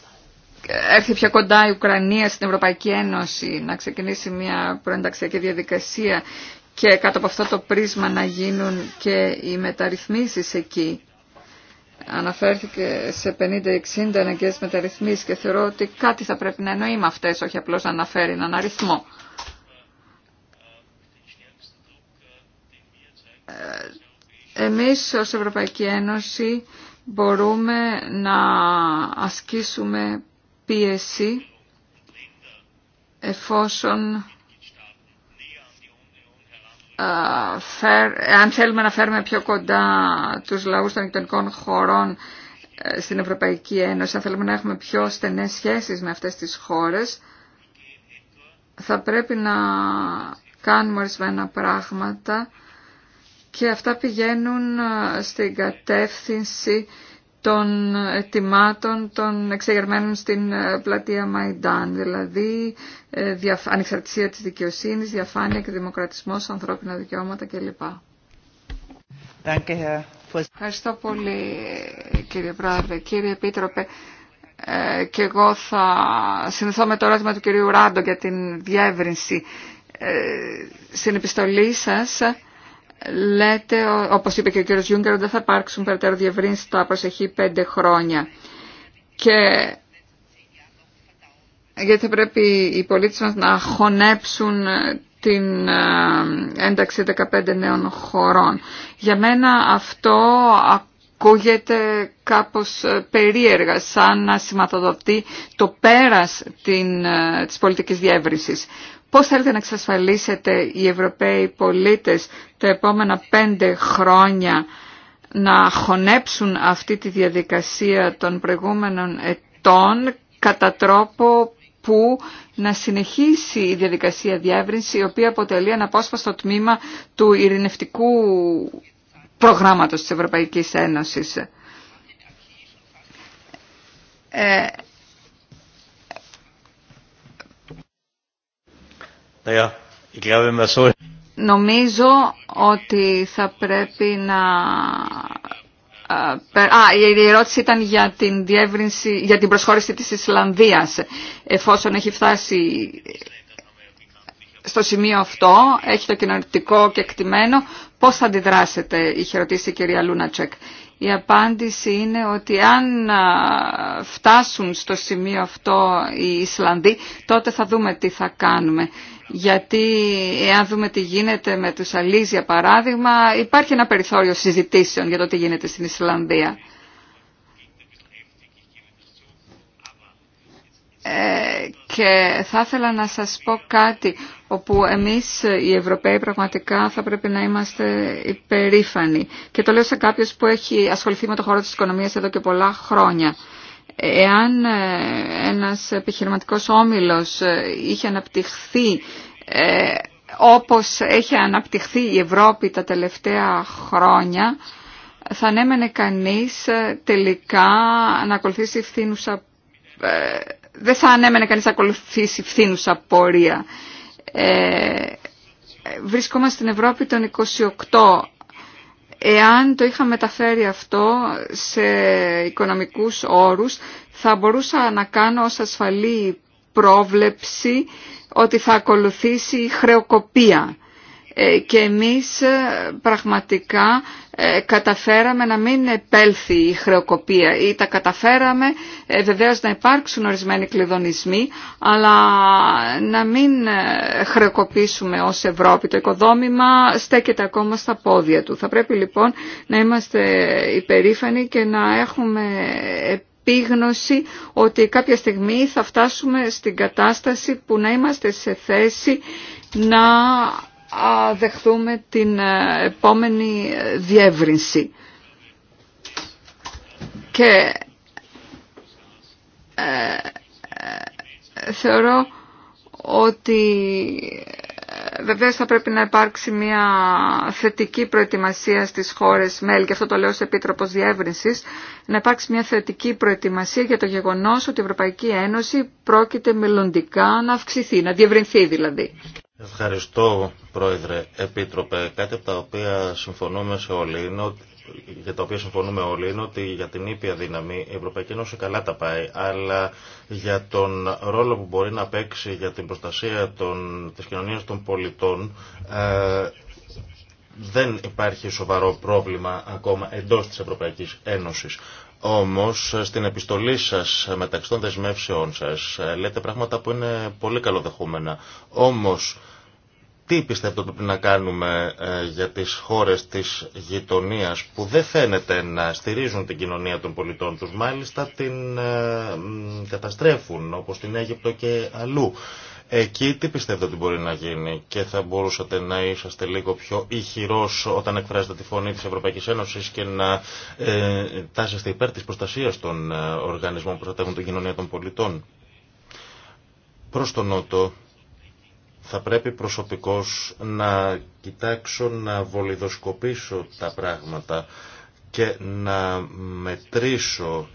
έρθει πιο κοντά η Ουκρανία στην Ευρωπαϊκή Ένωση, να ξεκινήσει μια προενταξιακή διαδικασία και κάτω από αυτό το πρίσμα να γίνουν και οι μεταρρυθμίσεις εκεί. Αναφέρθηκε σε 50-60 αναγκαίες μεταρρυθμίσεις και θεωρώ ότι κάτι θα πρέπει να εννοεί με αυτές, όχι απλώς να αναφέρει έναν αριθμό. Ε, εμείς ως Ευρωπαϊκή Ένωση μπορούμε να ασκήσουμε πίεση εφόσον αν θέλουμε να φέρουμε πιο κοντά τους λαούς των γειτονικών χωρών ε, στην Ευρωπαϊκή Ένωση, αν θέλουμε να έχουμε πιο στενές σχέσεις με αυτές τις χώρες, θα πρέπει να κάνουμε ορισμένα πράγματα και αυτά πηγαίνουν ε, στην κατεύθυνση των ετοιμάτων των εξεγερμένων στην ε, πλατεία Μαϊντάν, δηλαδή ε, ανεξαρτησία της δικαιοσύνης, διαφάνεια και δημοκρατισμός, ανθρώπινα δικαιώματα κλπ. Ευχαριστώ πολύ κύριε Πρόεδρε. Κύριε Επίτροπε, ε, και εγώ θα συνδεθώ με το ερώτημα του κυρίου Ράντο για την διεύρυνση. Ε, στην επιστολή σας λέτε, όπως είπε και ο κύριος Γιούγκερ, ότι δεν θα υπάρξουν περαιτέρω διευρύνσεις τα προσεχή πέντε χρόνια. Και γιατί θα πρέπει οι πολίτες μας να χωνέψουν την ε, ένταξη 15 νέων χωρών. Για μένα αυτό ακούγεται κάπως ε, περίεργα, σαν να σηματοδοτεί το πέρας την, ε, της πολιτικής διεύρυνσης. Πώς θέλετε να εξασφαλίσετε οι Ευρωπαίοι πολίτες τα επόμενα πέντε χρόνια να χωνέψουν αυτή τη διαδικασία των προηγούμενων ετών κατά τρόπο που να συνεχίσει η διαδικασία διεύρυνση η οποία αποτελεί ένα αναπόσπαστο τμήμα του ειρηνευτικού προγράμματος της Ευρωπαϊκής Ένωσης. Ε, Νομίζω ότι θα πρέπει να... Α, η ερώτηση ήταν για την, διεύρυνση, για την προσχώρηση της Ισλανδίας. Εφόσον έχει φτάσει στο σημείο αυτό, έχει το κοινωνικό εκτιμένο, πώς θα αντιδράσετε, είχε ρωτήσει η κυρία Λούνατσεκ. Η απάντηση είναι ότι αν φτάσουν στο σημείο αυτό οι Ισλανδοί, τότε θα δούμε τι θα κάνουμε γιατί εάν δούμε τι γίνεται με τους Αλής για παράδειγμα υπάρχει ένα περιθώριο συζητήσεων για το τι γίνεται στην Ισλανδία. Ε, και θα ήθελα να σας πω κάτι όπου εμείς οι Ευρωπαίοι πραγματικά θα πρέπει να είμαστε υπερήφανοι. Και το λέω σε κάποιος που έχει ασχοληθεί με το χώρο της οικονομίας εδώ και πολλά χρόνια. Εάν ε, ένας επιχειρηματικός όμιλος ε, είχε αναπτυχθεί ε, όπως έχει αναπτυχθεί η Ευρώπη τα τελευταία χρόνια, θα ανέμενε κανείς τελικά να ακολουθήσει φθήνουσα... δεν θα ανέμενε κανείς να ακολουθήσει φθήνουσα πορεία. βρισκόμαστε στην Ευρώπη των 28 Εάν το είχα μεταφέρει αυτό σε οικονομικούς όρους, θα μπορούσα να κάνω ως ασφαλή πρόβλεψη ότι θα ακολουθήσει χρεοκοπία. Ε, και εμείς ε, πραγματικά ε, καταφέραμε να μην επέλθει η χρεοκοπία ή τα καταφέραμε ε, βεβαίως να υπάρξουν ορισμένοι κλειδονισμοί αλλά να μην ε, χρεοκοπήσουμε ως Ευρώπη. Το οικοδόμημα στέκεται ακόμα στα πόδια του. Θα πρέπει λοιπόν να είμαστε υπερήφανοι και να έχουμε επίγνωση ότι κάποια στιγμή θα φτάσουμε στην κατάσταση που να είμαστε σε θέση να δεχθούμε την ε, επόμενη ε, διεύρυνση. Και ε, θεωρώ ότι βεβαίως θα πρέπει να υπάρξει μια θετική προετοιμασία στις χώρες μέλη και αυτό το λέω σε επίτροπος διεύρυνσης να υπάρξει μια θετική προετοιμασία για το γεγονός ότι η Ευρωπαϊκή Ένωση πρόκειται μελλοντικά να αυξηθεί, να διευρυνθεί δηλαδή. Ευχαριστώ, Πρόεδρε, Επίτροπε. Κάτι από τα οποία συμφωνούμε σε όλοι είναι ότι για τα οποία συμφωνούμε όλοι είναι ότι για την ήπια δύναμη η Ευρωπαϊκή Ένωση καλά τα πάει, αλλά για τον ρόλο που μπορεί να παίξει για την προστασία των, της κοινωνίας των πολιτών ε, δεν υπάρχει σοβαρό πρόβλημα ακόμα εντός της Ευρωπαϊκής Ένωσης. Όμως στην επιστολή σας μεταξύ των δεσμεύσεών σας ε, λέτε πράγματα που είναι πολύ καλοδεχούμενα. Όμως τι πιστεύετε ότι πρέπει να κάνουμε ε, για τις χώρες της γειτονίας που δεν φαίνεται να στηρίζουν την κοινωνία των πολιτών τους, μάλιστα την ε, καταστρέφουν όπως την Αίγυπτο και αλλού. Εκεί τι πιστεύετε ότι μπορεί να γίνει και θα μπορούσατε να είσαστε λίγο πιο ηχηρός όταν εκφράζετε τη φωνή της Ευρωπαϊκής Ένωσης και να ε, τάσεστε υπέρ της προστασίας των ε, οργανισμών που προστατεύουν την κοινωνία των πολιτών. Προς τον Νότο, θα πρέπει προσωπικώς να κοιτάξω, να βολιδοσκοπήσω τα πράγματα και να μετρήσω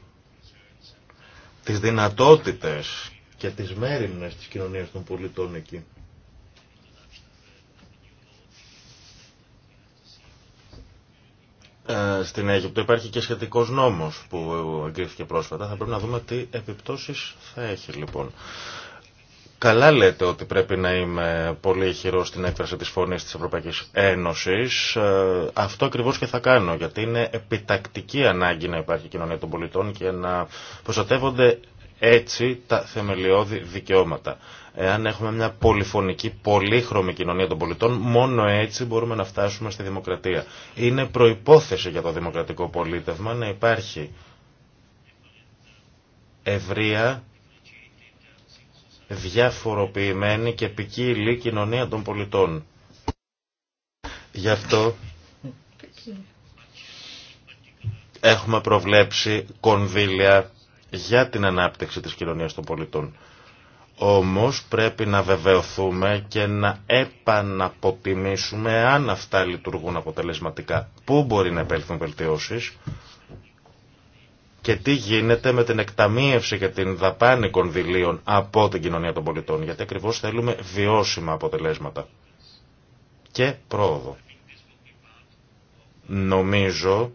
τις δυνατότητες και τις μέρημνες της κοινωνίας των πολιτών εκεί. Ε, στην Αίγυπτο υπάρχει και σχετικός νόμος που εγκρίθηκε πρόσφατα. Θα πρέπει να δούμε τι επιπτώσεις θα έχει λοιπόν. Καλά λέτε ότι πρέπει να είμαι πολύ χειρό στην έκφραση της φωνής της Ευρωπαϊκής Ένωσης. Ε, αυτό ακριβώς και θα κάνω, γιατί είναι επιτακτική ανάγκη να υπάρχει κοινωνία των πολιτών και να προστατεύονται έτσι τα θεμελιώδη δικαιώματα. Εάν έχουμε μια πολυφωνική, πολύχρωμη κοινωνία των πολιτών, μόνο έτσι μπορούμε να φτάσουμε στη δημοκρατία. Είναι προϋπόθεση για το δημοκρατικό πολίτευμα να υπάρχει ευρεία διαφοροποιημένη και ποικίλη κοινωνία των πολιτών. Γι' αυτό έχουμε προβλέψει κονδύλια για την ανάπτυξη της κοινωνίας των πολιτών. Όμως πρέπει να βεβαιωθούμε και να επαναποτιμήσουμε αν αυτά λειτουργούν αποτελεσματικά. Πού μπορεί να επέλθουν βελτιώσεις και τι γίνεται με την εκταμείευση και την δαπάνη κονδυλίων από την κοινωνία των πολιτών, γιατί ακριβώ θέλουμε βιώσιμα αποτελέσματα και πρόοδο. Νομίζω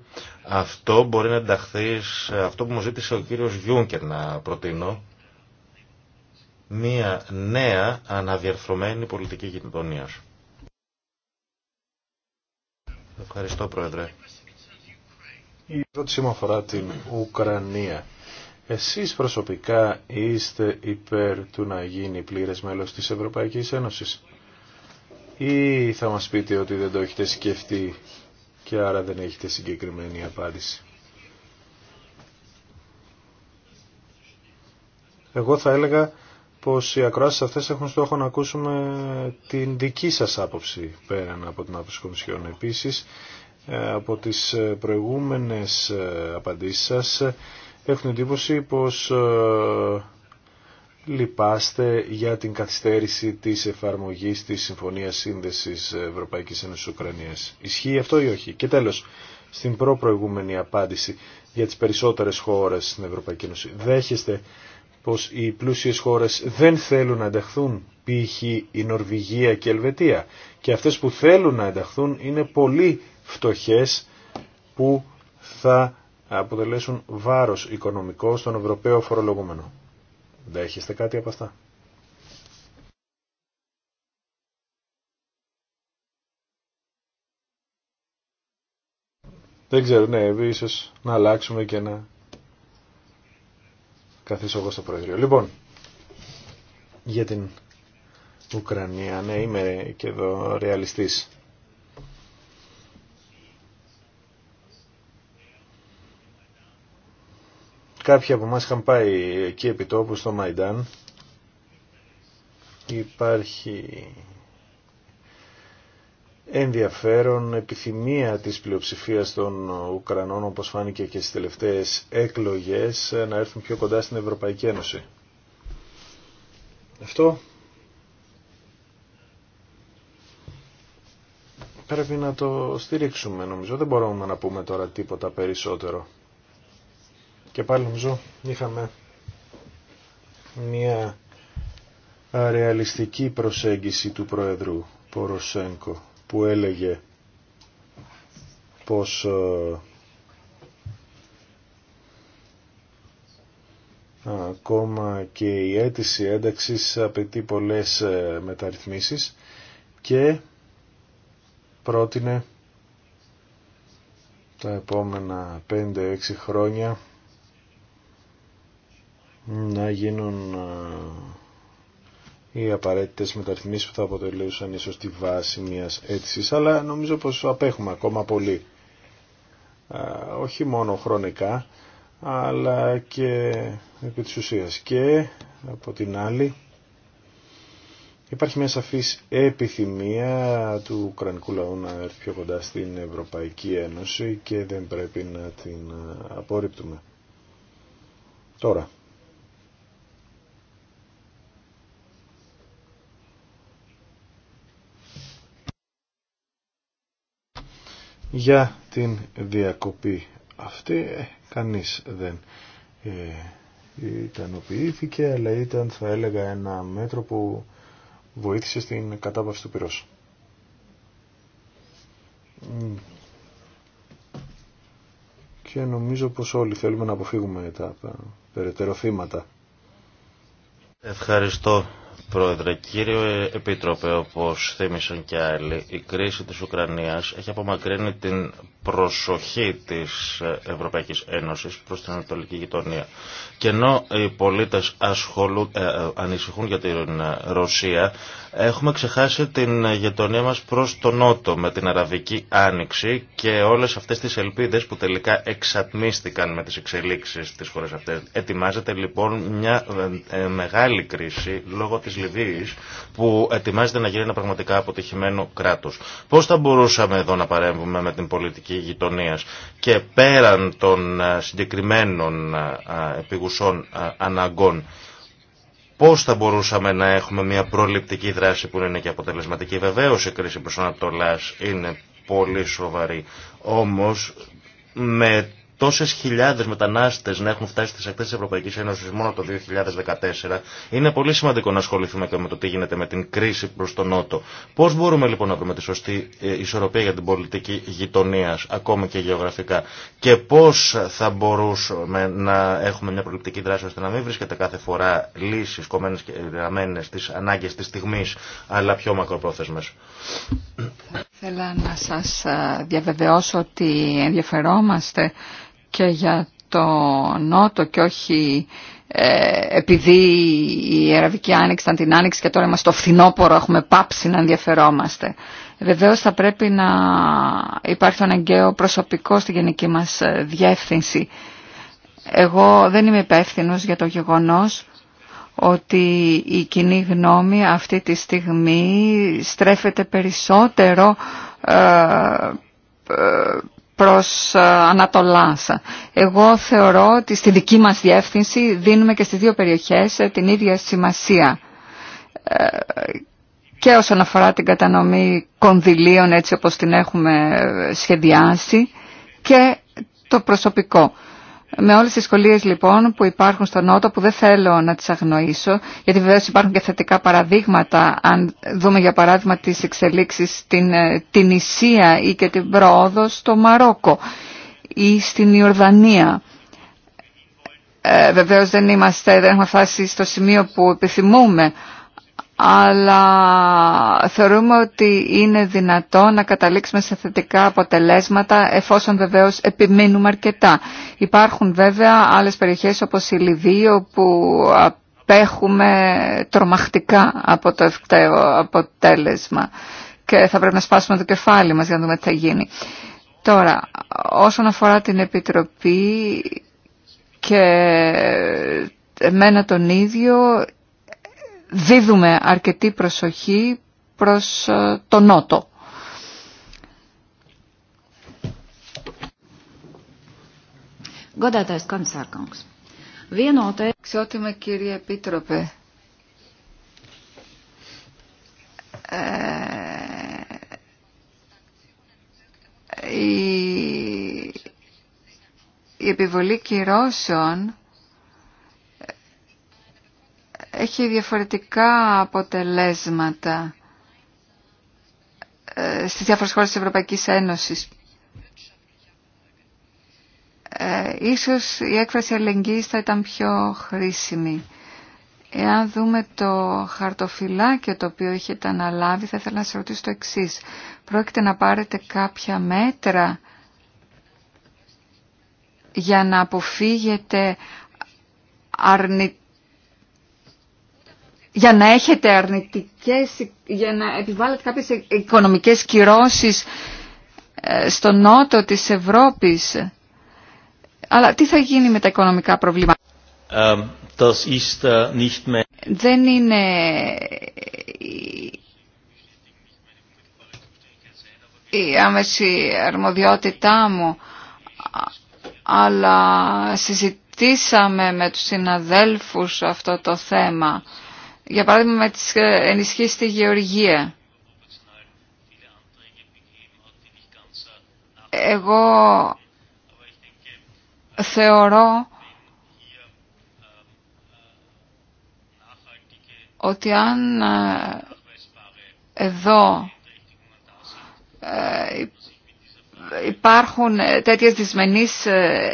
αυτό μπορεί να ενταχθεί σε αυτό που μου ζήτησε ο κύριος Γιούνκερ να προτείνω, μία νέα αναδιαρθρωμένη πολιτική κοινωνίας. Ευχαριστώ Πρόεδρε. Η ερώτησή μου αφορά την Ουκρανία. Εσείς προσωπικά είστε υπέρ του να γίνει πλήρες μέλος της Ευρωπαϊκής Ένωσης ή θα μας πείτε ότι δεν το έχετε σκεφτεί και άρα δεν έχετε συγκεκριμένη απάντηση. Εγώ θα έλεγα πως οι ακροάσεις αυτές έχουν στόχο να ακούσουμε την δική σας άποψη πέραν από την άποψη Κομισιόν. Ε, από τις ε, προηγούμενες ε, απαντήσεις σας έχουν εντύπωση πως λυπάστε για την καθυστέρηση της εφαρμογής της Συμφωνίας Σύνδεσης Ευρωπαϊκής Ένωσης Ουκρανίας. Ισχύει αυτό ή όχι. Και τέλος, στην προπροηγούμενη απάντηση για τις περισσότερες χώρες στην Ευρωπαϊκή Ένωση. Δέχεστε πως οι πλούσιες χώρες δεν θέλουν να ενταχθούν π.χ. η Νορβηγία και η Ελβετία. Και αυτές που θέλουν να ενταχθούν είναι πολύ φτωχές που θα αποτελέσουν βάρος οικονομικό στον Ευρωπαίο φορολογούμενο. Δέχεστε κάτι από αυτά. Δεν ξέρω, ναι, ίσως να αλλάξουμε και να καθίσω εγώ στο Προεδρείο. Λοιπόν, για την Ουκρανία. Ναι, είμαι και εδώ ρεαλιστής. Κάποιοι από μας είχαν πάει εκεί επί τόπου στο Μαϊντάν. Υπάρχει ενδιαφέρον επιθυμία της πλειοψηφίας των Ουκρανών όπως φάνηκε και στις τελευταίες εκλογές να έρθουν πιο κοντά στην Ευρωπαϊκή Ένωση. Αυτό πρέπει να το στηρίξουμε νομίζω. Δεν μπορούμε να πούμε τώρα τίποτα περισσότερο. Και πάλι νομίζω είχαμε μια αρεαλιστική προσέγγιση του Προεδρού Ποροσέγκο που έλεγε πως ε, ακόμα και η αίτηση ένταξης απαιτεί πολλές ε, μεταρρυθμίσεις και πρότεινε τα επόμενα 5-6 χρόνια να γίνουν οι απαραίτητες μεταρρυθμίσεις που θα αποτελούσαν ίσως τη βάση μιας αίτησης, αλλά νομίζω πως απέχουμε ακόμα πολύ. Όχι μόνο χρονικά, αλλά και επί της ουσίας. Και από την άλλη Υπάρχει μια σαφής επιθυμία του Ουκρανικού λαού να έρθει πιο κοντά στην Ευρωπαϊκή Ένωση και δεν πρέπει να την απορρίπτουμε. Τώρα. Για την διακοπή αυτή ε, κανείς δεν ε, ικανοποιήθηκε αλλά ήταν θα έλεγα ένα μέτρο που βοήθησε στην κατάβαση του πυρός. Και νομίζω πως όλοι θέλουμε να αποφύγουμε τα περαιτέρω θύματα. Ευχαριστώ Πρόεδρε, κύριε Επίτροπε, όπως θύμισαν και άλλοι, η κρίση της Ουκρανίας έχει απομακρύνει την προσοχή της Ευρωπαϊκής Ένωσης προς την Ανατολική γειτονία. Και ενώ οι πολίτες ασχολούν, ε, ανησυχούν για την Ρωσία, έχουμε ξεχάσει την γειτονία μας προς τον Νότο με την Αραβική Άνοιξη και όλες αυτές τις ελπίδε που τελικά εξατμίστηκαν με τις εξελίξεις της χώρας αυτές. Ετοιμάζεται λοιπόν μια ε, μεγάλη κρίση λόγω τη Λιβύη που ετοιμάζεται να γίνει ένα πραγματικά αποτυχημένο κράτος. Πώς θα μπορούσαμε εδώ να παρέμβουμε με την πολιτική γειτονία και πέραν των ε, συγκεκριμένων ε, ε, επιγουσών αναγκών πώς θα μπορούσαμε να έχουμε μια προληπτική δράση που είναι και αποτελεσματική. Βεβαίω η κρίση προς Ανατολά είναι πολύ σοβαρή, Όμω, με τόσε χιλιάδε μετανάστε να έχουν φτάσει στι ακτέ τη Ευρωπαϊκή Ένωση μόνο το 2014, είναι πολύ σημαντικό να ασχοληθούμε και με το τι γίνεται με την κρίση προ τον Νότο. Πώ μπορούμε λοιπόν να βρούμε τη σωστή ε, ισορροπία για την πολιτική γειτονία, ακόμη και γεωγραφικά, και πώ θα μπορούσαμε να έχουμε μια προληπτική δράση ώστε να μην βρίσκεται κάθε φορά λύσει κομμένε και γραμμένε στι ανάγκε τη στιγμή, αλλά πιο μακροπρόθεσμε. Θέλω να σας ε, διαβεβαιώσω ότι ενδιαφερόμαστε και για το Νότο και όχι ε, επειδή η Αραβική Άνοιξη ήταν την Άνοιξη και τώρα είμαστε στο φθινόπορο, έχουμε πάψει να ενδιαφερόμαστε. Βεβαίως θα πρέπει να υπάρχει το αναγκαίο προσωπικό στη γενική μας ε, διεύθυνση. Εγώ δεν είμαι υπεύθυνο για το γεγονός ότι η κοινή γνώμη αυτή τη στιγμή στρέφεται περισσότερο ε, προς ε, Ανατολάς. Εγώ θεωρώ ότι στη δική μας διεύθυνση δίνουμε και στις δύο περιοχές ε, την ίδια σημασία ε, και όσον αφορά την κατανομή κονδυλίων έτσι όπως την έχουμε σχεδιάσει και το προσωπικό. Με όλες τις σχολίες λοιπόν που υπάρχουν στον Νότο που δεν θέλω να τις αγνοήσω, γιατί βεβαίως υπάρχουν και θετικά παραδείγματα, αν δούμε για παράδειγμα τις εξελίξεις στην ε, την Ισία ή και την πρόοδο στο Μαρόκο ή στην Ιορδανία. Ε, βεβαίως δεν, είμαστε, δεν έχουμε φτάσει στο σημείο που επιθυμούμε, αλλά θεωρούμε ότι είναι δυνατό να καταλήξουμε σε θετικά αποτελέσματα εφόσον βεβαίως επιμείνουμε αρκετά. Υπάρχουν βέβαια άλλες περιοχές όπως η Λιβύη όπου απέχουμε τρομακτικά από το ευκταίο αποτέλεσμα και θα πρέπει να σπάσουμε το κεφάλι μας για να δούμε τι θα γίνει. Τώρα, όσον αφορά την Επιτροπή και εμένα τον ίδιο δίδουμε αρκετή προσοχή προς ε, το νότο. Godātais κύριε Επίτροπε, ε, η επιβολή κυρώσεων έχει διαφορετικά αποτελέσματα ε, στις διάφορες χώρες της Ευρωπαϊκής Ένωσης. Ε, ίσως η έκφραση αλληλεγγύης θα ήταν πιο χρήσιμη. Εάν δούμε το χαρτοφυλάκιο το οποίο έχετε αναλάβει, θα ήθελα να σας ρωτήσω το εξής. Πρόκειται να πάρετε κάποια μέτρα για να αποφύγετε αρνητικά για να έχετε αρνητικές, για να επιβάλλετε κάποιες οικονομικές κυρώσεις ε, στο νότο της Ευρώπης. Αλλά τι θα γίνει με τα οικονομικά προβλήματα. das ist, ε, Δεν είναι ε, η άμεση αρμοδιότητά μου, αλλά συζητήσαμε με τους συναδέλφους αυτό το θέμα για παράδειγμα με τις ε, ενισχύσεις στη γεωργία. Εγώ θεωρώ ότι αν ε, εδώ ε, υπάρχουν τέτοιες δυσμενείς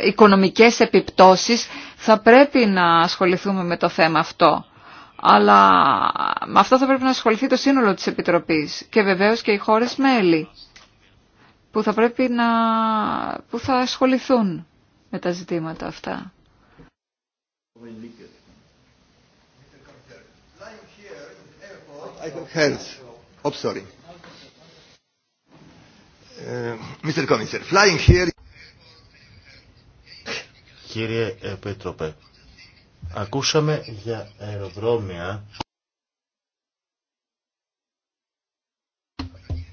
οικονομικές επιπτώσεις, θα πρέπει να ασχοληθούμε με το θέμα αυτό αλλά με αυτό θα πρέπει να ασχοληθεί το σύνολο της Επιτροπής και βεβαίως και οι χώρες μέλη που θα πρέπει να που θα ασχοληθούν με τα ζητήματα αυτά. Ακούσαμε για αεροδρόμια.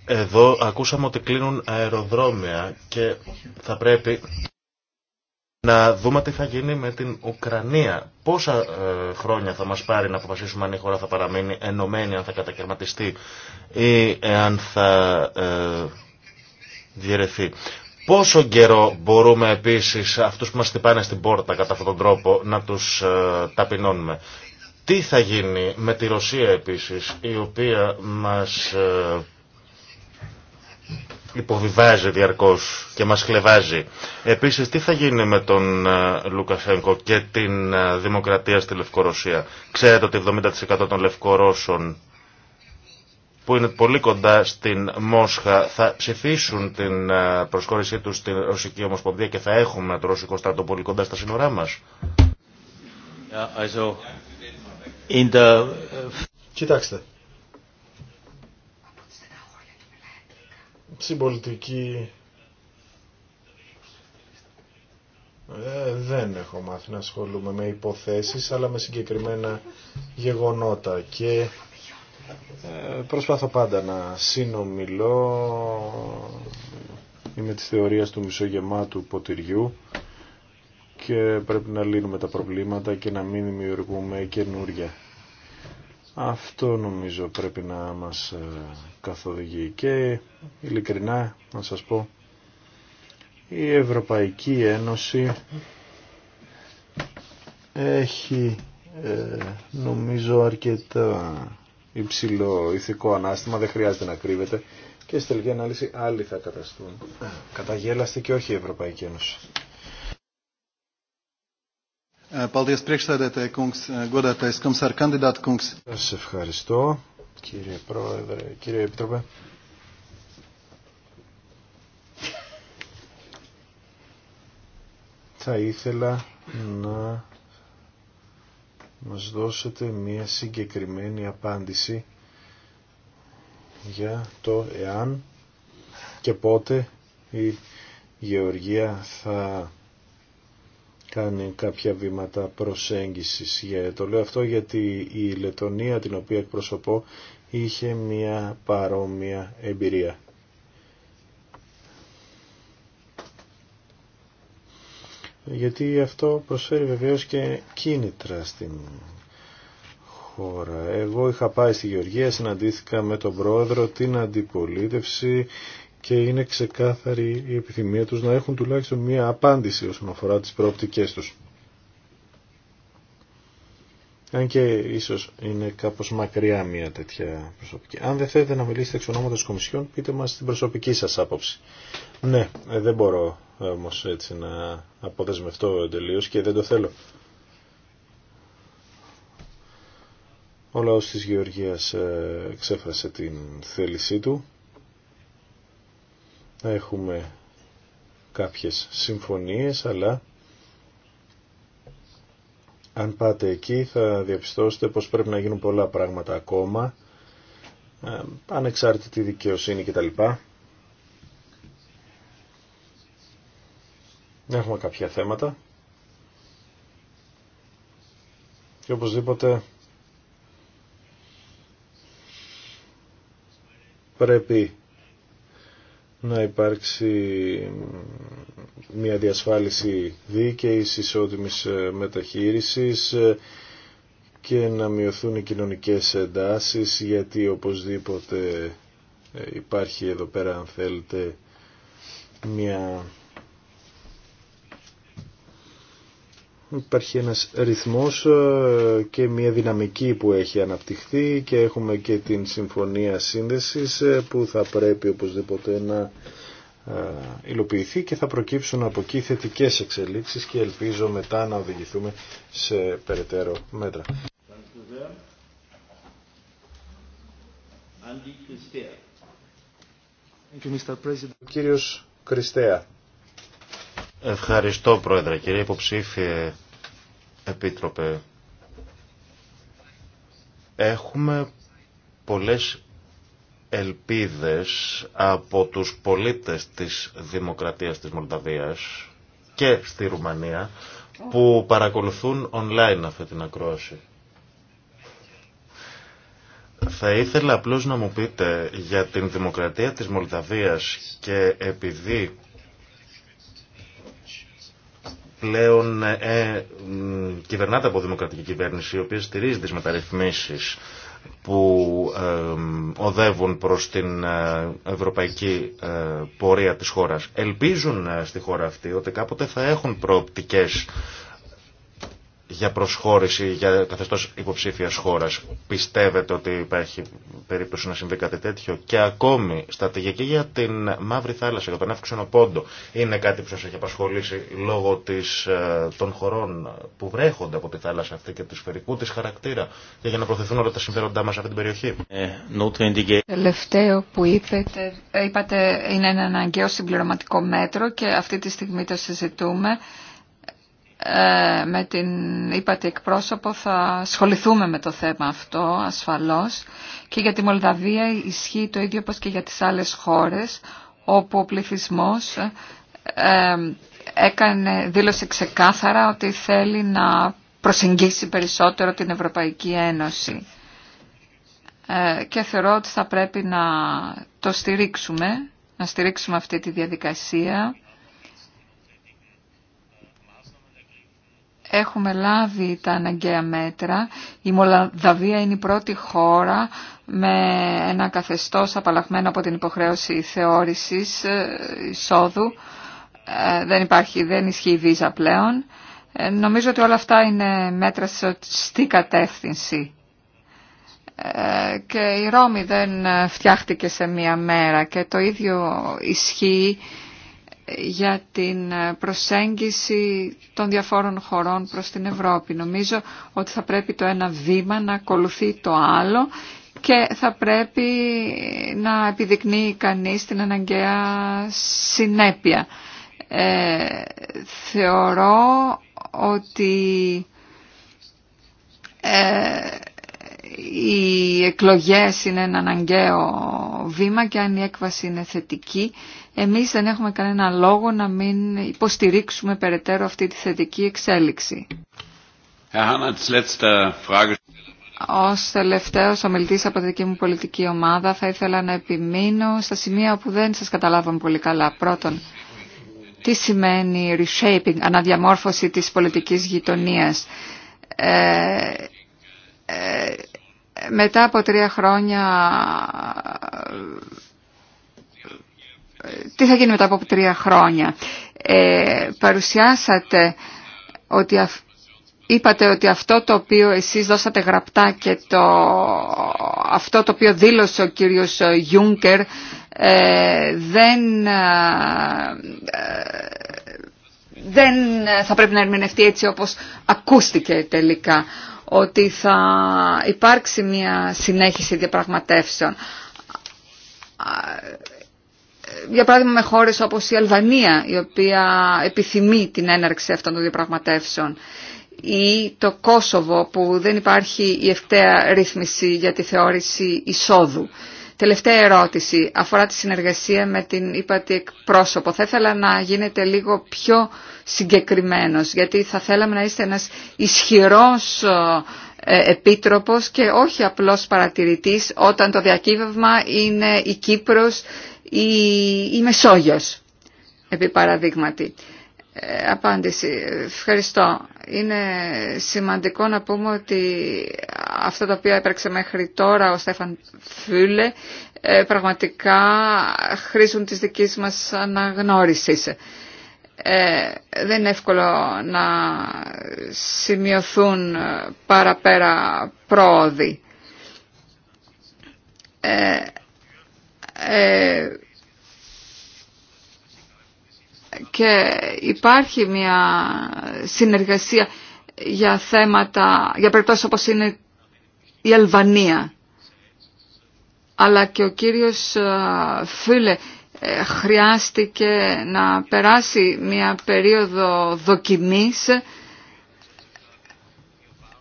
Εδώ ακούσαμε ότι κλείνουν αεροδρόμια και θα πρέπει να δούμε τι θα γίνει με την Ουκρανία. Πόσα ε, χρόνια θα μας πάρει να αποφασίσουμε αν η χώρα θα παραμείνει ενωμένη, αν θα κατακαιρματιστεί ή αν θα ε, διαιρεθεί. Πόσο καιρό μπορούμε επίσης αυτούς που μας χτυπάνε στην πόρτα κατά αυτόν τον τρόπο να τους ε, ταπεινώνουμε. Τι θα γίνει με τη Ρωσία επίσης η οποία μας ε, υποβιβάζει διαρκώς και μας χλεβάζει. Επίσης τι θα γίνει με τον ε, Λουκασέγκο και την ε, δημοκρατία στη Λευκορωσία. Ξέρετε ότι 70% των Λευκορώσων που είναι πολύ κοντά στην Μόσχα θα ψηφίσουν την ε, προσχώρησή τους στην Ρωσική Ομοσπονδία και θα έχουμε το ρωσικό στρατό πολύ κοντά στα σύνορά μας. Ε, Κοιτάξτε. Συμπολίτική. ε, δεν έχω μάθει να ασχολούμαι με υποθέσεις αλλά με συγκεκριμένα γεγονότα και ε, προσπάθω πάντα να συνομιλώ με τη θεωρίας του μισογεμάτου ποτηριού και πρέπει να λύνουμε τα προβλήματα και να μην δημιουργούμε καινούρια. Αυτό νομίζω πρέπει να μας ε, καθοδηγεί και ειλικρινά να σας πω η Ευρωπαϊκή Ένωση έχει ε, νομίζω αρκετά υψηλό ηθικό ανάστημα, δεν χρειάζεται να κρύβεται και στη τελική ανάλυση άλλοι θα καταστούν. Καταγέλαστε και όχι η Ευρωπαϊκή Ένωση. Ε, ε, Σας ευχαριστώ κύριε Πρόεδρε, κύριε Επίτροπε. Θα ήθελα να μας δώσετε μία συγκεκριμένη απάντηση για το εάν και πότε η Γεωργία θα κάνει κάποια βήματα προσέγγισης. Για, το λέω αυτό γιατί η Λετωνία την οποία εκπροσωπώ είχε μια παρόμοια εμπειρία. γιατί αυτό προσφέρει βεβαίως και κίνητρα στην χώρα. Εγώ είχα πάει στη Γεωργία, συναντήθηκα με τον πρόεδρο, την αντιπολίτευση και είναι ξεκάθαρη η επιθυμία τους να έχουν τουλάχιστον μία απάντηση όσον αφορά τις προοπτικές τους. Αν και ίσως είναι κάπως μακριά μία τέτοια προσωπική. Αν δεν θέλετε να μιλήσετε εξ ονόματος Κομισιόν, πείτε μας την προσωπική σας άποψη. Ναι, ε, δεν μπορώ Όμω έτσι να αποδεσμευτώ τελείω και δεν το θέλω. Ο λαός της Γεωργίας ε, ξέφρασε την θέλησή του. Έχουμε κάποιες συμφωνίες, αλλά αν πάτε εκεί θα διαπιστώσετε πως πρέπει να γίνουν πολλά πράγματα ακόμα, ε, ανεξάρτητη δικαιοσύνη κτλ. Έχουμε κάποια θέματα. Και οπωσδήποτε πρέπει να υπάρξει μια διασφάλιση δίκαιης, ισότιμης ε, μεταχείρισης ε, και να μειωθούν οι κοινωνικές εντάσεις γιατί οπωσδήποτε ε, υπάρχει εδώ πέρα αν θέλετε μια Υπάρχει ένας ρυθμός ε, και μια δυναμική που έχει αναπτυχθεί και έχουμε και την συμφωνία σύνδεσης ε, που θα πρέπει οπωσδήποτε να ε, υλοποιηθεί και θα προκύψουν από εκεί θετικές εξελίξεις και ελπίζω μετά να οδηγηθούμε σε περαιτέρω μέτρα. κύριος Κριστέα. Ευχαριστώ, Πρόεδρε. Κύριε Υποψήφιε, Επίτροπε, έχουμε πολλές ελπίδες από τους πολίτες της Δημοκρατίας της Μολδαβίας και στη Ρουμανία που παρακολουθούν online αυτή την ακρόαση. Θα ήθελα απλώς να μου πείτε για την Δημοκρατία της Μολδαβίας και επειδή πλέον ε, ε κυβερνάται από δημοκρατική κυβέρνηση η οποία στηρίζει τις μεταρρυθμίσεις που ε, οδεύουν προς την ε, ευρωπαϊκή πορεία της χώρας. Ελπίζουν στη χώρα αυτή ότι κάποτε θα έχουν προοπτικές για προσχώρηση, για καθεστώς υποψήφιας χώρας. Πιστεύετε ότι υπάρχει περίπτωση να συμβεί κάτι τέτοιο και ακόμη στρατηγική για την Μαύρη Θάλασσα, για τον Εύξενο Πόντο. Είναι κάτι που σας έχει απασχολήσει λόγω της, ε, των χωρών που βρέχονται από τη θάλασσα αυτή και του σφαιρικού της χαρακτήρα και για να προθεθούν όλα τα συμφέροντά μας σε αυτή την περιοχή. Ε, Τελευταίο που είπετε, ε, είπατε είναι ένα αναγκαίο συμπληρωματικό μέτρο και αυτή τη στιγμή το συζητούμε ε, με την είπατε εκπρόσωπο θα ασχοληθούμε με το θέμα αυτό ασφαλώς και για τη Μολδαβία ισχύει το ίδιο όπως και για τις άλλες χώρες όπου ο πληθυσμός ε, ε, έκανε, δήλωσε ξεκάθαρα ότι θέλει να προσεγγίσει περισσότερο την Ευρωπαϊκή Ένωση και θεωρώ ότι θα πρέπει να το στηρίξουμε, να στηρίξουμε αυτή τη διαδικασία έχουμε λάβει τα αναγκαία μέτρα. Η Μολδαβία είναι η πρώτη χώρα με ένα καθεστώς απαλλαγμένο από την υποχρέωση θεώρησης ε, εισόδου. Ε, δεν, υπάρχει, δεν ισχύει η βίζα πλέον. Ε, νομίζω ότι όλα αυτά είναι μέτρα στη κατεύθυνση. Και η Ρώμη δεν φτιάχτηκε σε μία μέρα και το ίδιο ισχύει για την προσέγγιση των διαφόρων χωρών προς την Ευρώπη. Νομίζω ότι θα πρέπει το ένα βήμα να ακολουθεί το άλλο και θα πρέπει να επιδεικνύει κανείς την αναγκαία συνέπεια. Ε, θεωρώ ότι ε, οι εκλογές είναι ένα αναγκαίο βήμα και αν η έκβαση είναι θετική εμείς δεν έχουμε κανένα λόγο να μην υποστηρίξουμε περαιτέρω αυτή τη θετική εξέλιξη. Ω τελευταίο ομιλητή από τη δική μου πολιτική ομάδα, θα ήθελα να επιμείνω στα σημεία που δεν σα καταλάβαμε πολύ καλά. Πρώτον, τι σημαίνει reshaping, αναδιαμόρφωση της πολιτικής γειτονίας. Ε, ε, μετά από τρία χρόνια τι θα γίνει μετά από τρία χρόνια. Ε, παρουσιάσατε ότι είπατε ότι αυτό το οποίο εσείς δώσατε γραπτά και το... αυτό το οποίο δήλωσε ο κύριος Γιούνκερ ε, δεν, ε, δεν θα πρέπει να ερμηνευτεί έτσι όπως ακούστηκε τελικά ότι θα υπάρξει μια συνέχιση διαπραγματεύσεων για παράδειγμα με χώρες όπως η Αλβανία, η οποία επιθυμεί την έναρξη αυτών των διαπραγματεύσεων ή το Κόσοβο που δεν υπάρχει η ευκταία ρύθμιση για τη θεώρηση εισόδου. Τελευταία ερώτηση αφορά τη συνεργασία με την ύπατη εκπρόσωπο. Θα ήθελα να γίνετε λίγο πιο συγκεκριμένος, γιατί θα θέλαμε να είστε ένας ισχυρός ε, επίτροπος και όχι απλώς παρατηρητής όταν το διακύβευμα είναι η Κύπρος η, η Μεσόγειος, επί παραδείγματι. Ε, απάντηση. Ευχαριστώ. Είναι σημαντικό να πούμε ότι αυτά τα οποία έπρεξε μέχρι τώρα ο Στέφαν Φούλε ε, πραγματικά χρήσουν της δικής μας αναγνώρισης. Ε, δεν είναι εύκολο να σημειωθούν παραπέρα πρόοδοι. Ε, ε, και υπάρχει μια συνεργασία για θέματα, για περιπτώσεις όπως είναι η Αλβανία. Αλλά και ο κύριος ε, Φίλε ε, χρειάστηκε να περάσει μια περίοδο δοκιμής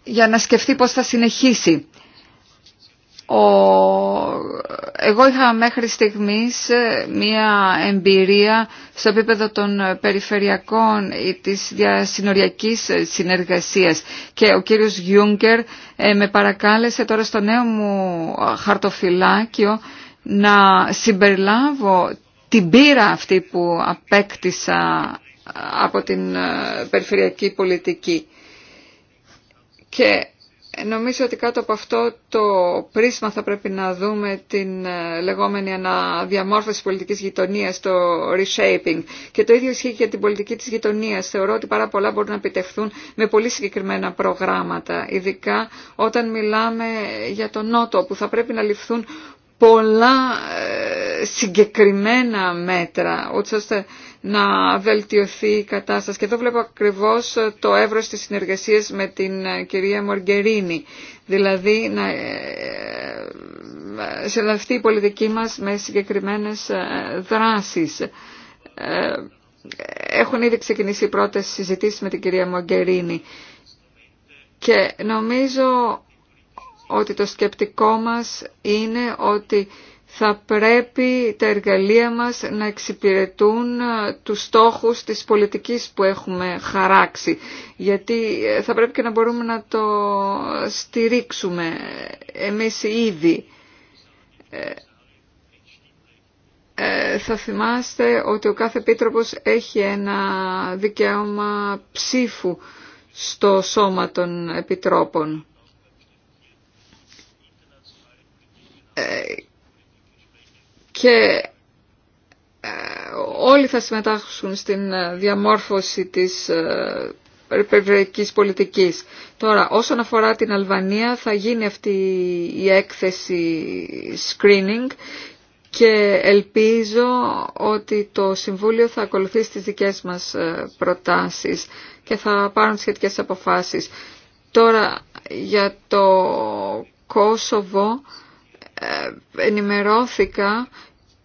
για να σκεφτεί πώς θα συνεχίσει. Εγώ είχα μέχρι στιγμής ε, μία εμπειρία στο επίπεδο των περιφερειακών ή ε, της διασυνοριακής ε, συνεργασίας και ο κύριος Γιούγκερ με παρακάλεσε τώρα στο νέο μου χαρτοφυλάκιο να συμπεριλάβω την πείρα αυτή που απέκτησα από την περιφερειακή πολιτική. Και Νομίζω ότι κάτω από αυτό το πρίσμα θα πρέπει να δούμε την ε, λεγόμενη αναδιαμόρφωση πολιτικής γειτονίας, το reshaping. Και το ίδιο ισχύει και για την πολιτική της γειτονίας. Θεωρώ ότι πάρα πολλά μπορούν να επιτευχθούν με πολύ συγκεκριμένα προγράμματα, ειδικά όταν μιλάμε για τον Νότο, που θα πρέπει να ληφθούν πολλά ε, συγκεκριμένα μέτρα, ώστε να βελτιωθεί η κατάσταση. Και εδώ βλέπω ακριβώς το έβρος της συνεργασίας με την ε, κυρία Μοργκερίνη. Δηλαδή να, σε ε, η πολιτική μας με συγκεκριμένες ε, δράσεις. Έχουν ήδη ξεκινήσει οι πρώτες συζητήσεις με την κυρία Μογκερίνη και νομίζω ότι το σκεπτικό μας είναι ότι θα πρέπει τα εργαλεία μας να εξυπηρετούν ε, τους στόχους της πολιτικής που έχουμε χαράξει. Γιατί ε, θα πρέπει και να μπορούμε να το στηρίξουμε ε, εμείς ήδη. Θα θυμάστε ότι ο κάθε επίτροπος έχει ένα δικαίωμα ψήφου στο σώμα των επιτρόπων και ε, όλοι θα συμμετάσχουν στην ε, διαμόρφωση της ε, περιφερειακής πολιτικής. Τώρα, όσον αφορά την Αλβανία, θα γίνει αυτή η έκθεση screening και ελπίζω ότι το Συμβούλιο θα ακολουθήσει τις δικές μας προτάσεις και θα πάρουν σχετικές αποφάσεις. Τώρα, για το Κόσοβο ε, ενημερώθηκα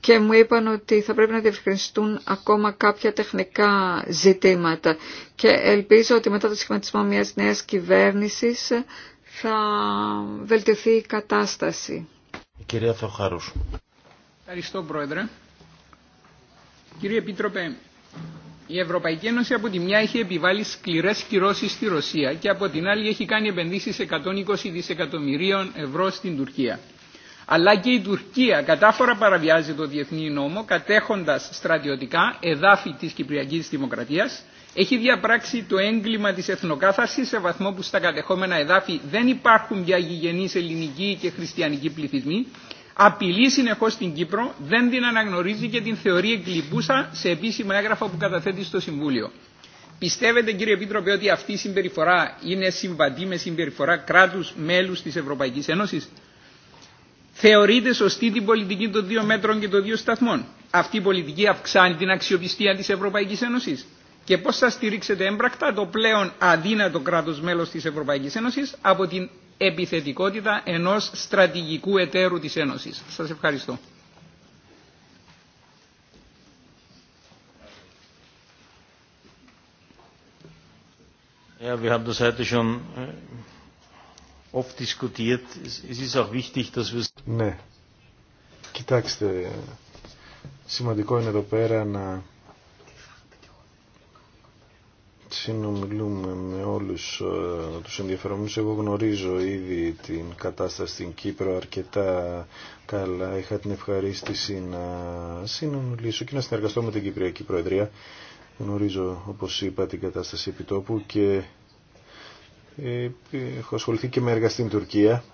και μου είπαν ότι θα πρέπει να διευκρινιστούν ακόμα κάποια τεχνικά ζητήματα και ελπίζω ότι μετά το σχηματισμό μιας νέας κυβέρνησης θα βελτιωθεί η κατάσταση. Η κυρία Θεοχάρους. Ευχαριστώ Πρόεδρε. Κύριε Επίτροπε, η Ευρωπαϊκή Ένωση από τη μια έχει επιβάλει σκληρές κυρώσεις στη Ρωσία και από την άλλη έχει κάνει επενδύσεις 120 δισεκατομμυρίων ευρώ στην Τουρκία αλλά και η Τουρκία κατάφορα παραβιάζει το διεθνή νόμο κατέχοντας στρατιωτικά εδάφη της Κυπριακής Δημοκρατίας, έχει διαπράξει το έγκλημα της εθνοκάθαρσης σε βαθμό που στα κατεχόμενα εδάφη δεν υπάρχουν για γηγενείς ελληνικοί και χριστιανικοί πληθυσμοί, απειλεί συνεχώ την Κύπρο, δεν την αναγνωρίζει και την θεωρεί εγκλυπούσα σε επίσημα έγγραφα που καταθέτει στο Συμβούλιο. Πιστεύετε κύριε Επίτροπε ότι αυτή η συμπεριφορά είναι συμβατή με συμπεριφορά κράτου μέλους της Ευρωπαϊκής Ένωσης. Θεωρείται σωστή την πολιτική των δύο μέτρων και των δύο σταθμών. Αυτή η πολιτική αυξάνει την αξιοπιστία της Ευρωπαϊκής Ένωσης. Και πώς θα στηρίξετε έμπρακτα το πλέον αδύνατο κράτος μέλος της Ευρωπαϊκής Ένωσης από την επιθετικότητα ενός στρατηγικού εταίρου της Ένωσης. Σας ευχαριστώ oft diskutiert. Es ist auch wichtig, dass wir... Ναι. Κοιτάξτε, σημαντικό είναι εδώ πέρα να συνομιλούμε με όλους uh, τους ενδιαφερομένους. Εγώ γνωρίζω ήδη την κατάσταση στην Κύπρο αρκετά καλά. Είχα την ευχαρίστηση να συνομιλήσω και να συνεργαστώ με την Κυπριακή Προεδρία. Γνωρίζω, όπως είπα, την κατάσταση επιτόπου και Έχω ασχοληθεί και με έργα στην Τουρκία.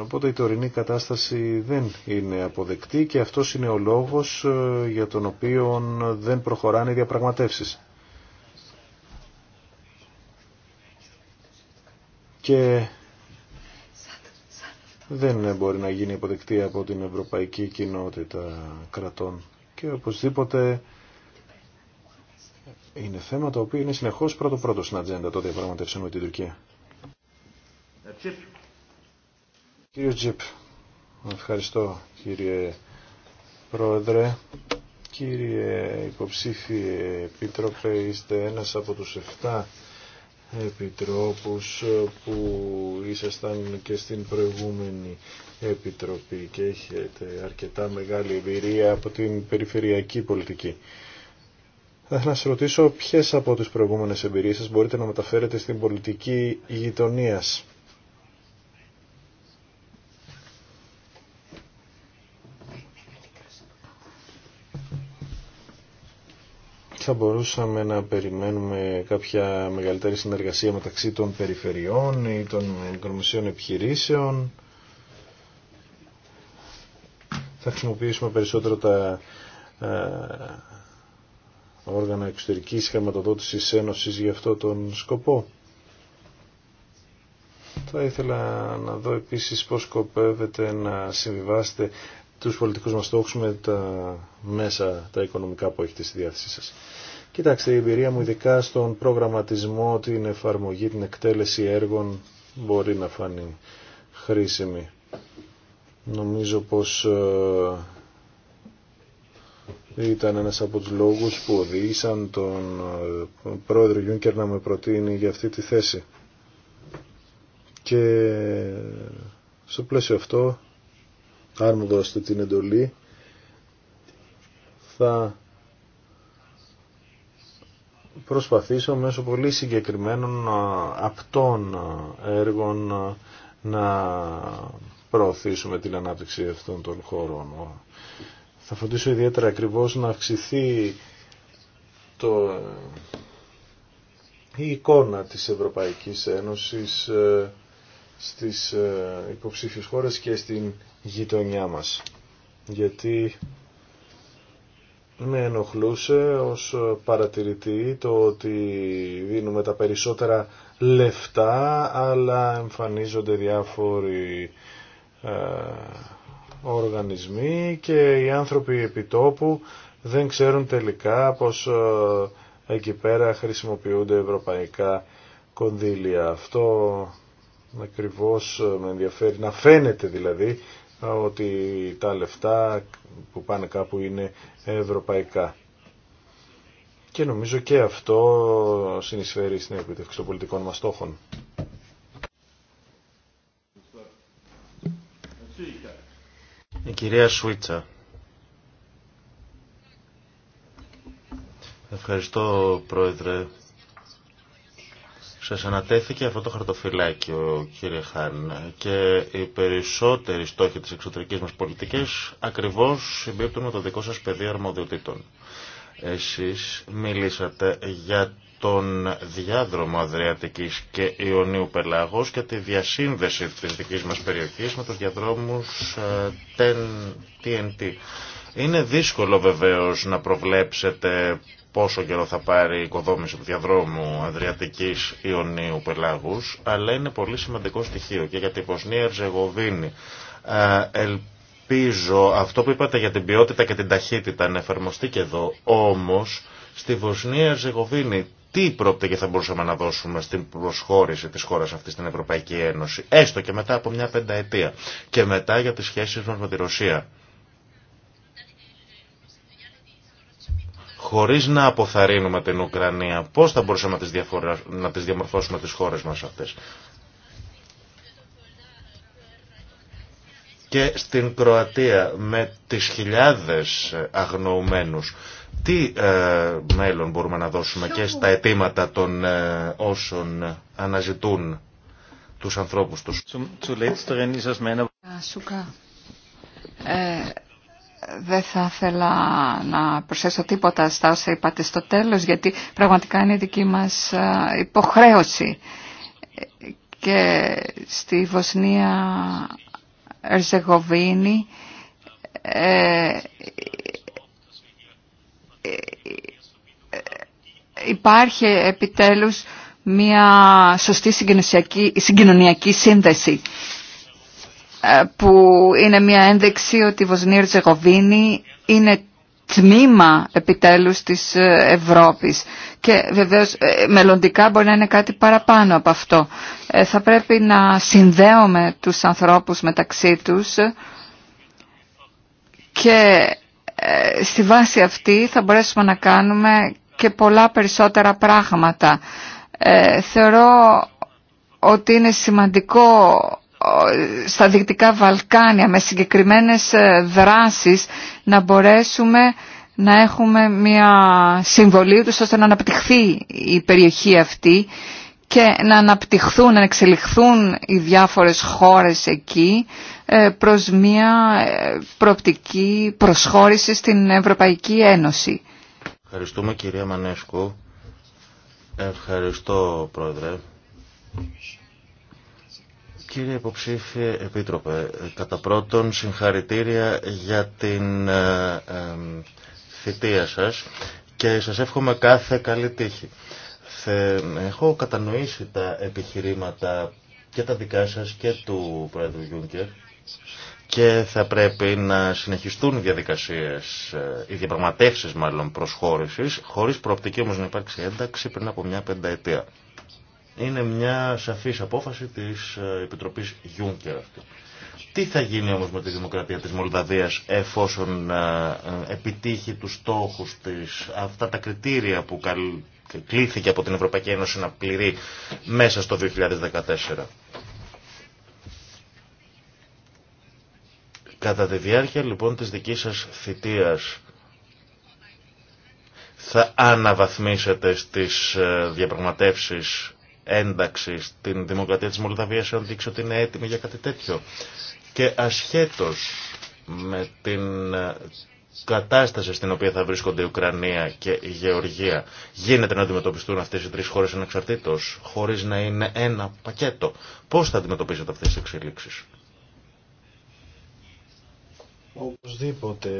Οπότε η τωρινή κατάσταση δεν είναι αποδεκτή και αυτό είναι ο λόγος ε, για τον οποίο δεν προχωράνε οι διαπραγματεύσεις. Και δεν μπορεί να γίνει αποδεκτή από την Ευρωπαϊκή Κοινότητα Κρατών. Και οπωσδήποτε είναι θέμα το οποίο είναι συνεχώς πρώτο πρώτο στην ατζέντα το διαπραγματεύσεων με την Τουρκία. Κύριο Τζιπ, ευχαριστώ κύριε Πρόεδρε. Κύριε Υποψήφιε Επίτροπε, είστε ένας από τους 7 επιτρόπους που ήσασταν και στην προηγούμενη επιτροπή και έχετε αρκετά μεγάλη εμπειρία από την περιφερειακή πολιτική. Θα ε, ήθελα να σα ρωτήσω ποιες από τι προηγούμενε εμπειρίες σας μπορείτε να μεταφέρετε στην πολιτική γειτονία. Θα μπορούσαμε να περιμένουμε κάποια μεγαλύτερη συνεργασία μεταξύ των περιφερειών ή των οικονομικών επιχειρήσεων. Θα χρησιμοποιήσουμε περισσότερο τα ε, όργανα εξωτερικής χρηματοδότησης Ένωσης για αυτό τον σκοπό. Θα ήθελα να δω επίσης πώς σκοπεύετε να συμβιβάσετε τους πολιτικούς μας στόχους με τα μέσα, τα οικονομικά που έχετε στη διάθεσή σας. Κοιτάξτε, η εμπειρία μου ειδικά στον προγραμματισμό, την εφαρμογή, την εκτέλεση έργων μπορεί να φανεί χρήσιμη. Νομίζω πως ε, ήταν ένας από τους λόγους που οδήγησαν ε, τον πρόεδρο Γιούνκερ να με προτείνει για αυτή τη θέση. Και στο πλαίσιο αυτό, αν μου δώσετε την εντολή, θα προσπαθήσω μέσω πολύ συγκεκριμένων ε, απτών ε, έργων να προωθήσουμε την ανάπτυξη αυτών των χωρών θα φροντίσω ιδιαίτερα ακριβώς να αυξηθεί το, η εικόνα της Ευρωπαϊκής Ένωσης ε, στις ε, υποψήφιες χώρες και στην γειτονιά μας. Γιατί με ενοχλούσε ως παρατηρητή το ότι δίνουμε τα περισσότερα λεφτά αλλά εμφανίζονται διάφοροι ε, οργανισμοί και οι άνθρωποι επιτόπου δεν ξέρουν τελικά πως ε, εκεί πέρα χρησιμοποιούνται ευρωπαϊκά κονδύλια. Αυτό ακριβώς ε, με ενδιαφέρει να φαίνεται δηλαδή ε, ότι τα λεφτά που πάνε κάπου είναι ευρωπαϊκά. Και νομίζω και αυτό συνεισφέρει στην επίτευξη των πολιτικών μας στόχων. Η κυρία Σουίτσα. Ευχαριστώ, Πρόεδρε. Σας ανατέθηκε αυτό το χαρτοφυλάκιο, κύριε Χάν, και οι περισσότεροι στόχοι της εξωτερικής μας πολιτικής ακριβώς συμπίπτουν με το δικό σας πεδίο αρμοδιοτήτων. Εσείς μιλήσατε για τον διάδρομο Αδριατικής και Ιωνίου Πελάγος και τη διασύνδεση της δικής μας περιοχής με τους διαδρόμους TNT. Ε, είναι δύσκολο βεβαίως να προβλέψετε πόσο καιρό θα πάρει η οικοδόμηση του διαδρόμου Αδριατικής Ιωνίου Πελάγους, αλλά είναι πολύ σημαντικό στοιχείο και για τη Ποσνία Ερζεγοβίνη. Ε, ελπίζω αυτό που είπατε για την ποιότητα και την ταχύτητα να εφαρμοστεί και εδώ, όμως στη Βοσνία Ερζεγοβίνη τι και θα μπορούσαμε να δώσουμε στην προσχώρηση της χώρας αυτής στην Ευρωπαϊκή Ένωση, έστω και μετά από μια πενταετία και μετά για τις σχέσεις μας με τη Ρωσία. Χωρίς να αποθαρρύνουμε την Ουκρανία, πώς θα μπορούσαμε να τις, διαμορφώσουμε τις χώρες μας αυτές. Και στην Κροατία με τις χιλιάδες αγνοουμένους τι ε, μέλλον μπορούμε να δώσουμε και στα αιτήματα των ε, όσων αναζητούν τους ανθρώπους τους. Σουκά. Ε, δεν θα ήθελα να προσθέσω τίποτα στα όσα είπατε στο τέλος, γιατί πραγματικά είναι δική μας υποχρέωση. Και στη Βοσνία Ερζεγοβίνη ε, υπάρχει επιτέλους μια σωστή συγκοινωνιακή σύνδεση ε, που είναι μια ένδειξη ότι η Βοσνία Ριζεγοβίνη είναι τμήμα επιτέλους της ε, Ευρώπης και βεβαίως ε, μελλοντικά μπορεί να είναι κάτι παραπάνω από αυτό. Θα πρέπει να συνδέουμε τους ανθρώπους μεταξύ τους και ε, στη βάση αυτή θα μπορέσουμε να κάνουμε και πολλά περισσότερα πράγματα. Ε, θεωρώ ότι είναι σημαντικό στα Δυτικά Βαλκάνια με συγκεκριμένες ε, δράσεις να μπορέσουμε να έχουμε μια συμβολή τους ώστε να αναπτυχθεί η περιοχή αυτή και να αναπτυχθούν, να εξελιχθούν οι διάφορες χώρες εκεί ε, προς μια ε, προοπτική προσχώρηση στην Ευρωπαϊκή Ένωση. Ευχαριστούμε κυρία Μανέσκου. Ευχαριστώ πρόεδρε. Κύριε υποψήφιε επίτροπε, κατά πρώτον συγχαρητήρια για την ε, ε, θητεία σας και σας εύχομαι κάθε καλή τύχη. Θε, έχω κατανοήσει τα επιχειρήματα και τα δικά σας και του Πρόεδρου Γιούνκερ και θα πρέπει να συνεχιστούν οι διαδικασίες, ε, οι διαπραγματεύσεις μάλλον προσχώρησης, χωρίς προοπτική όμως να υπάρξει ένταξη πριν από μια πενταετία. Είναι μια σαφής απόφαση της ε, Επιτροπής Γιούνκερ αυτή. Τι θα γίνει όμως με τη δημοκρατία της Μολδαβίας εφόσον ε, επιτύχει τους στόχους της, αυτά τα κριτήρια που κλήθηκε από την Ευρωπαϊκή Ένωση να πληρεί μέσα στο 2014. Κατά τη διάρκεια λοιπόν της δικής σας θητείας θα αναβαθμίσετε στις ε, διαπραγματεύσεις ένταξης την δημοκρατία της Μολδαβίας αν δείξει ότι είναι έτοιμη για κάτι τέτοιο. Και ασχέτως με την ε, κατάσταση στην οποία θα βρίσκονται η Ουκρανία και η Γεωργία γίνεται να αντιμετωπιστούν αυτές οι τρεις χώρες ανεξαρτήτως χωρίς να είναι ένα πακέτο. Πώς θα αντιμετωπίσετε αυτές τις εξελίξεις. Οπωσδήποτε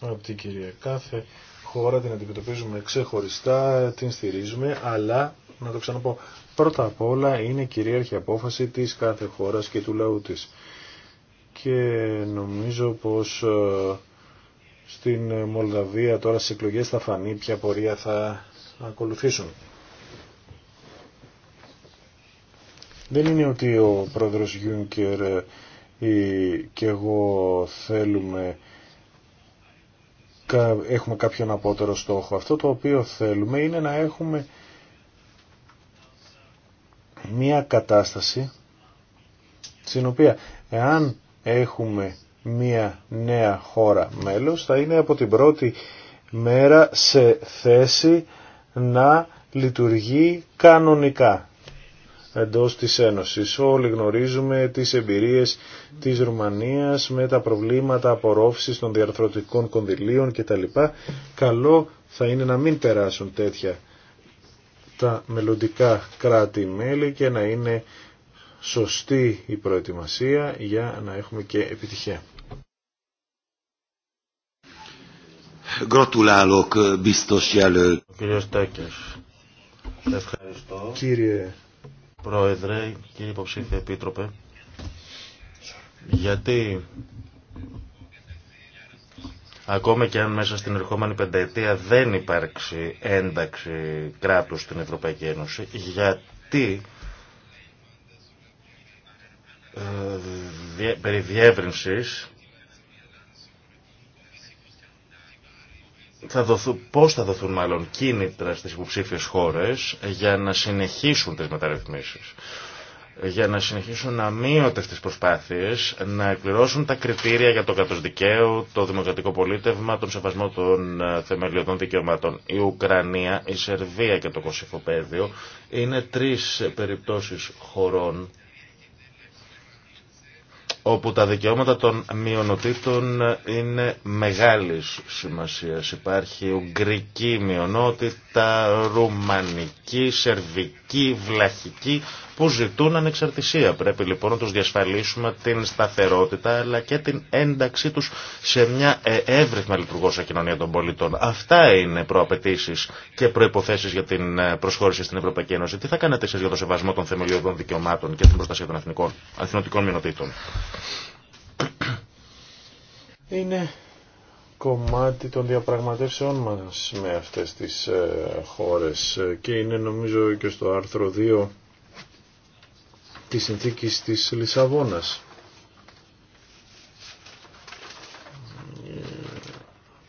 από την κυρία κάθε χώρα την αντιμετωπίζουμε ξεχωριστά, την στηρίζουμε, αλλά να το ξαναπώ, πρώτα απ' όλα είναι κυρίαρχη απόφαση της κάθε χώρας και του λαού της. Και νομίζω πως ε, στην Μολδαβία τώρα στις εκλογές θα φανεί ποια πορεία θα ακολουθήσουν. Δεν είναι ότι ο πρόεδρος Γιούνκερ ε, και εγώ θέλουμε έχουμε κάποιον απότερο στόχο. Αυτό το οποίο θέλουμε είναι να έχουμε μια κατάσταση στην οποία εάν έχουμε μια νέα χώρα μέλος θα είναι από την πρώτη μέρα σε θέση να λειτουργεί κανονικά εντός της Ένωσης. Όλοι γνωρίζουμε τις εμπειρίες της Ρουμανίας με τα προβλήματα απορρόφησης των διαρθρωτικών κονδυλίων κτλ. Καλό θα είναι να μην περάσουν τέτοια τα μελλοντικά κράτη-μέλη και να είναι σωστή η προετοιμασία για να έχουμε και επιτυχία. Κύριε Ευχαριστώ. Κύριε Πρόεδρε, κύριε υποψήφια επίτροπε, γιατί ακόμα και αν μέσα στην ερχόμενη πενταετία δεν υπάρξει ένταξη κράτους στην Ευρωπαϊκή Ένωση, γιατί ε, περί διεύρυνσης θα πώς θα δοθούν μάλλον κίνητρα στις υποψήφιες χώρες για να συνεχίσουν τις μεταρρυθμίσεις για να συνεχίσουν αμύωτες τις προσπάθειες να εκπληρώσουν τα κριτήρια για το κράτος το δημοκρατικό πολίτευμα, τον σεβασμό των ε, θεμελιωδών δικαιωμάτων. Η Ουκρανία, η Σερβία και το Κωσυφοπαίδιο είναι τρεις περιπτώσεις χωρών όπου τα δικαιώματα των μειονοτήτων είναι μεγάλης σημασίας. Υπάρχει ουγγρική μειονότητα, ρουμανική, σερβική, βλαχική που ζητούν ανεξαρτησία. Πρέπει λοιπόν να τους διασφαλίσουμε την σταθερότητα αλλά και την ένταξή τους σε μια ε, εύρυθμα λειτουργώσα κοινωνία των πολιτών. Αυτά είναι προαπαιτήσει και προποθέσει για την ε, προσχώρηση στην Ευρωπαϊκή Ένωση. Τι θα κάνετε εσεί για το σεβασμό των θεμελιωδών δικαιωμάτων και την προστασία των εθνικών, αθηνοτικών μειονοτήτων. Είναι κομμάτι των διαπραγματεύσεών μας με αυτές τις ε, χώρες και είναι νομίζω και στο άρθρο 2 της συνθήκης της Λισαβόνας.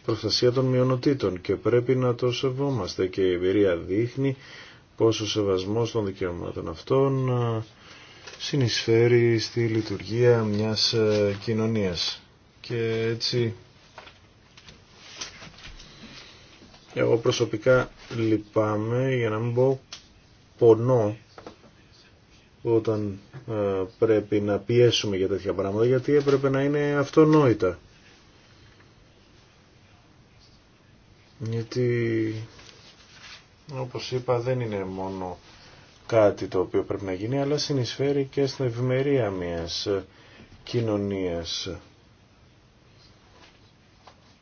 Προστασία των μειονοτήτων και πρέπει να το σεβόμαστε και η εμπειρία δείχνει πως ο σεβασμός των δικαιωμάτων αυτών ε, συνεισφέρει στη λειτουργία μιας ε, κοινωνίας. Και έτσι εγώ προσωπικά λυπάμαι για να μην πω πονώ όταν ε, πρέπει να πιέσουμε για τέτοια πράγματα γιατί έπρεπε να είναι αυτονόητα. Γιατί όπως είπα δεν είναι μόνο κάτι το οποίο πρέπει να γίνει αλλά συνεισφέρει και στην ευημερία μιας κοινωνίας.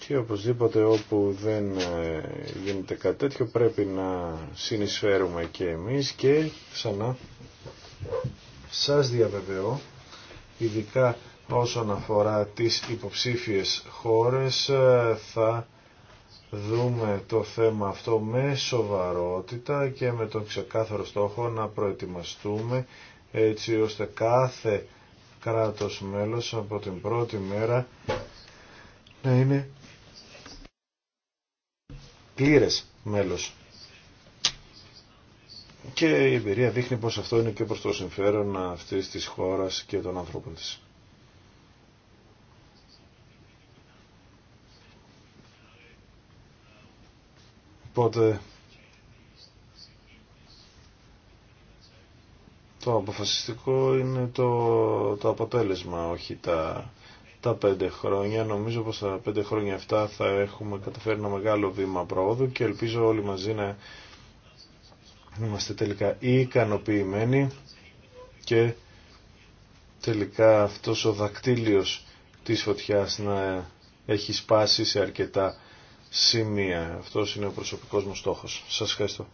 Και οπωσδήποτε όπου δεν ε, γίνεται κάτι τέτοιο πρέπει να συνεισφέρουμε και εμείς και ξανά σας διαβεβαιώ, ειδικά όσον αφορά τις υποψήφιες χώρες, θα δούμε το θέμα αυτό με σοβαρότητα και με τον ξεκάθαρο στόχο να προετοιμαστούμε έτσι ώστε κάθε κράτος μέλος από την πρώτη μέρα να είναι πλήρες μέλος και η εμπειρία δείχνει πως αυτό είναι και προς το συμφέρον αυτής της χώρας και των ανθρώπων της. Οπότε το αποφασιστικό είναι το, το αποτέλεσμα, όχι τα, τα πέντε χρόνια. Νομίζω πως τα πέντε χρόνια αυτά θα έχουμε καταφέρει ένα μεγάλο βήμα πρόοδου και ελπίζω όλοι μαζί να είμαστε τελικά ικανοποιημένοι και τελικά αυτός ο δακτύλιος της φωτιάς να έχει σπάσει σε αρκετά σημεία. Αυτός είναι ο προσωπικός μου στόχος. Σας ευχαριστώ.